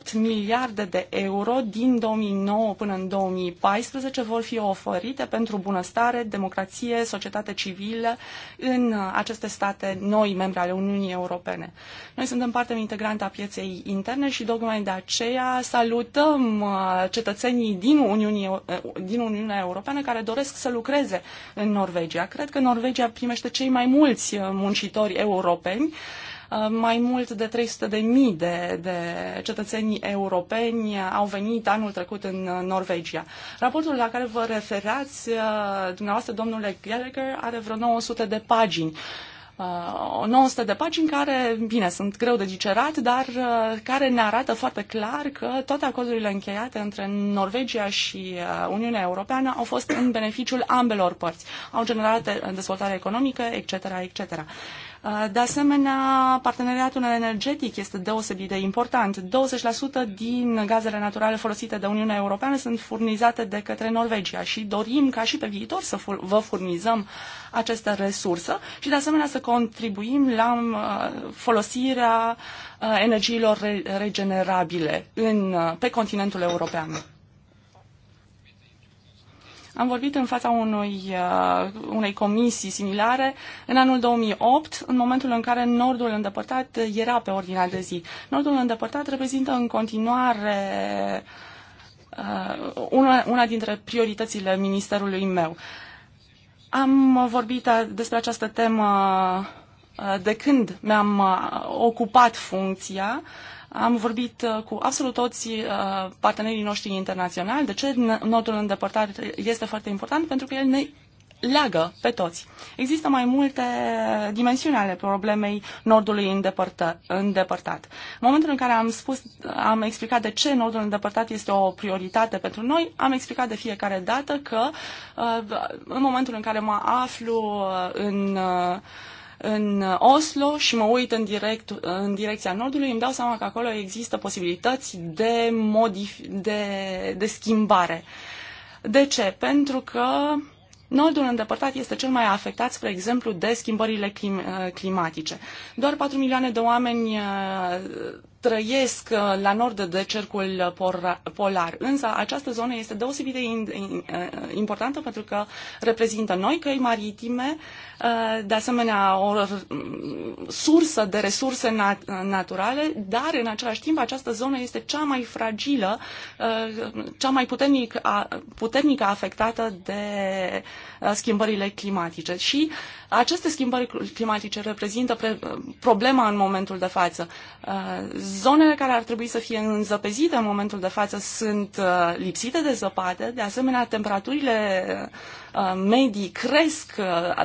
1,8 miliarde de euro din 2009 până în 2014 vor fi oferite pentru bunăstare, democrație, societate civilă, în uh, aceste state noi membre ale Uniunii Europene. Noi suntem parte integrantă a pieței interne și tocmai de aceea salutăm uh, cetățenii din, Uniunii, uh, din Uniunea Europeană care doresc să lucreze în Norvegia. Cred că Norvegia primește cei mai mulți muncitori europeni Uh, mai mult de 300.000 de de, de cetățeni europeni au venit anul trecut în uh, Norvegia. Raportul la care vă referați, uh, dumneavoastră, domnule Gallagher, are vreo 900 de pagini. 900 de pagini care, bine, sunt greu de digerat, dar care ne arată foarte clar că toate acordurile încheiate între Norvegia și Uniunea Europeană au fost în beneficiul ambelor părți. Au generat dezvoltare economică, etc., etc. De asemenea, parteneriatul energetic este deosebit de important. 20% din gazele naturale folosite de Uniunea Europeană sunt furnizate de către Norvegia și dorim ca și pe viitor să vă furnizăm această resursă și de asemenea să contribuim la uh, folosirea uh, energiilor regenerabile în, uh, pe continentul european. Am vorbit în fața unui, uh, unei comisii similare în anul 2008, în momentul în care Nordul îndepărtat era pe ordinea de zi. Nordul îndepărtat reprezintă în continuare uh, una, una dintre prioritățile ministerului meu. Am vorbit uh, despre această temă de când mi-am ocupat funcția. Uh, am vorbit uh, cu absolut toți uh, partenerii noștri internaționali. De ce nodul îndepărtat este foarte important? Pentru că el ne leagă pe toți. Există mai multe dimensiuni ale problemei nodului îndepărtă, îndepărtat. În momentul în care am spus, am explicat de ce nodul îndepărtat este o prioritate pentru noi, am explicat de fiecare dată că uh, în momentul în care mă aflu în în Oslo și mă uit în, direct, în direcția nordului, îmi dau seama că acolo există posibilități de, de, de schimbare. De ce? Pentru că Nordul îndepărtat este cel mai afectat, spre exemplu, de schimbările clim- climatice. Doar 4 milioane de oameni trăiesc uh, la nord de cercul polar. Însă această zonă este deosebit de uh, importantă pentru că reprezintă noi căi maritime, uh, de asemenea o sursă de resurse nat- naturale, dar în același timp această zonă este cea mai fragilă, cea mai puternic, puternică afectată de schimbările climatice. Și aceste schimbări climatice reprezintă pre- problema în momentul de față. Uh, zonele care ar trebui să fie înzăpezite în momentul de față sunt uh, lipsite de zăpadă, de asemenea temperaturile uh, medii cresc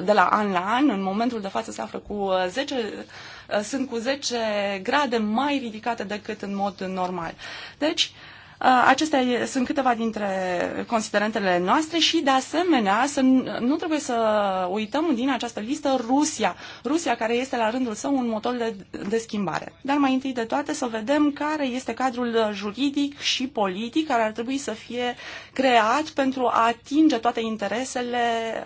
de la an la an, în momentul de față se află cu 10 sunt cu 10 grade mai ridicate decât în mod normal. Deci, uh, Uh, acestea sunt câteva dintre considerentele noastre și, de asemenea, să nu trebuie să uităm din această listă Rusia. Rusia, care este la rândul său un motor de, de schimbare. Dar mai întâi de toate să vedem care este cadrul juridic și politic care ar trebui să fie creat pentru a atinge toate interesele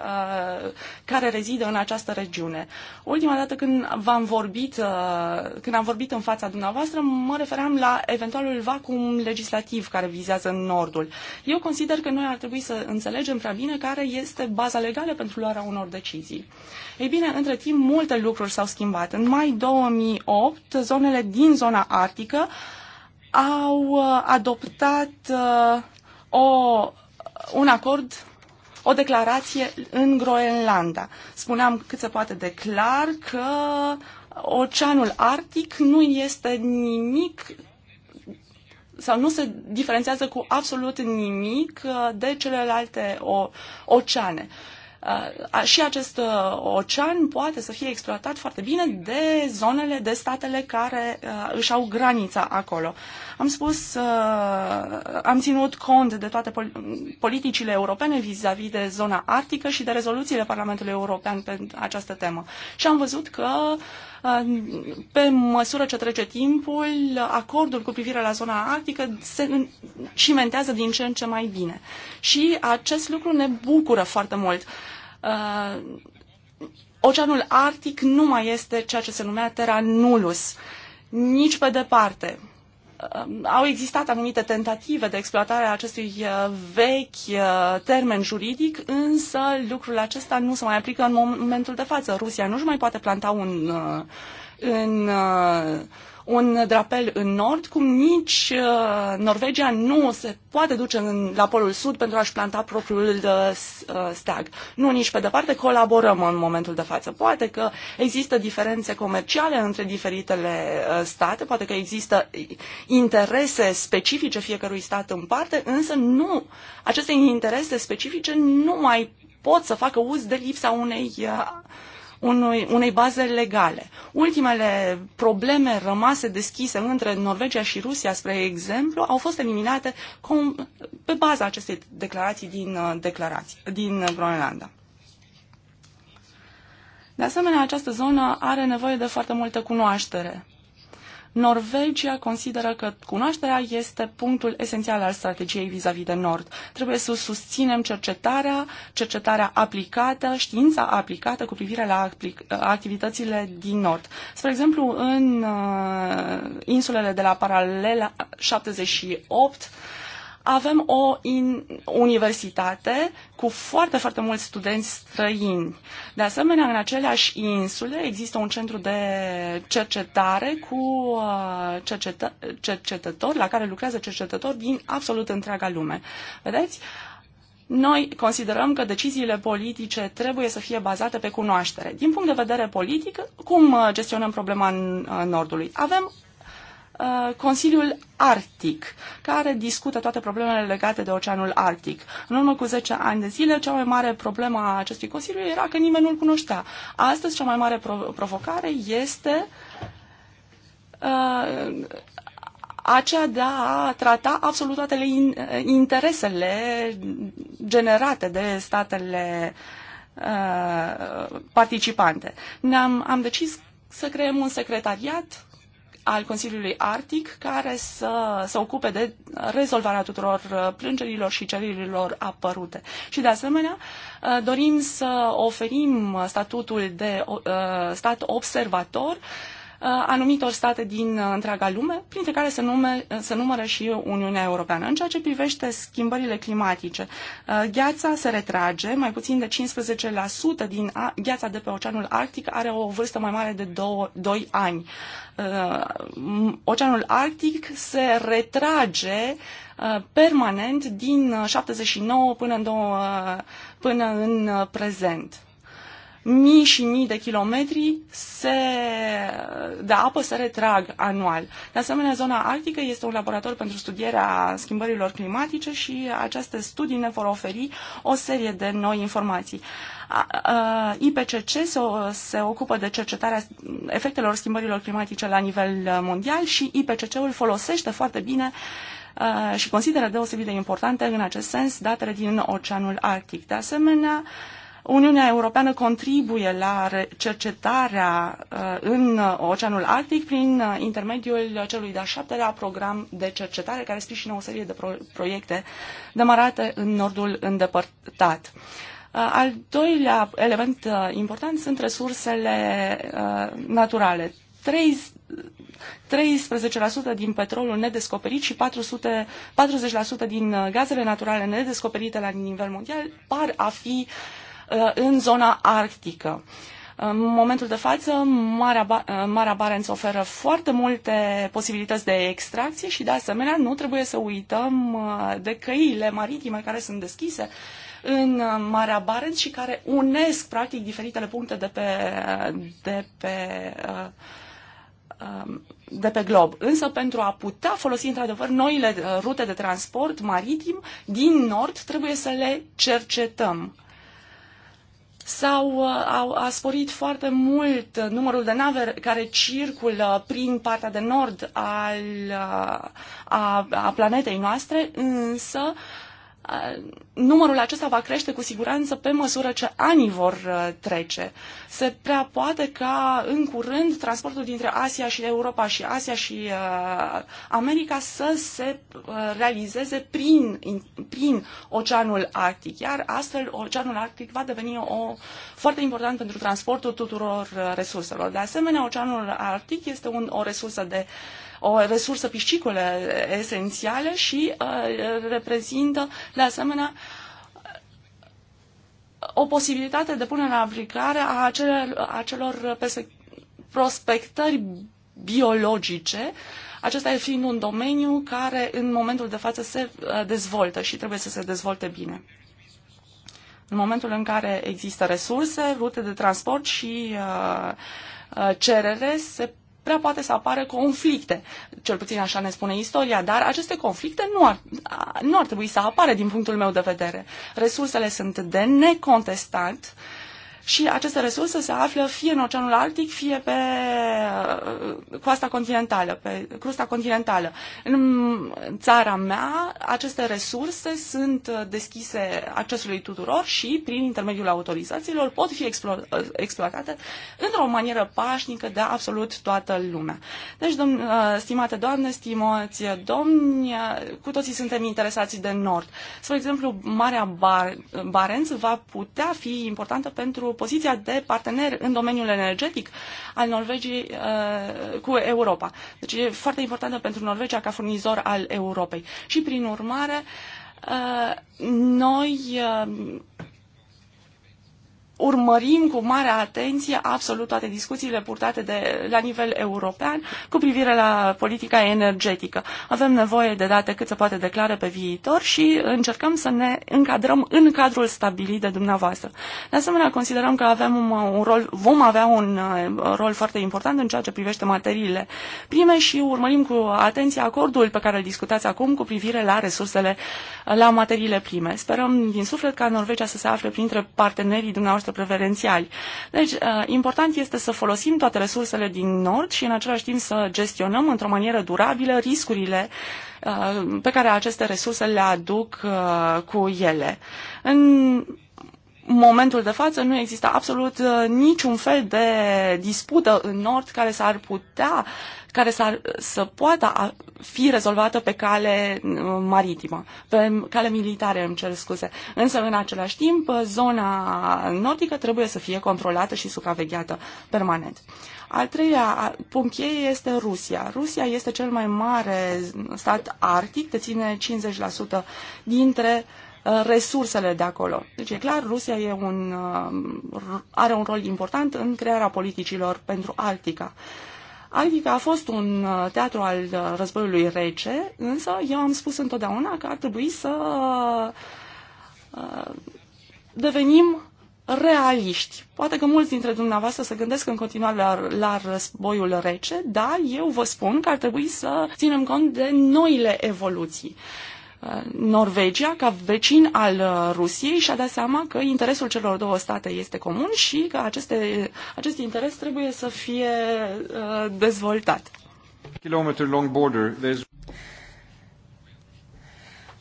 uh, care rezidă în această regiune. Ultima dată când v-am vorbit, uh, când am vorbit în fața dumneavoastră, mă refeream la eventualul vacuum legislativ activ care vizează Nordul. Eu consider că noi ar trebui să înțelegem prea bine care este baza legală pentru luarea unor decizii. Ei bine, între timp, multe lucruri s-au schimbat. În mai 2008, zonele din zona arctică au uh, adoptat uh, o, un acord o declarație în Groenlanda. Spuneam cât se poate de clar că Oceanul Arctic nu este nimic sau nu se diferențiază cu absolut nimic uh, de celelalte o, oceane. Uh, și acest uh, ocean poate să fie exploatat foarte bine de zonele, de statele care își au granița acolo. Am spus, am ținut cont de toate politicile europene vis-a-vis -vis de zona arctică și de rezoluțiile Parlamentului European pe această temă. Și am văzut că uh, pe măsură ce trece timpul, acordul cu privire la zona arctică se cimentează din ce în ce mai bine. Și acest lucru ne bucură foarte mult. Uh, Oceanul Arctic nu mai este ceea ce se numea Terra Nullus, nici pe departe au existat anumite tentative de exploatare a acestui uh, vechi uh, termen juridic, însă lucrul acesta nu se mai aplică în momentul de față. Rusia nu-și mai poate planta un, uh, în un drapel în nord, cum nici uh, Norvegia nu se poate duce în, la Polul Sud pentru a-și planta propriul uh, uh, steag. Nu nici pe departe, colaborăm în momentul de față. Poate că există diferențe comerciale între diferitele state, poate că există interese specifice fiecărui stat în parte, însă nu. Aceste interese specifice nu mai pot să facă uz de lipsa unei unui, unei baze legale. Ultimele probleme rămase deschise între Norvegia și Rusia, spre exemplu, au fost eliminate com, pe baza acestei declarații din, uh, declarații, din Groenlanda. De asemenea, această zonă are nevoie de foarte multă cunoaștere. Norvegia consideră că cunoașterea este punctul esențial al strategiei vis-a-vis -vis de Nord. Trebuie să susținem cercetarea, cercetarea aplicată, știința aplicată cu privire la activitățile din Nord. Spre exemplu, în uh, insulele de la paralela 78, avem o in, universitate cu foarte, foarte mulți studenți străini. De asemenea, în aceleași insule există un centru de cercetare cu uh, cercetă, cercetători, la care lucrează cercetători din absolut întreaga lume. Vedeți? Noi considerăm că deciziile politice trebuie să fie bazate pe cunoaștere. Din punct de vedere politic, cum uh, gestionăm problema în uh, Nordului? Avem Uh, Consiliul Arctic, care discută toate problemele legate de Oceanul Arctic. În urmă cu 10 ani de zile, cea mai mare problemă a acestui Consiliu era că nimeni nu-l cunoștea. Astăzi, cea mai mare prov- provocare este uh, aceea de a trata absolut toate in, interesele generate de statele uh, participante. Ne-am am decis să creăm un secretariat al Consiliului Arctic care să se ocupe de rezolvarea tuturor uh, plângerilor și cererilor apărute. Și de asemenea, uh, dorim să oferim statutul de uh, stat observator Uh, anumitor state din uh, întreaga lume, printre care se, nume, uh, se numără și Uniunea Europeană. În ceea ce privește schimbările climatice, gheața se retrage, mai puțin de 15% din gheața de pe Oceanul Arctic are o vârstă mai mare de 2, ani. Oceanul Arctic se retrage permanent din 79 până în, două, până în prezent mii și mii de kilometri se, de apă se retrag anual. De asemenea, zona arctică este un laborator pentru studierea schimbărilor climatice și aceste studii ne vor oferi o serie de noi informații. IPCC se, se ocupă de cercetarea efectelor schimbărilor climatice la nivel uh, mondial și IPCC-ul folosește foarte bine și consideră deosebit de importante în acest sens datele din Oceanul Arctic. De asemenea, Uniunea Europeană contribuie la cercetarea uh, în Oceanul Arctic prin uh, intermediul celui de-al șaptelea program de cercetare care sprijină o serie de proiecte demarate în nordul îndepărtat. Uh, al doilea element important sunt resursele naturale. 13% din petrolul nedescoperit și 400, 40% din gazele naturale nedescoperite la nivel mondial par a fi uh, Uh, în zona arctică. În momentul de față, Marea, ba- uh, Marea Barents oferă foarte multe posibilități de extracție și, de asemenea, nu trebuie să uităm uh, de căile maritime care sunt deschise în Marea Barents și care unesc, practic, diferitele puncte de pe, de pe um, de pe glob. Însă pentru a putea folosi într-adevăr noile rute de transport maritim din nord, trebuie să le cercetăm sau uh, au, a sporit foarte mult numărul de nave care circulă prin partea de nord al, uh, a, a planetei noastre, însă uh, numărul acesta va crește cu siguranță pe măsură ce anii vor uh, trece. Se prea poate ca în curând transportul dintre Asia și Europa și Asia și uh, America să se uh, realizeze prin, in, prin Oceanul Arctic, iar astfel Oceanul Arctic va deveni o, foarte important pentru transportul tuturor uh, resurselor. De asemenea, Oceanul Arctic este un, o resursă de uh, o resursă piscicolă esențială și uh, reprezintă, de asemenea, o posibilitate de punere în aplicare a acelor, acelor prospectări biologice, acesta fiind un domeniu care în momentul de față se uh, dezvoltă și trebuie să se dezvolte bine. În momentul în care există resurse, rute de transport și uh, uh cerere, se prea poate să apară conflicte. Cel puțin așa ne spune istoria, dar aceste conflicte nu ar, nu ar trebui să apară din punctul meu de vedere. Resursele sunt de necontestat și aceste resurse se află fie în Oceanul Arctic, fie pe uh, coasta continentală, pe crusta continentală. În țara mea, aceste resurse sunt deschise accesului tuturor și, prin intermediul autorizațiilor, pot fi explo- uh, exploatate într-o manieră pașnică de absolut toată lumea. Deci, dom- uh, stimate doamne, stimați domni, cu toții suntem interesați de nord. Spre exemplu, Marea Bar- Barenț va putea fi importantă pentru poziția de partener în domeniul energetic al Norvegiei uh, cu Europa. Deci e foarte importantă pentru Norvegia ca furnizor al Europei. Și prin urmare, uh, noi uh, urmărim cu mare atenție absolut toate discuțiile purtate de, la nivel european cu privire la politica energetică. Avem nevoie de date cât se poate declare pe viitor și încercăm să ne încadrăm în cadrul stabilit de dumneavoastră. De asemenea, considerăm că avem un rol, vom avea un uh, rol foarte important în ceea ce privește materiile prime și urmărim cu atenție acordul pe care îl discutați acum cu privire la resursele, la materiile prime. Sperăm din suflet ca Norvegia să se afle printre partenerii dumneavoastră noastre preferențiali. Deci, uh, important este să folosim toate resursele din nord și în același timp să gestionăm într-o manieră durabilă riscurile uh, pe care aceste resurse le aduc uh, cu ele. În momentul de față nu există absolut uh, niciun fel de dispută în Nord care s-ar putea, care s-ar, să poată fi rezolvată pe cale uh, maritimă, pe cale militare, îmi cer scuze. Însă, în același timp, uh, zona nordică trebuie să fie controlată și supravegheată permanent. Al treilea punct cheie este Rusia. Rusia este cel mai mare stat arctic, deține 50% dintre uh, Uh, resursele de acolo. Deci e clar, Rusia e un, uh, are un rol important în crearea politicilor pentru Altica. Altica a fost un uh, teatru al războiului rece, însă eu am spus întotdeauna că ar trebui să devenim realiști. Poate că mulți dintre dumneavoastră se gândesc în continuare la, la războiul rece, dar eu vă spun că ar trebui să ținem cont de noile evoluții. Uh, Norvegia, ca vecin al uh, Rusiei, și-a dat seama că interesul celor două state este comun și că aceste, acest interes trebuie să fie uh, dezvoltat.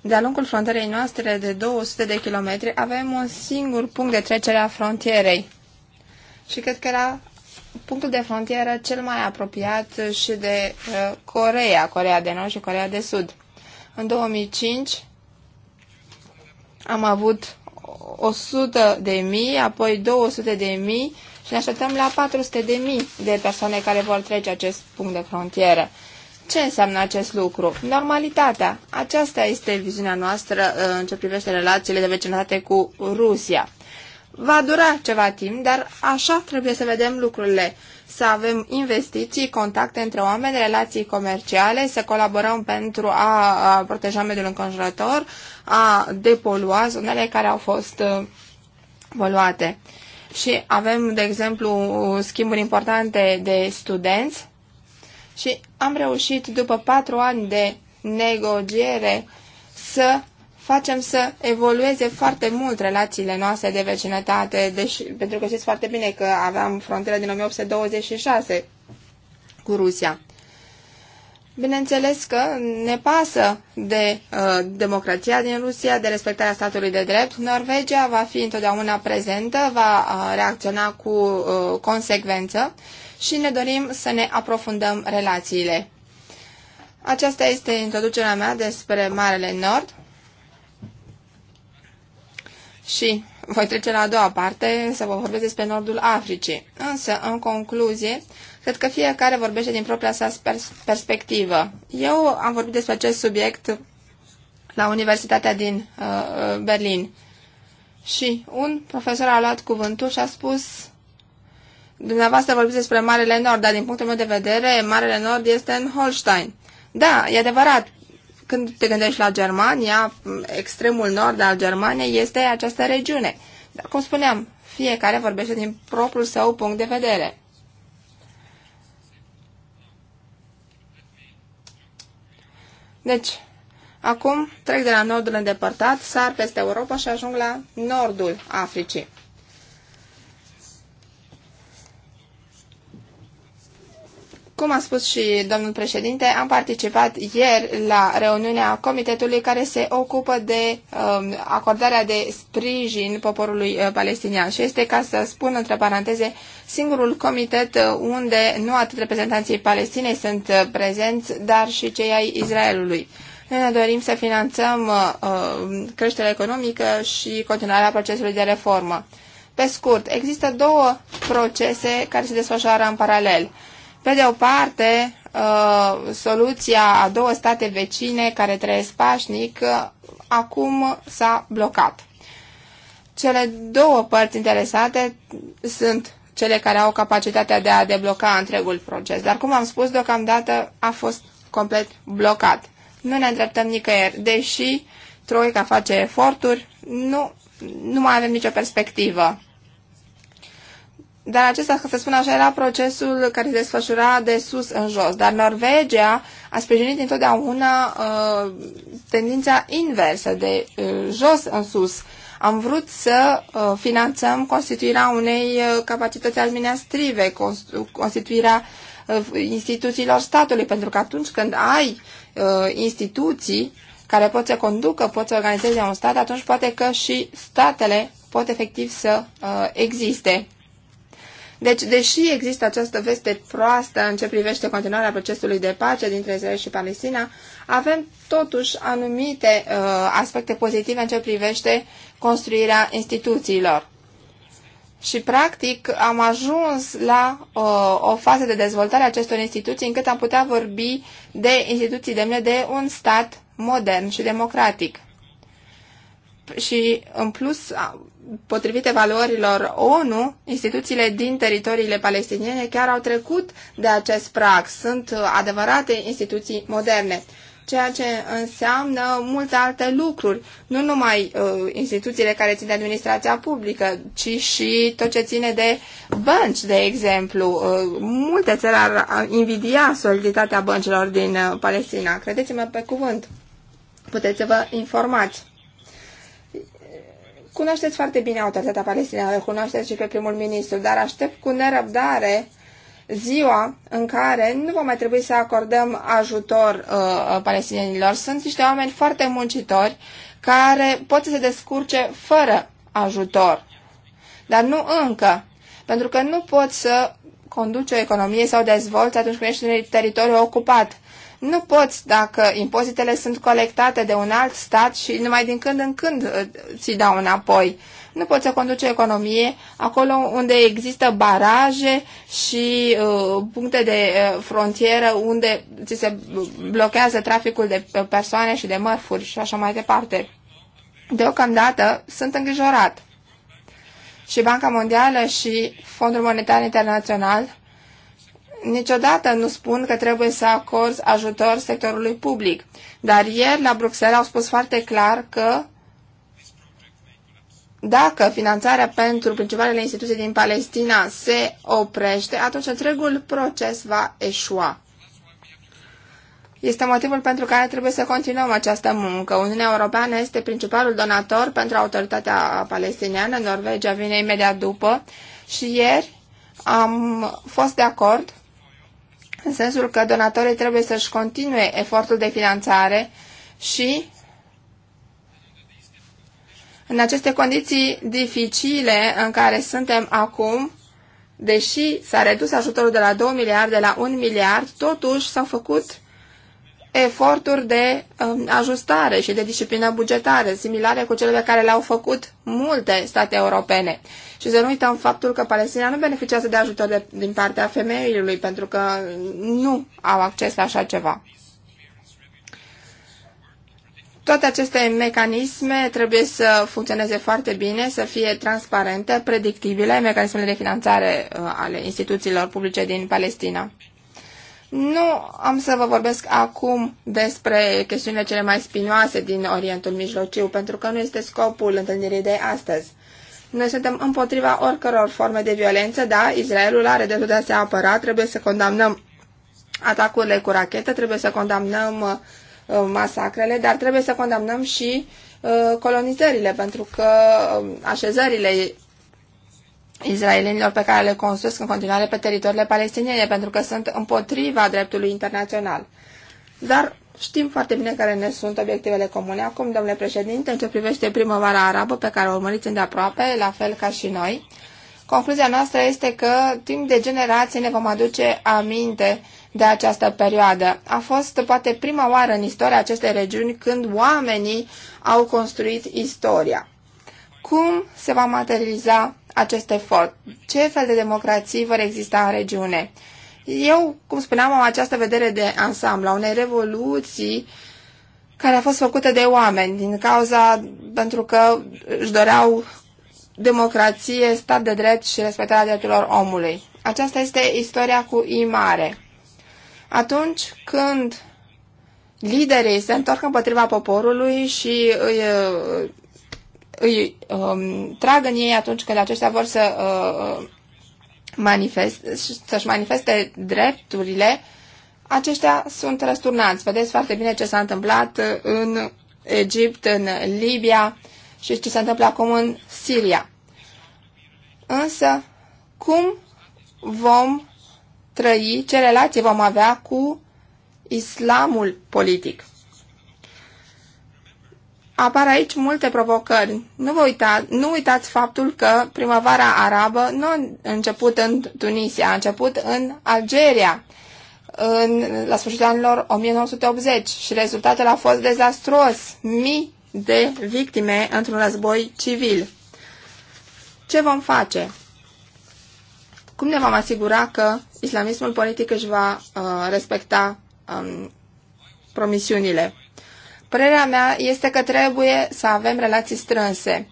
de-a lungul frontierei noastre de 200 de kilometri avem un singur punct de trecere a frontierei. Și cred că era punctul de frontieră cel mai apropiat și de uh, Corea, Corea de Nord și Corea de Sud. În 2005 am avut 100 de mii, apoi 200 de mii și ne așteptăm la 400 de mii de persoane care vor trece acest punct de frontieră. Ce înseamnă acest lucru? Normalitatea. Aceasta este viziunea noastră uh, în ce privește relațiile de vecinătate cu Rusia va dura ceva timp, dar așa trebuie să vedem lucrurile. Să avem investiții, contacte între oameni, relații comerciale, să colaborăm pentru a proteja mediul înconjurător, a depolua zonele care au fost uh, poluate. Și avem, de exemplu, schimburi importante de studenți și am reușit, după patru ani de negociere, să facem să evolueze foarte mult relațiile noastre de vecinătate, deși pentru că știți foarte bine că aveam frontiera din 1826 cu Rusia. Bineînțeles că ne pasă de uh, democrația din Rusia, de respectarea statului de drept. Norvegia va fi întotdeauna prezentă, va uh, reacționa cu uh, consecvență și ne dorim să ne aprofundăm relațiile. Aceasta este introducerea mea despre Marele Nord și voi trece la a doua parte să vă vorbesc despre nordul Africii. Însă, în concluzie, cred că fiecare vorbește din propria sa pers- perspectivă. Eu am vorbit despre acest subiect la Universitatea din uh, uh, Berlin și un profesor a luat cuvântul și a spus dumneavoastră vorbiți despre Marele Nord, dar din punctul meu de vedere, Marele Nord este în Holstein. Da, e adevărat, când te gândești la Germania, extremul nord al Germaniei este această regiune. Dar, cum spuneam, fiecare vorbește din propriul său punct de vedere. Deci, acum trec de la nordul îndepărtat, sar peste Europa și ajung la nordul Africii. Cum a spus și domnul președinte, am participat ieri la reuniunea comitetului care se ocupă de um, acordarea de sprijin poporului uh, palestinian și este, ca să spun între paranteze, singurul comitet uh, unde nu atât reprezentanții Palestinei sunt uh, prezenți, dar și cei ai Israelului. Noi ne dorim să finanțăm uh, um, creșterea economică și continuarea procesului de reformă. Pe scurt, există două procese care se desfășoară în paralel pe de o parte, uh, soluția a două state vecine care trăiesc pașnic uh, acum s-a blocat. Cele două părți interesate sunt cele care au capacitatea de a debloca întregul proces, dar cum am spus, deocamdată a fost complet blocat. Nu ne îndreptăm nicăieri, deși Troica face eforturi, nu, nu mai avem nicio perspectivă. Dar acesta, să spun așa, era procesul care se desfășura de sus în jos. Dar Norvegia a sprijinit întotdeauna uh, tendința inversă, de uh, jos în sus. Am vrut să uh, finanțăm constituirea unei uh, capacități administrative, constituirea uh, instituțiilor statului, pentru că atunci când ai uh, instituții care pot să conducă, pot să organizeze un stat, atunci poate că și statele pot efectiv să uh, existe. Deci, deși există această veste proastă în ce privește continuarea procesului de pace dintre Israel și Palestina, avem totuși anumite uh, aspecte pozitive în ce privește construirea instituțiilor. Și, practic, am ajuns la uh, o fază de dezvoltare a acestor instituții încât am putea vorbi de instituții demne de un stat modern și democratic. Și, în plus, potrivit valorilor ONU, instituțiile din teritoriile palestiniene chiar au trecut de acest prag. Sunt adevărate instituții moderne, ceea ce înseamnă multe alte lucruri, nu numai uh, instituțiile care țin de administrația publică, ci și tot ce ține de bănci, de exemplu. Uh, multe țări ar invidia soliditatea băncilor din uh, Palestina. Credeți-mă pe cuvânt. Puteți să vă informați. Cunoașteți foarte bine autoritatea palestiniană, cunoașteți și pe primul ministru, dar aștept cu nerăbdare ziua în care nu va mai trebui să acordăm ajutor uh, uh, palestinienilor. Sunt niște oameni foarte muncitori care pot să se descurce fără ajutor, dar nu încă, pentru că nu pot să conduci o economie sau dezvolți atunci când ești în teritoriu ocupat. Nu poți dacă impozitele sunt colectate de un alt stat și numai din când în când uh, ți dau înapoi. Nu poți să conduci economie acolo unde există baraje și uh, puncte de uh, frontieră unde ți se blochează traficul de uh, persoane și de mărfuri și așa mai departe. Deocamdată sunt îngrijorat. Și Banca Mondială și Fondul Monetar Internațional niciodată nu spun că trebuie să acorzi ajutor sectorului public, dar ieri la Bruxelles au spus foarte clar că dacă finanțarea pentru principalele instituții din Palestina se oprește, atunci întregul proces va eșua. Este motivul pentru care trebuie să continuăm această muncă. Uniunea Europeană este principalul donator pentru autoritatea palestiniană. Norvegia vine imediat după și ieri am fost de acord în sensul că donatorii trebuie să-și continue efortul de finanțare și în aceste condiții dificile în care suntem acum, deși s-a redus ajutorul de la 2 miliarde la 1 miliard, totuși s-au făcut eforturi de um, ajustare și de disciplină bugetară, similare cu cele pe care le-au făcut multe state europene. Și să nu uităm faptul că Palestina nu beneficiază de ajutor de, din partea femeilor, pentru că nu au acces la așa ceva. Toate aceste mecanisme trebuie să funcționeze foarte bine, să fie transparente, predictibile, mecanismele de finanțare uh, ale instituțiilor publice din Palestina. Nu am să vă vorbesc acum despre chestiunile cele mai spinoase din Orientul Mijlociu, pentru că nu este scopul întâlnirii de astăzi. Noi suntem împotriva oricăror forme de violență, da, Israelul are dreptul de a se apăra, trebuie să condamnăm atacurile cu rachetă, trebuie să condamnăm uh, masacrele, dar trebuie să condamnăm și uh, colonizările, pentru că uh, așezările izraelienilor pe care le construiesc în continuare pe teritoriile palestiniene, pentru că sunt împotriva dreptului internațional. Dar știm foarte bine care ne sunt obiectivele comune. Acum, domnule președinte, în ce privește primăvara arabă pe care o urmăriți îndeaproape, la fel ca și noi, concluzia noastră este că timp de generații ne vom aduce aminte de această perioadă. A fost poate prima oară în istoria acestei regiuni când oamenii au construit istoria. Cum se va materializa acest efort? Ce fel de democrații vor exista în regiune? Eu, cum spuneam, am această vedere de ansamblu, a unei revoluții care a fost făcută de oameni din cauza pentru că își doreau democrație, stat de drept și respectarea drepturilor omului. Aceasta este istoria cu I mare. Atunci când liderii se întorc împotriva poporului și îi îi um, trag în ei atunci când aceștia vor să uh, manifest, să-și manifeste drepturile, aceștia sunt răsturnați. Vedeți foarte bine ce s-a întâmplat în Egipt, în Libia și ce se întâmplă acum în Siria. Însă, cum vom trăi, ce relație vom avea cu islamul politic? apar aici multe provocări. Nu, vă uita, nu uitați faptul că primăvara arabă nu a început în Tunisia, a început în Algeria în, la sfârșitul anilor 1980 și rezultatul a fost dezastruos. Mii de victime într-un război civil. Ce vom face? Cum ne vom asigura că islamismul politic își va uh, respecta um, promisiunile? Părerea mea este că trebuie să avem relații strânse.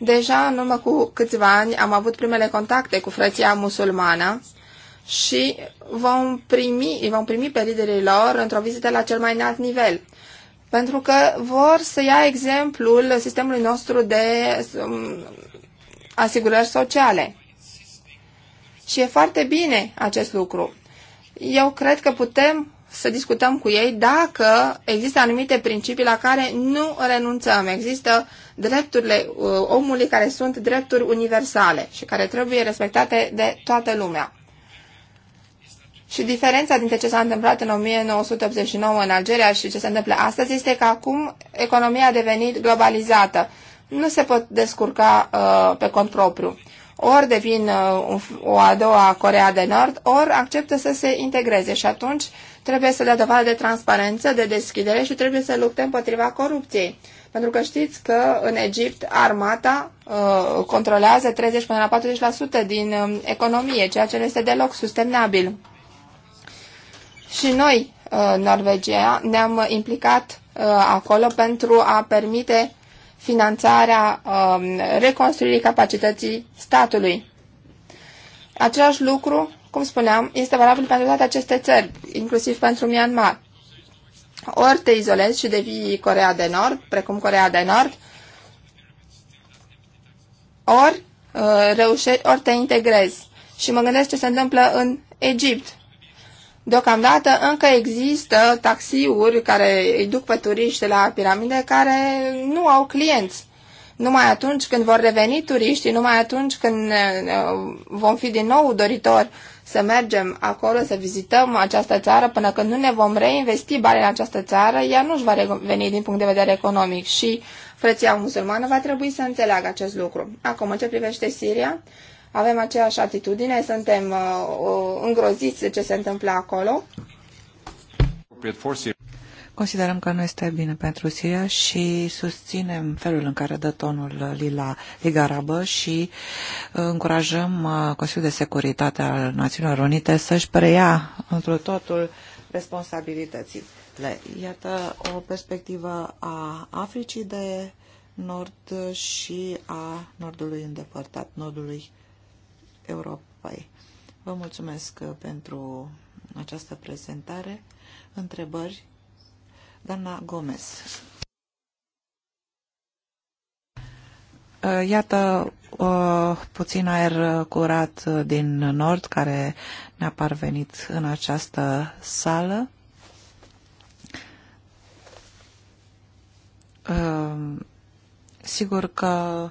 Deja în urmă cu câțiva ani am avut primele contacte cu frăția musulmană și vom primi, vom primi pe liderii lor într-o vizită la cel mai înalt nivel. Pentru că vor să ia exemplul sistemului nostru de um, asigurări sociale. Și e foarte bine acest lucru. Eu cred că putem să discutăm cu ei dacă există anumite principii la care nu renunțăm. Există drepturile uh, omului care sunt drepturi universale și care trebuie respectate de toată lumea. Și diferența dintre ce s-a întâmplat în 1989 în Algeria și ce se întâmplă astăzi este că acum economia a devenit globalizată. Nu se pot descurca uh, pe cont propriu ori devin uh, o a doua Corea de Nord, ori acceptă să se integreze și atunci trebuie să dea dovadă de transparență, de deschidere și trebuie să lupte împotriva corupției. Pentru că știți că în Egipt armata uh, controlează 30 până la 40% din uh, economie, ceea ce nu este deloc sustenabil. Și noi, uh, Norvegia, ne-am implicat uh, acolo pentru a permite finanțarea um, reconstruirii capacității statului. Același lucru, cum spuneam, este valabil pentru toate aceste țări, inclusiv pentru Myanmar. Ori te izolezi și devii Corea de Nord, precum Corea de Nord, ori, uh, reușe, ori te integrezi. Și mă gândesc ce se întâmplă în Egipt. Deocamdată încă există taxiuri care îi duc pe turiști la piramide care nu au clienți. Numai atunci când vor reveni turiștii, numai atunci când uh, vom fi din nou doritori să mergem acolo, să vizităm această țară, până când nu ne vom reinvesti bani în această țară, ea nu își va reveni din punct de vedere economic și frăția musulmană va trebui să înțeleagă acest lucru. Acum, în ce privește Siria, avem aceeași atitudine, suntem uh, îngroziți de ce se întâmplă acolo. Considerăm că nu este bine pentru Siria și susținem felul în care dă tonul Lila Liga Arabă și uh, încurajăm uh, Consiliul de Securitate al Națiunilor Unite să-și preia într totul responsabilitățile. Iată o perspectivă a Africii de Nord și a Nordului îndepărtat, Nordului Europei. Vă mulțumesc uh, pentru această prezentare. Întrebări? Doamna Gomez. Uh, iată uh, puțin aer curat din nord care ne-a parvenit în această sală. Sigur că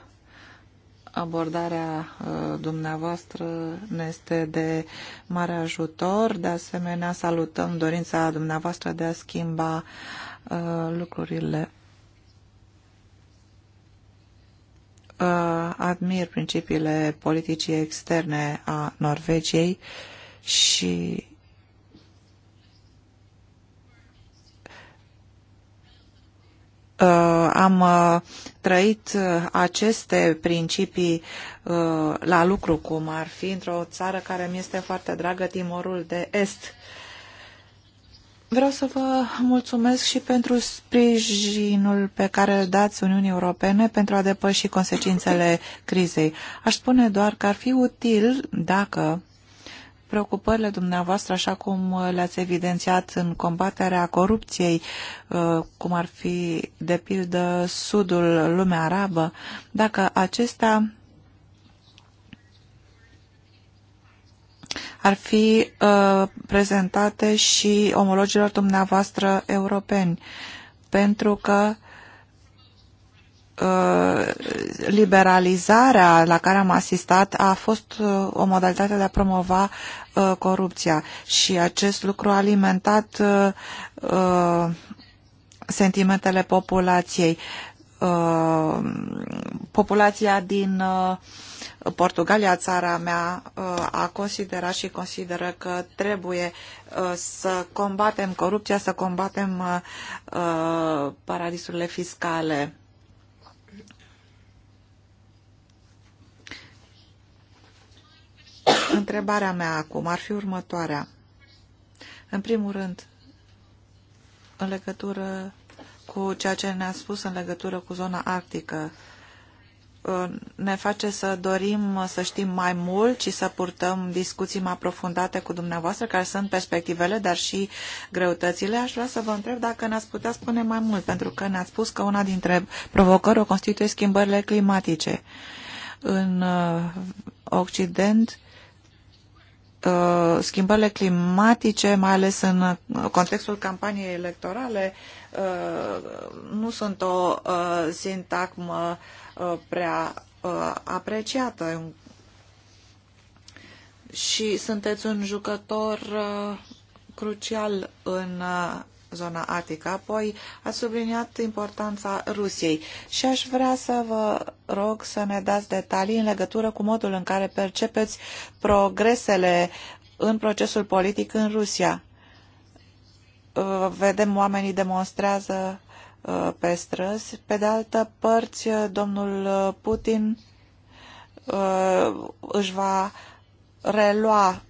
abordarea uh, dumneavoastră ne este de mare ajutor. De asemenea, salutăm dorința dumneavoastră de a schimba uh, lucrurile. Uh, admir principiile politicii externe a Norvegiei și Uh, am uh, trăit uh, aceste principii la lucru, cum ar fi într-o țară care mi este foarte dragă, Timorul de Est. Vreau să vă mulțumesc și pentru sprijinul pe care îl dați Uniunii Europene pentru a depăși consecințele crizei. Aș spune doar că ar fi util dacă preocupările dumneavoastră, așa cum le-ați evidențiat în combaterea corupției, uh, cum ar fi, de pildă, Sudul, lumea arabă, dacă acestea ar fi uh, prezentate și omologilor dumneavoastră europeni, pentru că Uh, liberalizarea la care am asistat a fost uh, o modalitate de a promova uh, corupția și acest lucru a alimentat sentimentele populației. Populația din Portugalia, țara mea, a considerat și consideră că trebuie să combatem corupția, să combatem paradisurile fiscale Întrebarea mea acum ar fi următoarea. În primul rând, în legătură cu ceea ce ne-a spus în legătură cu zona arctică, uh, ne face să dorim să știm mai mult și să purtăm discuții mai aprofundate cu dumneavoastră, care sunt perspectivele, dar și greutățile. Aș vrea să vă întreb dacă ne-ați putea spune mai mult, pentru că ne-ați spus că una dintre provocări o constituie schimbările climatice. În uh, Occident Uh, schimbările climatice, mai ales în uh, contextul campaniei electorale, uh, nu sunt o sintagmă prea apreciată. Și sunteți un jucător crucial în zona Arctică. Apoi a subliniat importanța Rusiei și aș vrea să vă rog să ne dați detalii în legătură cu modul în care percepeți progresele în procesul politic în Rusia. Uh, vedem oamenii demonstrează uh, pe străzi. Pe de altă părți, uh, domnul Putin își va relua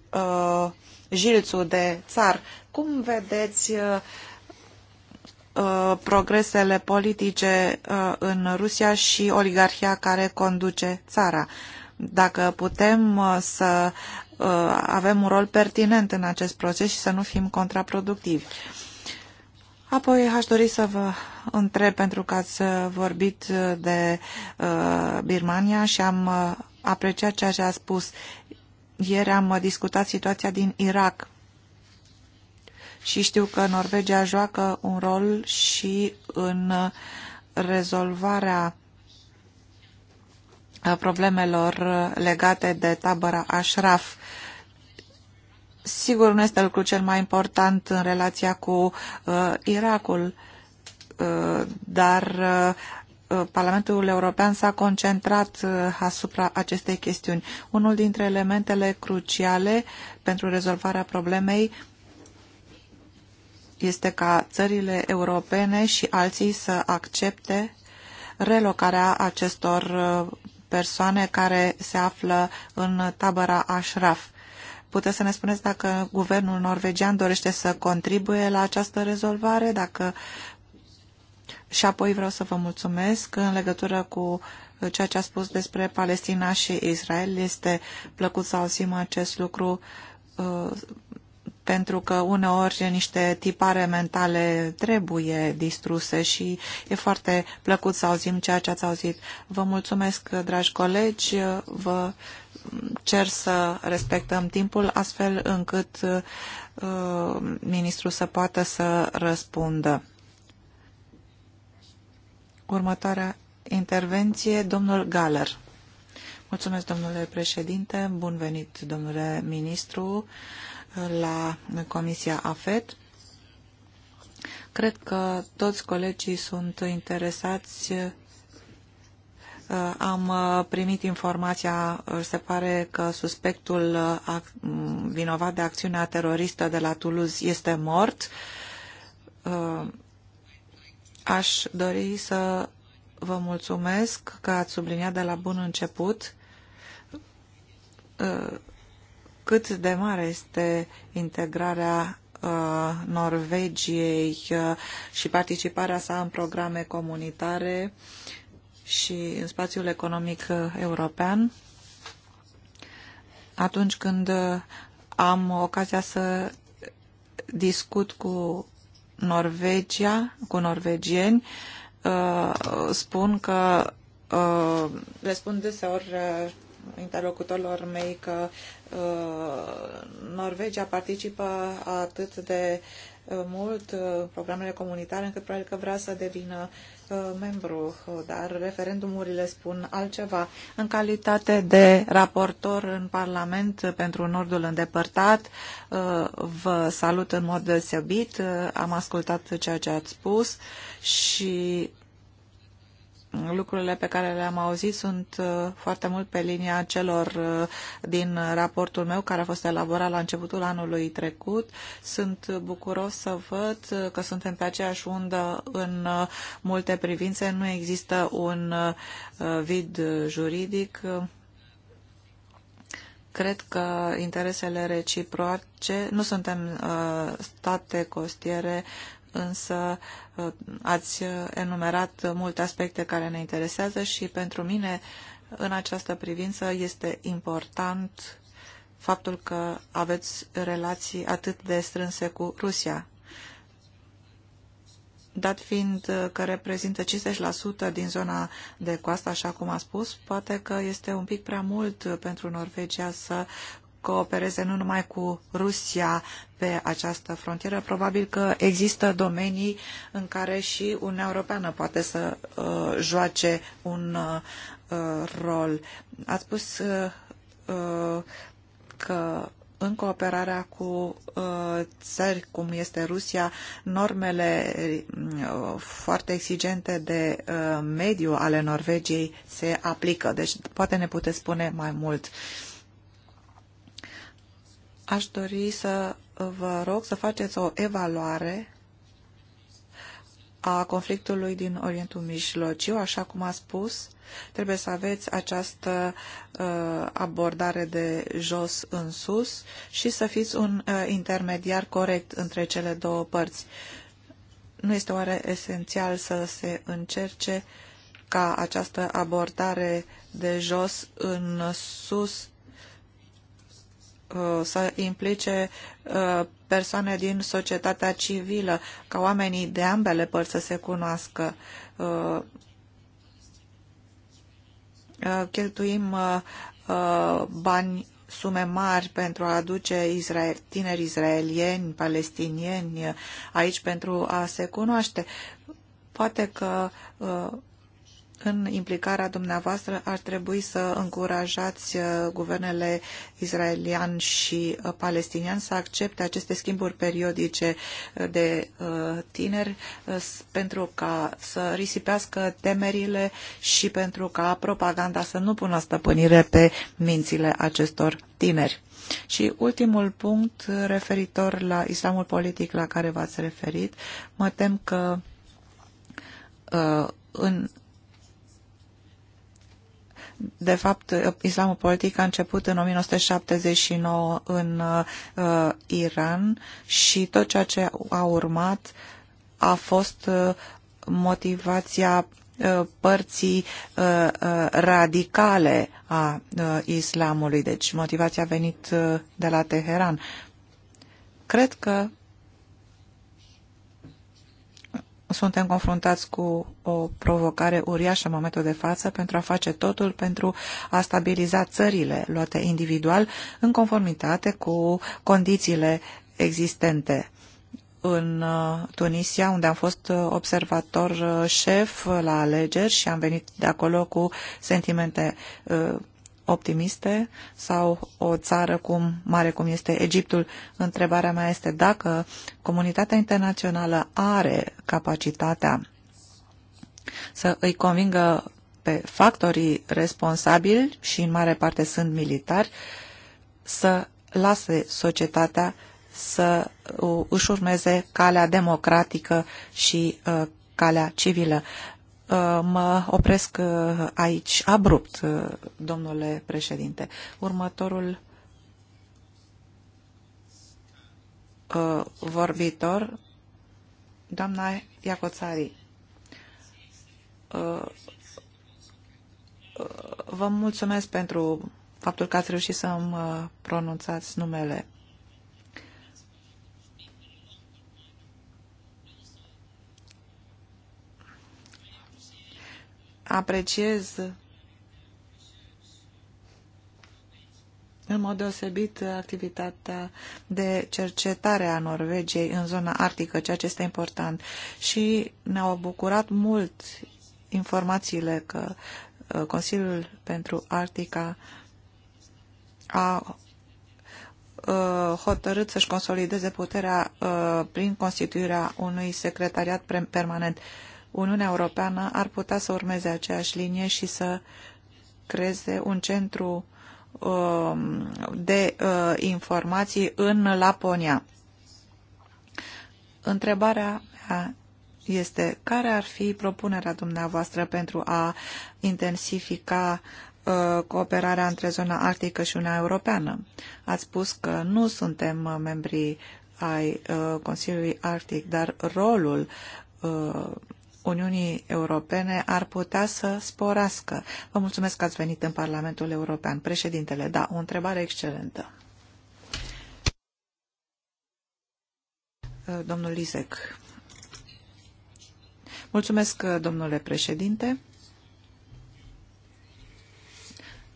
jilțul de țar. Cum vedeți Uh, progresele politice uh, în Rusia și oligarhia care conduce țara. Dacă putem uh, să avem un rol pertinent în acest proces și să nu fim contraproductivi. Apoi aș dori să vă întreb, pentru că ați vorbit de Birmania și am apreciat ceea ce a spus. Ieri am discutat situația din Irak și știu că Norvegia joacă un rol și în rezolvarea problemelor legate de tabăra Ashraf. Sigur, nu este lucru cel mai important în relația cu uh, Irakul, uh, dar uh, Parlamentul European s-a concentrat uh, asupra acestei chestiuni. Unul dintre elementele cruciale pentru rezolvarea problemei uh, este ca țările europene și alții să accepte relocarea acestor uh, persoane care se află în tabăra Ashraf. Puteți să ne spuneți dacă guvernul norvegian dorește să contribuie la această rezolvare, dacă și apoi vreau să vă mulțumesc în legătură cu ceea ce a spus despre Palestina și Israel. Este plăcut să auzim acest lucru uh, pentru că uneori niște tipare mentale trebuie distruse și e foarte plăcut să auzim ceea ce ați auzit. Vă mulțumesc, dragi colegi, vă cer să respectăm timpul astfel încât uh, ministrul să poată să răspundă. Următoarea intervenție, domnul Galer. Mulțumesc, domnule președinte, bun venit, domnule ministru. Uh, la Comisia AFET. Cred că toți colegii sunt interesați. Uh, am uh, primit informația, uh, se pare că suspectul mm, vinovat de acțiunea teroristă de la Toulouse este mort. Aș dori să vă mulțumesc că ați subliniat de la bun început cât de mare este integrarea uh, Norvegiei uh, și participarea sa în programe comunitare și în spațiul economic uh, european. Atunci când am ocazia să discut cu Norvegia, cu norvegieni, spun că le spun deseori interlocutorilor mei că Uh, Norvegia participă atât de uh, mult uh, programele comunitare încât probabil că vrea să devină membru, dar referendumurile spun altceva. În calitate de raportor în Parlament pentru Nordul Îndepărtat, vă salut în mod deosebit, am ascultat ceea ce ați spus și lucrurile pe care le-am auzit sunt uh, foarte mult pe linia celor uh, din raportul meu care a fost elaborat la începutul anului trecut. Sunt bucuros să văd uh, că suntem pe aceeași undă în multe privințe. Nu există un vid juridic. Cred că interesele reciproce, nu suntem state costiere, însă uh, ați enumerat multe aspecte care ne interesează și pentru mine în această privință este important faptul că aveți relații atât de strânse cu Rusia. Dat fiind că reprezintă 50% din zona de coastă, așa cum a spus, poate că este un pic prea mult pentru Norvegia să coopereze nu numai cu Rusia pe această frontieră, probabil că există domenii în care și Uniunea Europeană poate să uh, joace un uh, rol. Ați spus uh, uh că în cooperarea cu uh, țări cum este Rusia, normele uh, foarte exigente de mediu ale Norvegiei se aplică. Deci poate ne puteți spune mai mult. Aș dori să vă rog să faceți o evaluare a conflictului din Orientul Mijlociu, așa cum a spus, trebuie să aveți această uh, abordare de jos în sus și să fiți un uh, intermediar corect între cele două părți. Nu este oare esențial să se încerce ca această abordare de jos în sus Uh, să implice uh, persoane din societatea civilă, ca oamenii de ambele părți să se cunoască. Uh, cheltuim bani sume mari pentru a aduce Israel, tineri izraelieni, palestinieni aici pentru a se cunoaște. Poate că uh, în implicarea dumneavoastră ar trebui să încurajați uh, guvernele israelian și uh, palestinian să accepte aceste schimburi periodice uh, de tineri pentru ca să risipească temerile și pentru ca propaganda să nu pună stăpânire pe mințile acestor tineri. Și ultimul punct referitor la islamul politic la care v-ați referit, mă tem că în de fapt, islamul politic a început în 1979 în uh, Iran și tot ceea ce a urmat a fost uh, motivația uh, părții uh, uh, radicale a uh, islamului, deci motivația a venit de la Teheran. Cred că suntem confruntați cu o provocare uriașă în momentul de față pentru a face totul pentru a stabiliza țările luate individual în conformitate cu condițiile existente în uh, Tunisia, unde am fost uh, observator uh, șef la alegeri și am venit de acolo cu sentimente optimiste sau o țară cum, mare cum este Egiptul. Întrebarea mea este dacă comunitatea internațională are capacitatea să îi convingă pe factorii responsabili și în mare parte sunt militari să lase societatea să își urmeze calea democratică și uh, calea civilă. Uh, mă opresc uh, aici abrupt, uh, domnule președinte. Următorul vorbitor, doamna Iacoțari. Vă mulțumesc pentru faptul că ați reușit să-mi pronunțați numele. apreciez în mod deosebit activitatea de cercetare a Norvegiei în zona arctică, ceea ce este important. Și ne-au bucurat mult informațiile că uh, Consiliul pentru Arctica a uh, hotărât să-și consolideze puterea uh, prin constituirea unui secretariat permanent. Uniunea Europeană ar putea să urmeze aceeași linie și să creeze un centru um, de uh, informații în Laponia. Întrebarea mea este care ar fi propunerea dumneavoastră pentru a intensifica uh, cooperarea între zona arctică și Uniunea Europeană. Ați spus că nu suntem uh, membri ai Consiliului Arctic, dar rolul Uniunii Europene ar putea să sporească. Vă mulțumesc că ați venit în Parlamentul European. Președintele, da, o întrebare excelentă. Uh, domnul Lisec. Mulțumesc, uh, domnule președinte.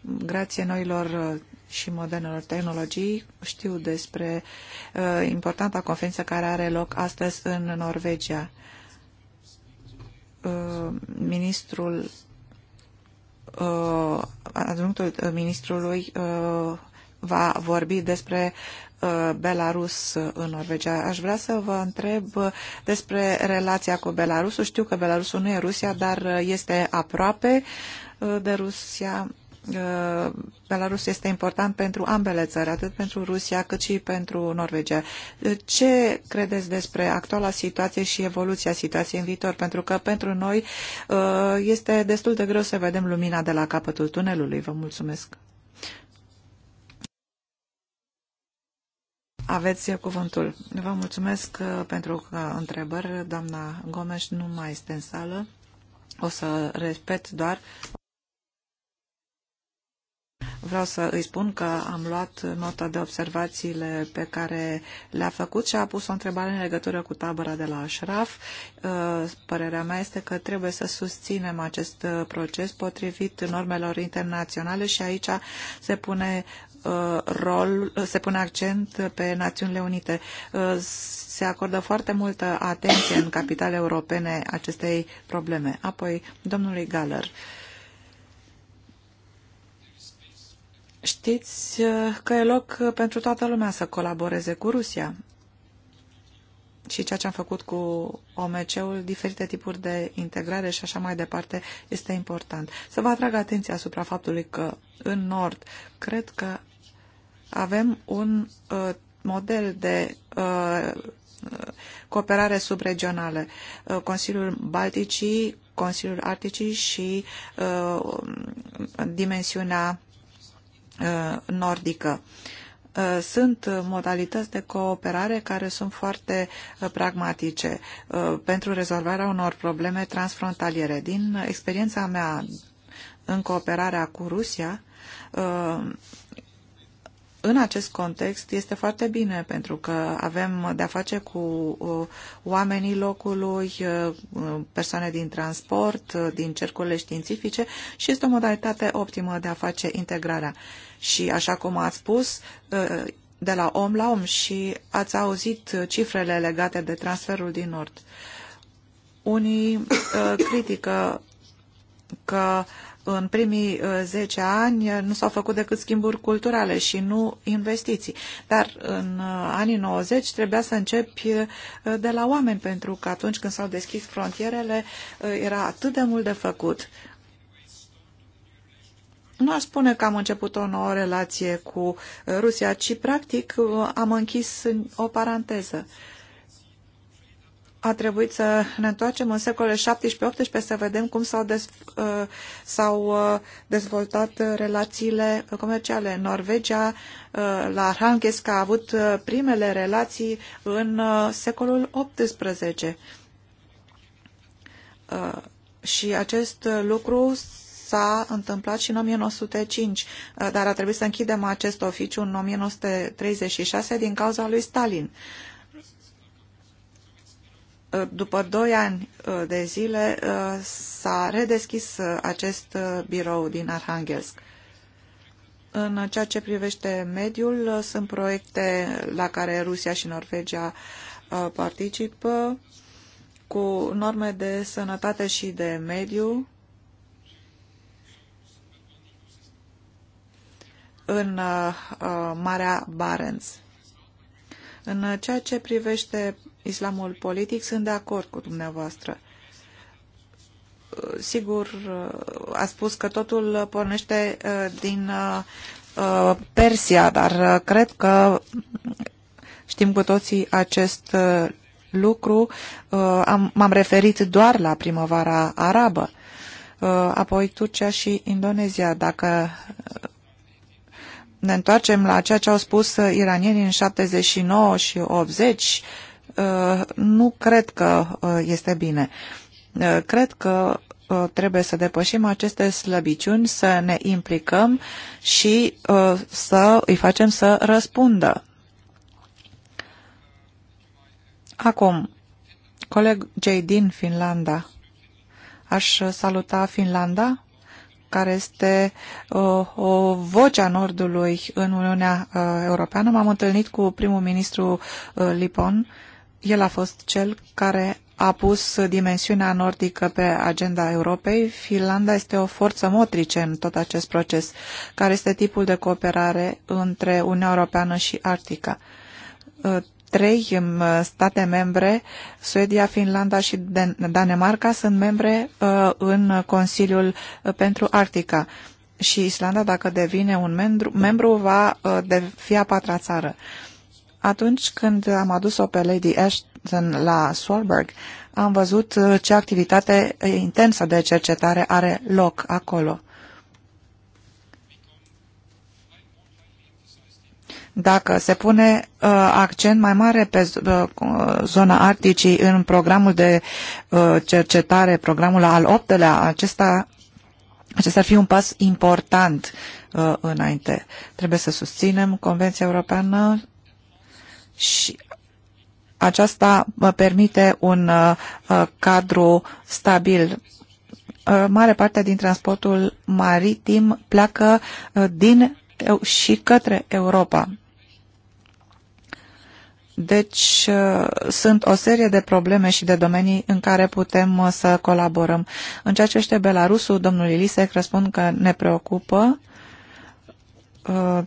Grație noilor uh, și modernelor tehnologii. Știu despre uh, importanta conferință care are loc astăzi în Norvegia. Uh, ministrul uh, adjunctul uh, ministrului uh, va vorbi despre uh, Belarus în Norvegia. Aș vrea să vă întreb despre relația cu Belarusul. Știu că Belarusul nu e Rusia, dar este aproape de Rusia. Uh, Belarus este important pentru ambele țări, atât pentru Rusia cât și pentru Norvegia. Uh, ce credeți despre actuala situație și evoluția situației în viitor? Pentru că pentru noi uh, este destul de greu să vedem lumina de la capătul tunelului. Vă mulțumesc! Aveți cuvântul. Vă mulțumesc pentru întrebări. Doamna Gomes nu mai este în sală. O să respect doar Vreau să îi spun că am luat notă de observațiile pe care le-a făcut și a pus o întrebare în legătură cu tabăra de la Ashraf. Uh, părerea mea este că trebuie să susținem acest uh, proces potrivit normelor internaționale și aici se pune uh, rol, se pune accent pe Națiunile Unite. Se acordă foarte multă atenție în capitale europene acestei probleme. Apoi, domnului Galler. Uh, Știți uh, că e loc uh, pentru toată lumea să colaboreze cu Rusia și ceea ce am făcut cu OMC-ul, diferite tipuri de integrare și așa mai departe, este important. Să vă atrag atenția asupra faptului că în Nord cred că avem un uh, model de uh, cooperare subregională. Uh, Consiliul Balticii, Consiliul Articii și uh, dimensiunea Uh, nordică. Uh, sunt modalități de cooperare care sunt foarte uh, pragmatice pentru rezolvarea unor probleme transfrontaliere. Din experiența mea în cooperarea cu Rusia, în acest context este foarte bine pentru că avem de-a face cu uh, oamenii locului, uh, persoane din transport, uh, din cercurile științifice și este o modalitate optimă de a face integrarea. Și așa cum ați spus, de la om la om și ați auzit cifrele legate de transferul din Nord. Unii critică că în primii 10 uh, ani uh, nu s-au făcut decât schimburi culturale și nu investiții. Dar în uh, anii 90 trebuia să începi de la oameni, pentru că atunci când s-au deschis frontierele era atât de mult de făcut. Nu aș spune că am început o nouă relație cu Rusia, ci practic am închis o paranteză a trebuit să ne întoarcem în secolele 17-18 să vedem cum s-au, dez, uh, uh, dezvoltat relațiile comerciale. Norvegia uh, la Hranghesc a avut primele relații în secolul 18. Și acest lucru s-a întâmplat și în 1905, dar a trebuit să închidem acest oficiu în 1936 din cauza lui Stalin. Uh, după doi ani uh, de zile uh, s-a redeschis uh, acest birou din Arhanghelsk. În ceea ce privește mediul, sunt proiecte la care Rusia și Norvegia participă cu norme de sănătate și de mediu în Marea Barents. În ceea ce privește islamul politic, sunt de acord cu dumneavoastră. Uh, sigur, uh, a spus că totul pornește uh, din Persia, dar cred că știm cu toții acest lucru. M-am referit doar la primăvara arabă, apoi Turcia și Indonezia. Dacă ne întoarcem la ceea ce au spus iranienii în 79 și 80, Uh, nu cred că uh, este bine. Uh, cred că trebuie să depășim aceste slăbiciuni, să ne implicăm și să îi facem să răspundă. Acum, colegii din Finlanda, aș saluta Finlanda, care este o, o voce a Nordului în Uniunea Europeană. M-am întâlnit cu primul ministru Lipon el a fost cel care a pus dimensiunea nordică pe agenda Europei. Finlanda este o forță motrice în tot acest proces, care este tipul de cooperare între Uniunea Europeană și Arctica. Uh, trei um, state membre, Suedia, Finlanda și Danemarca, sunt membre uh, în Consiliul uh, pentru Arctica și Islanda, dacă devine un membru, membru va fi a patra țară. Uh, atunci când am adus-o pe Lady Ashton la Swarberg, am văzut uh, ce activitate uh, intensă de cercetare are loc acolo. Dacă se pune uh, accent mai mare pe uh, uh, zona Arcticii în programul de uh, cercetare, programul al optelea, acesta, acesta ar fi un pas important uh, înainte. Trebuie să susținem Convenția Europeană și aceasta permite un uh, uh, cadru stabil. Uh, mare parte din transportul maritim pleacă din și către Europa. Deci sunt o serie de probleme și de domenii în care putem să colaborăm. În ceea ce este Belarusul, domnul Ilisec răspund că ne preocupă Uh,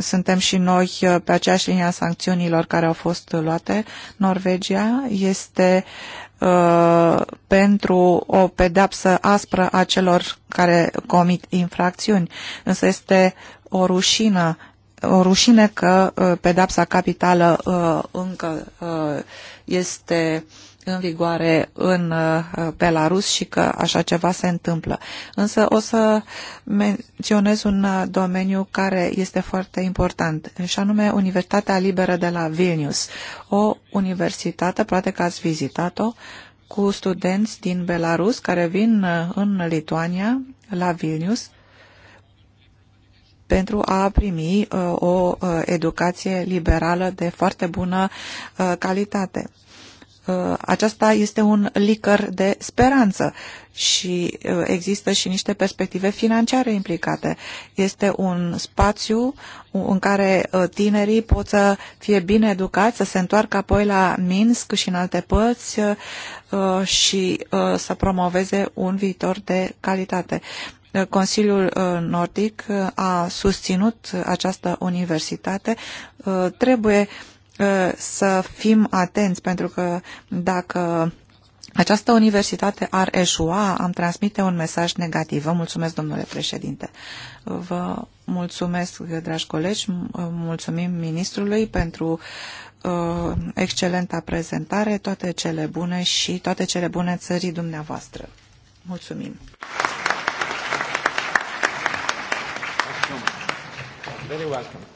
suntem și noi uh, pe aceeași linie a sancțiunilor care au fost luate. Norvegia este uh, pentru o pedapsă aspră a celor care comit infracțiuni, însă este o rușină o rușine că pedapsa capitală încă este în vigoare în uh, Belarus și că așa ceva se întâmplă. Însă o să menționez un uh, domeniu care este foarte important, și anume Universitatea Liberă de la Vilnius. O universitate, poate că ați vizitat-o, cu studenți din Belarus care vin uh, în Lituania, la Vilnius, pentru a primi o educație liberală de foarte bună calitate. Uh, aceasta este un licăr de speranță și uh, există și niște perspective financiare implicate. Este un spațiu în care uh, tinerii pot să fie bine educați, să se întoarcă apoi la Minsk și în alte părți și să promoveze un viitor de calitate. Consiliul Nordic a susținut această universitate. Trebuie Uh, să fim atenți, pentru că dacă această universitate ar eșua, am transmite un mesaj negativ. Vă mulțumesc, domnule președinte. Vă mulțumesc, dragi colegi, mulțumim ministrului pentru uh, excelenta prezentare, toate cele bune și toate cele bune țării dumneavoastră. Mulțumim! Very welcome.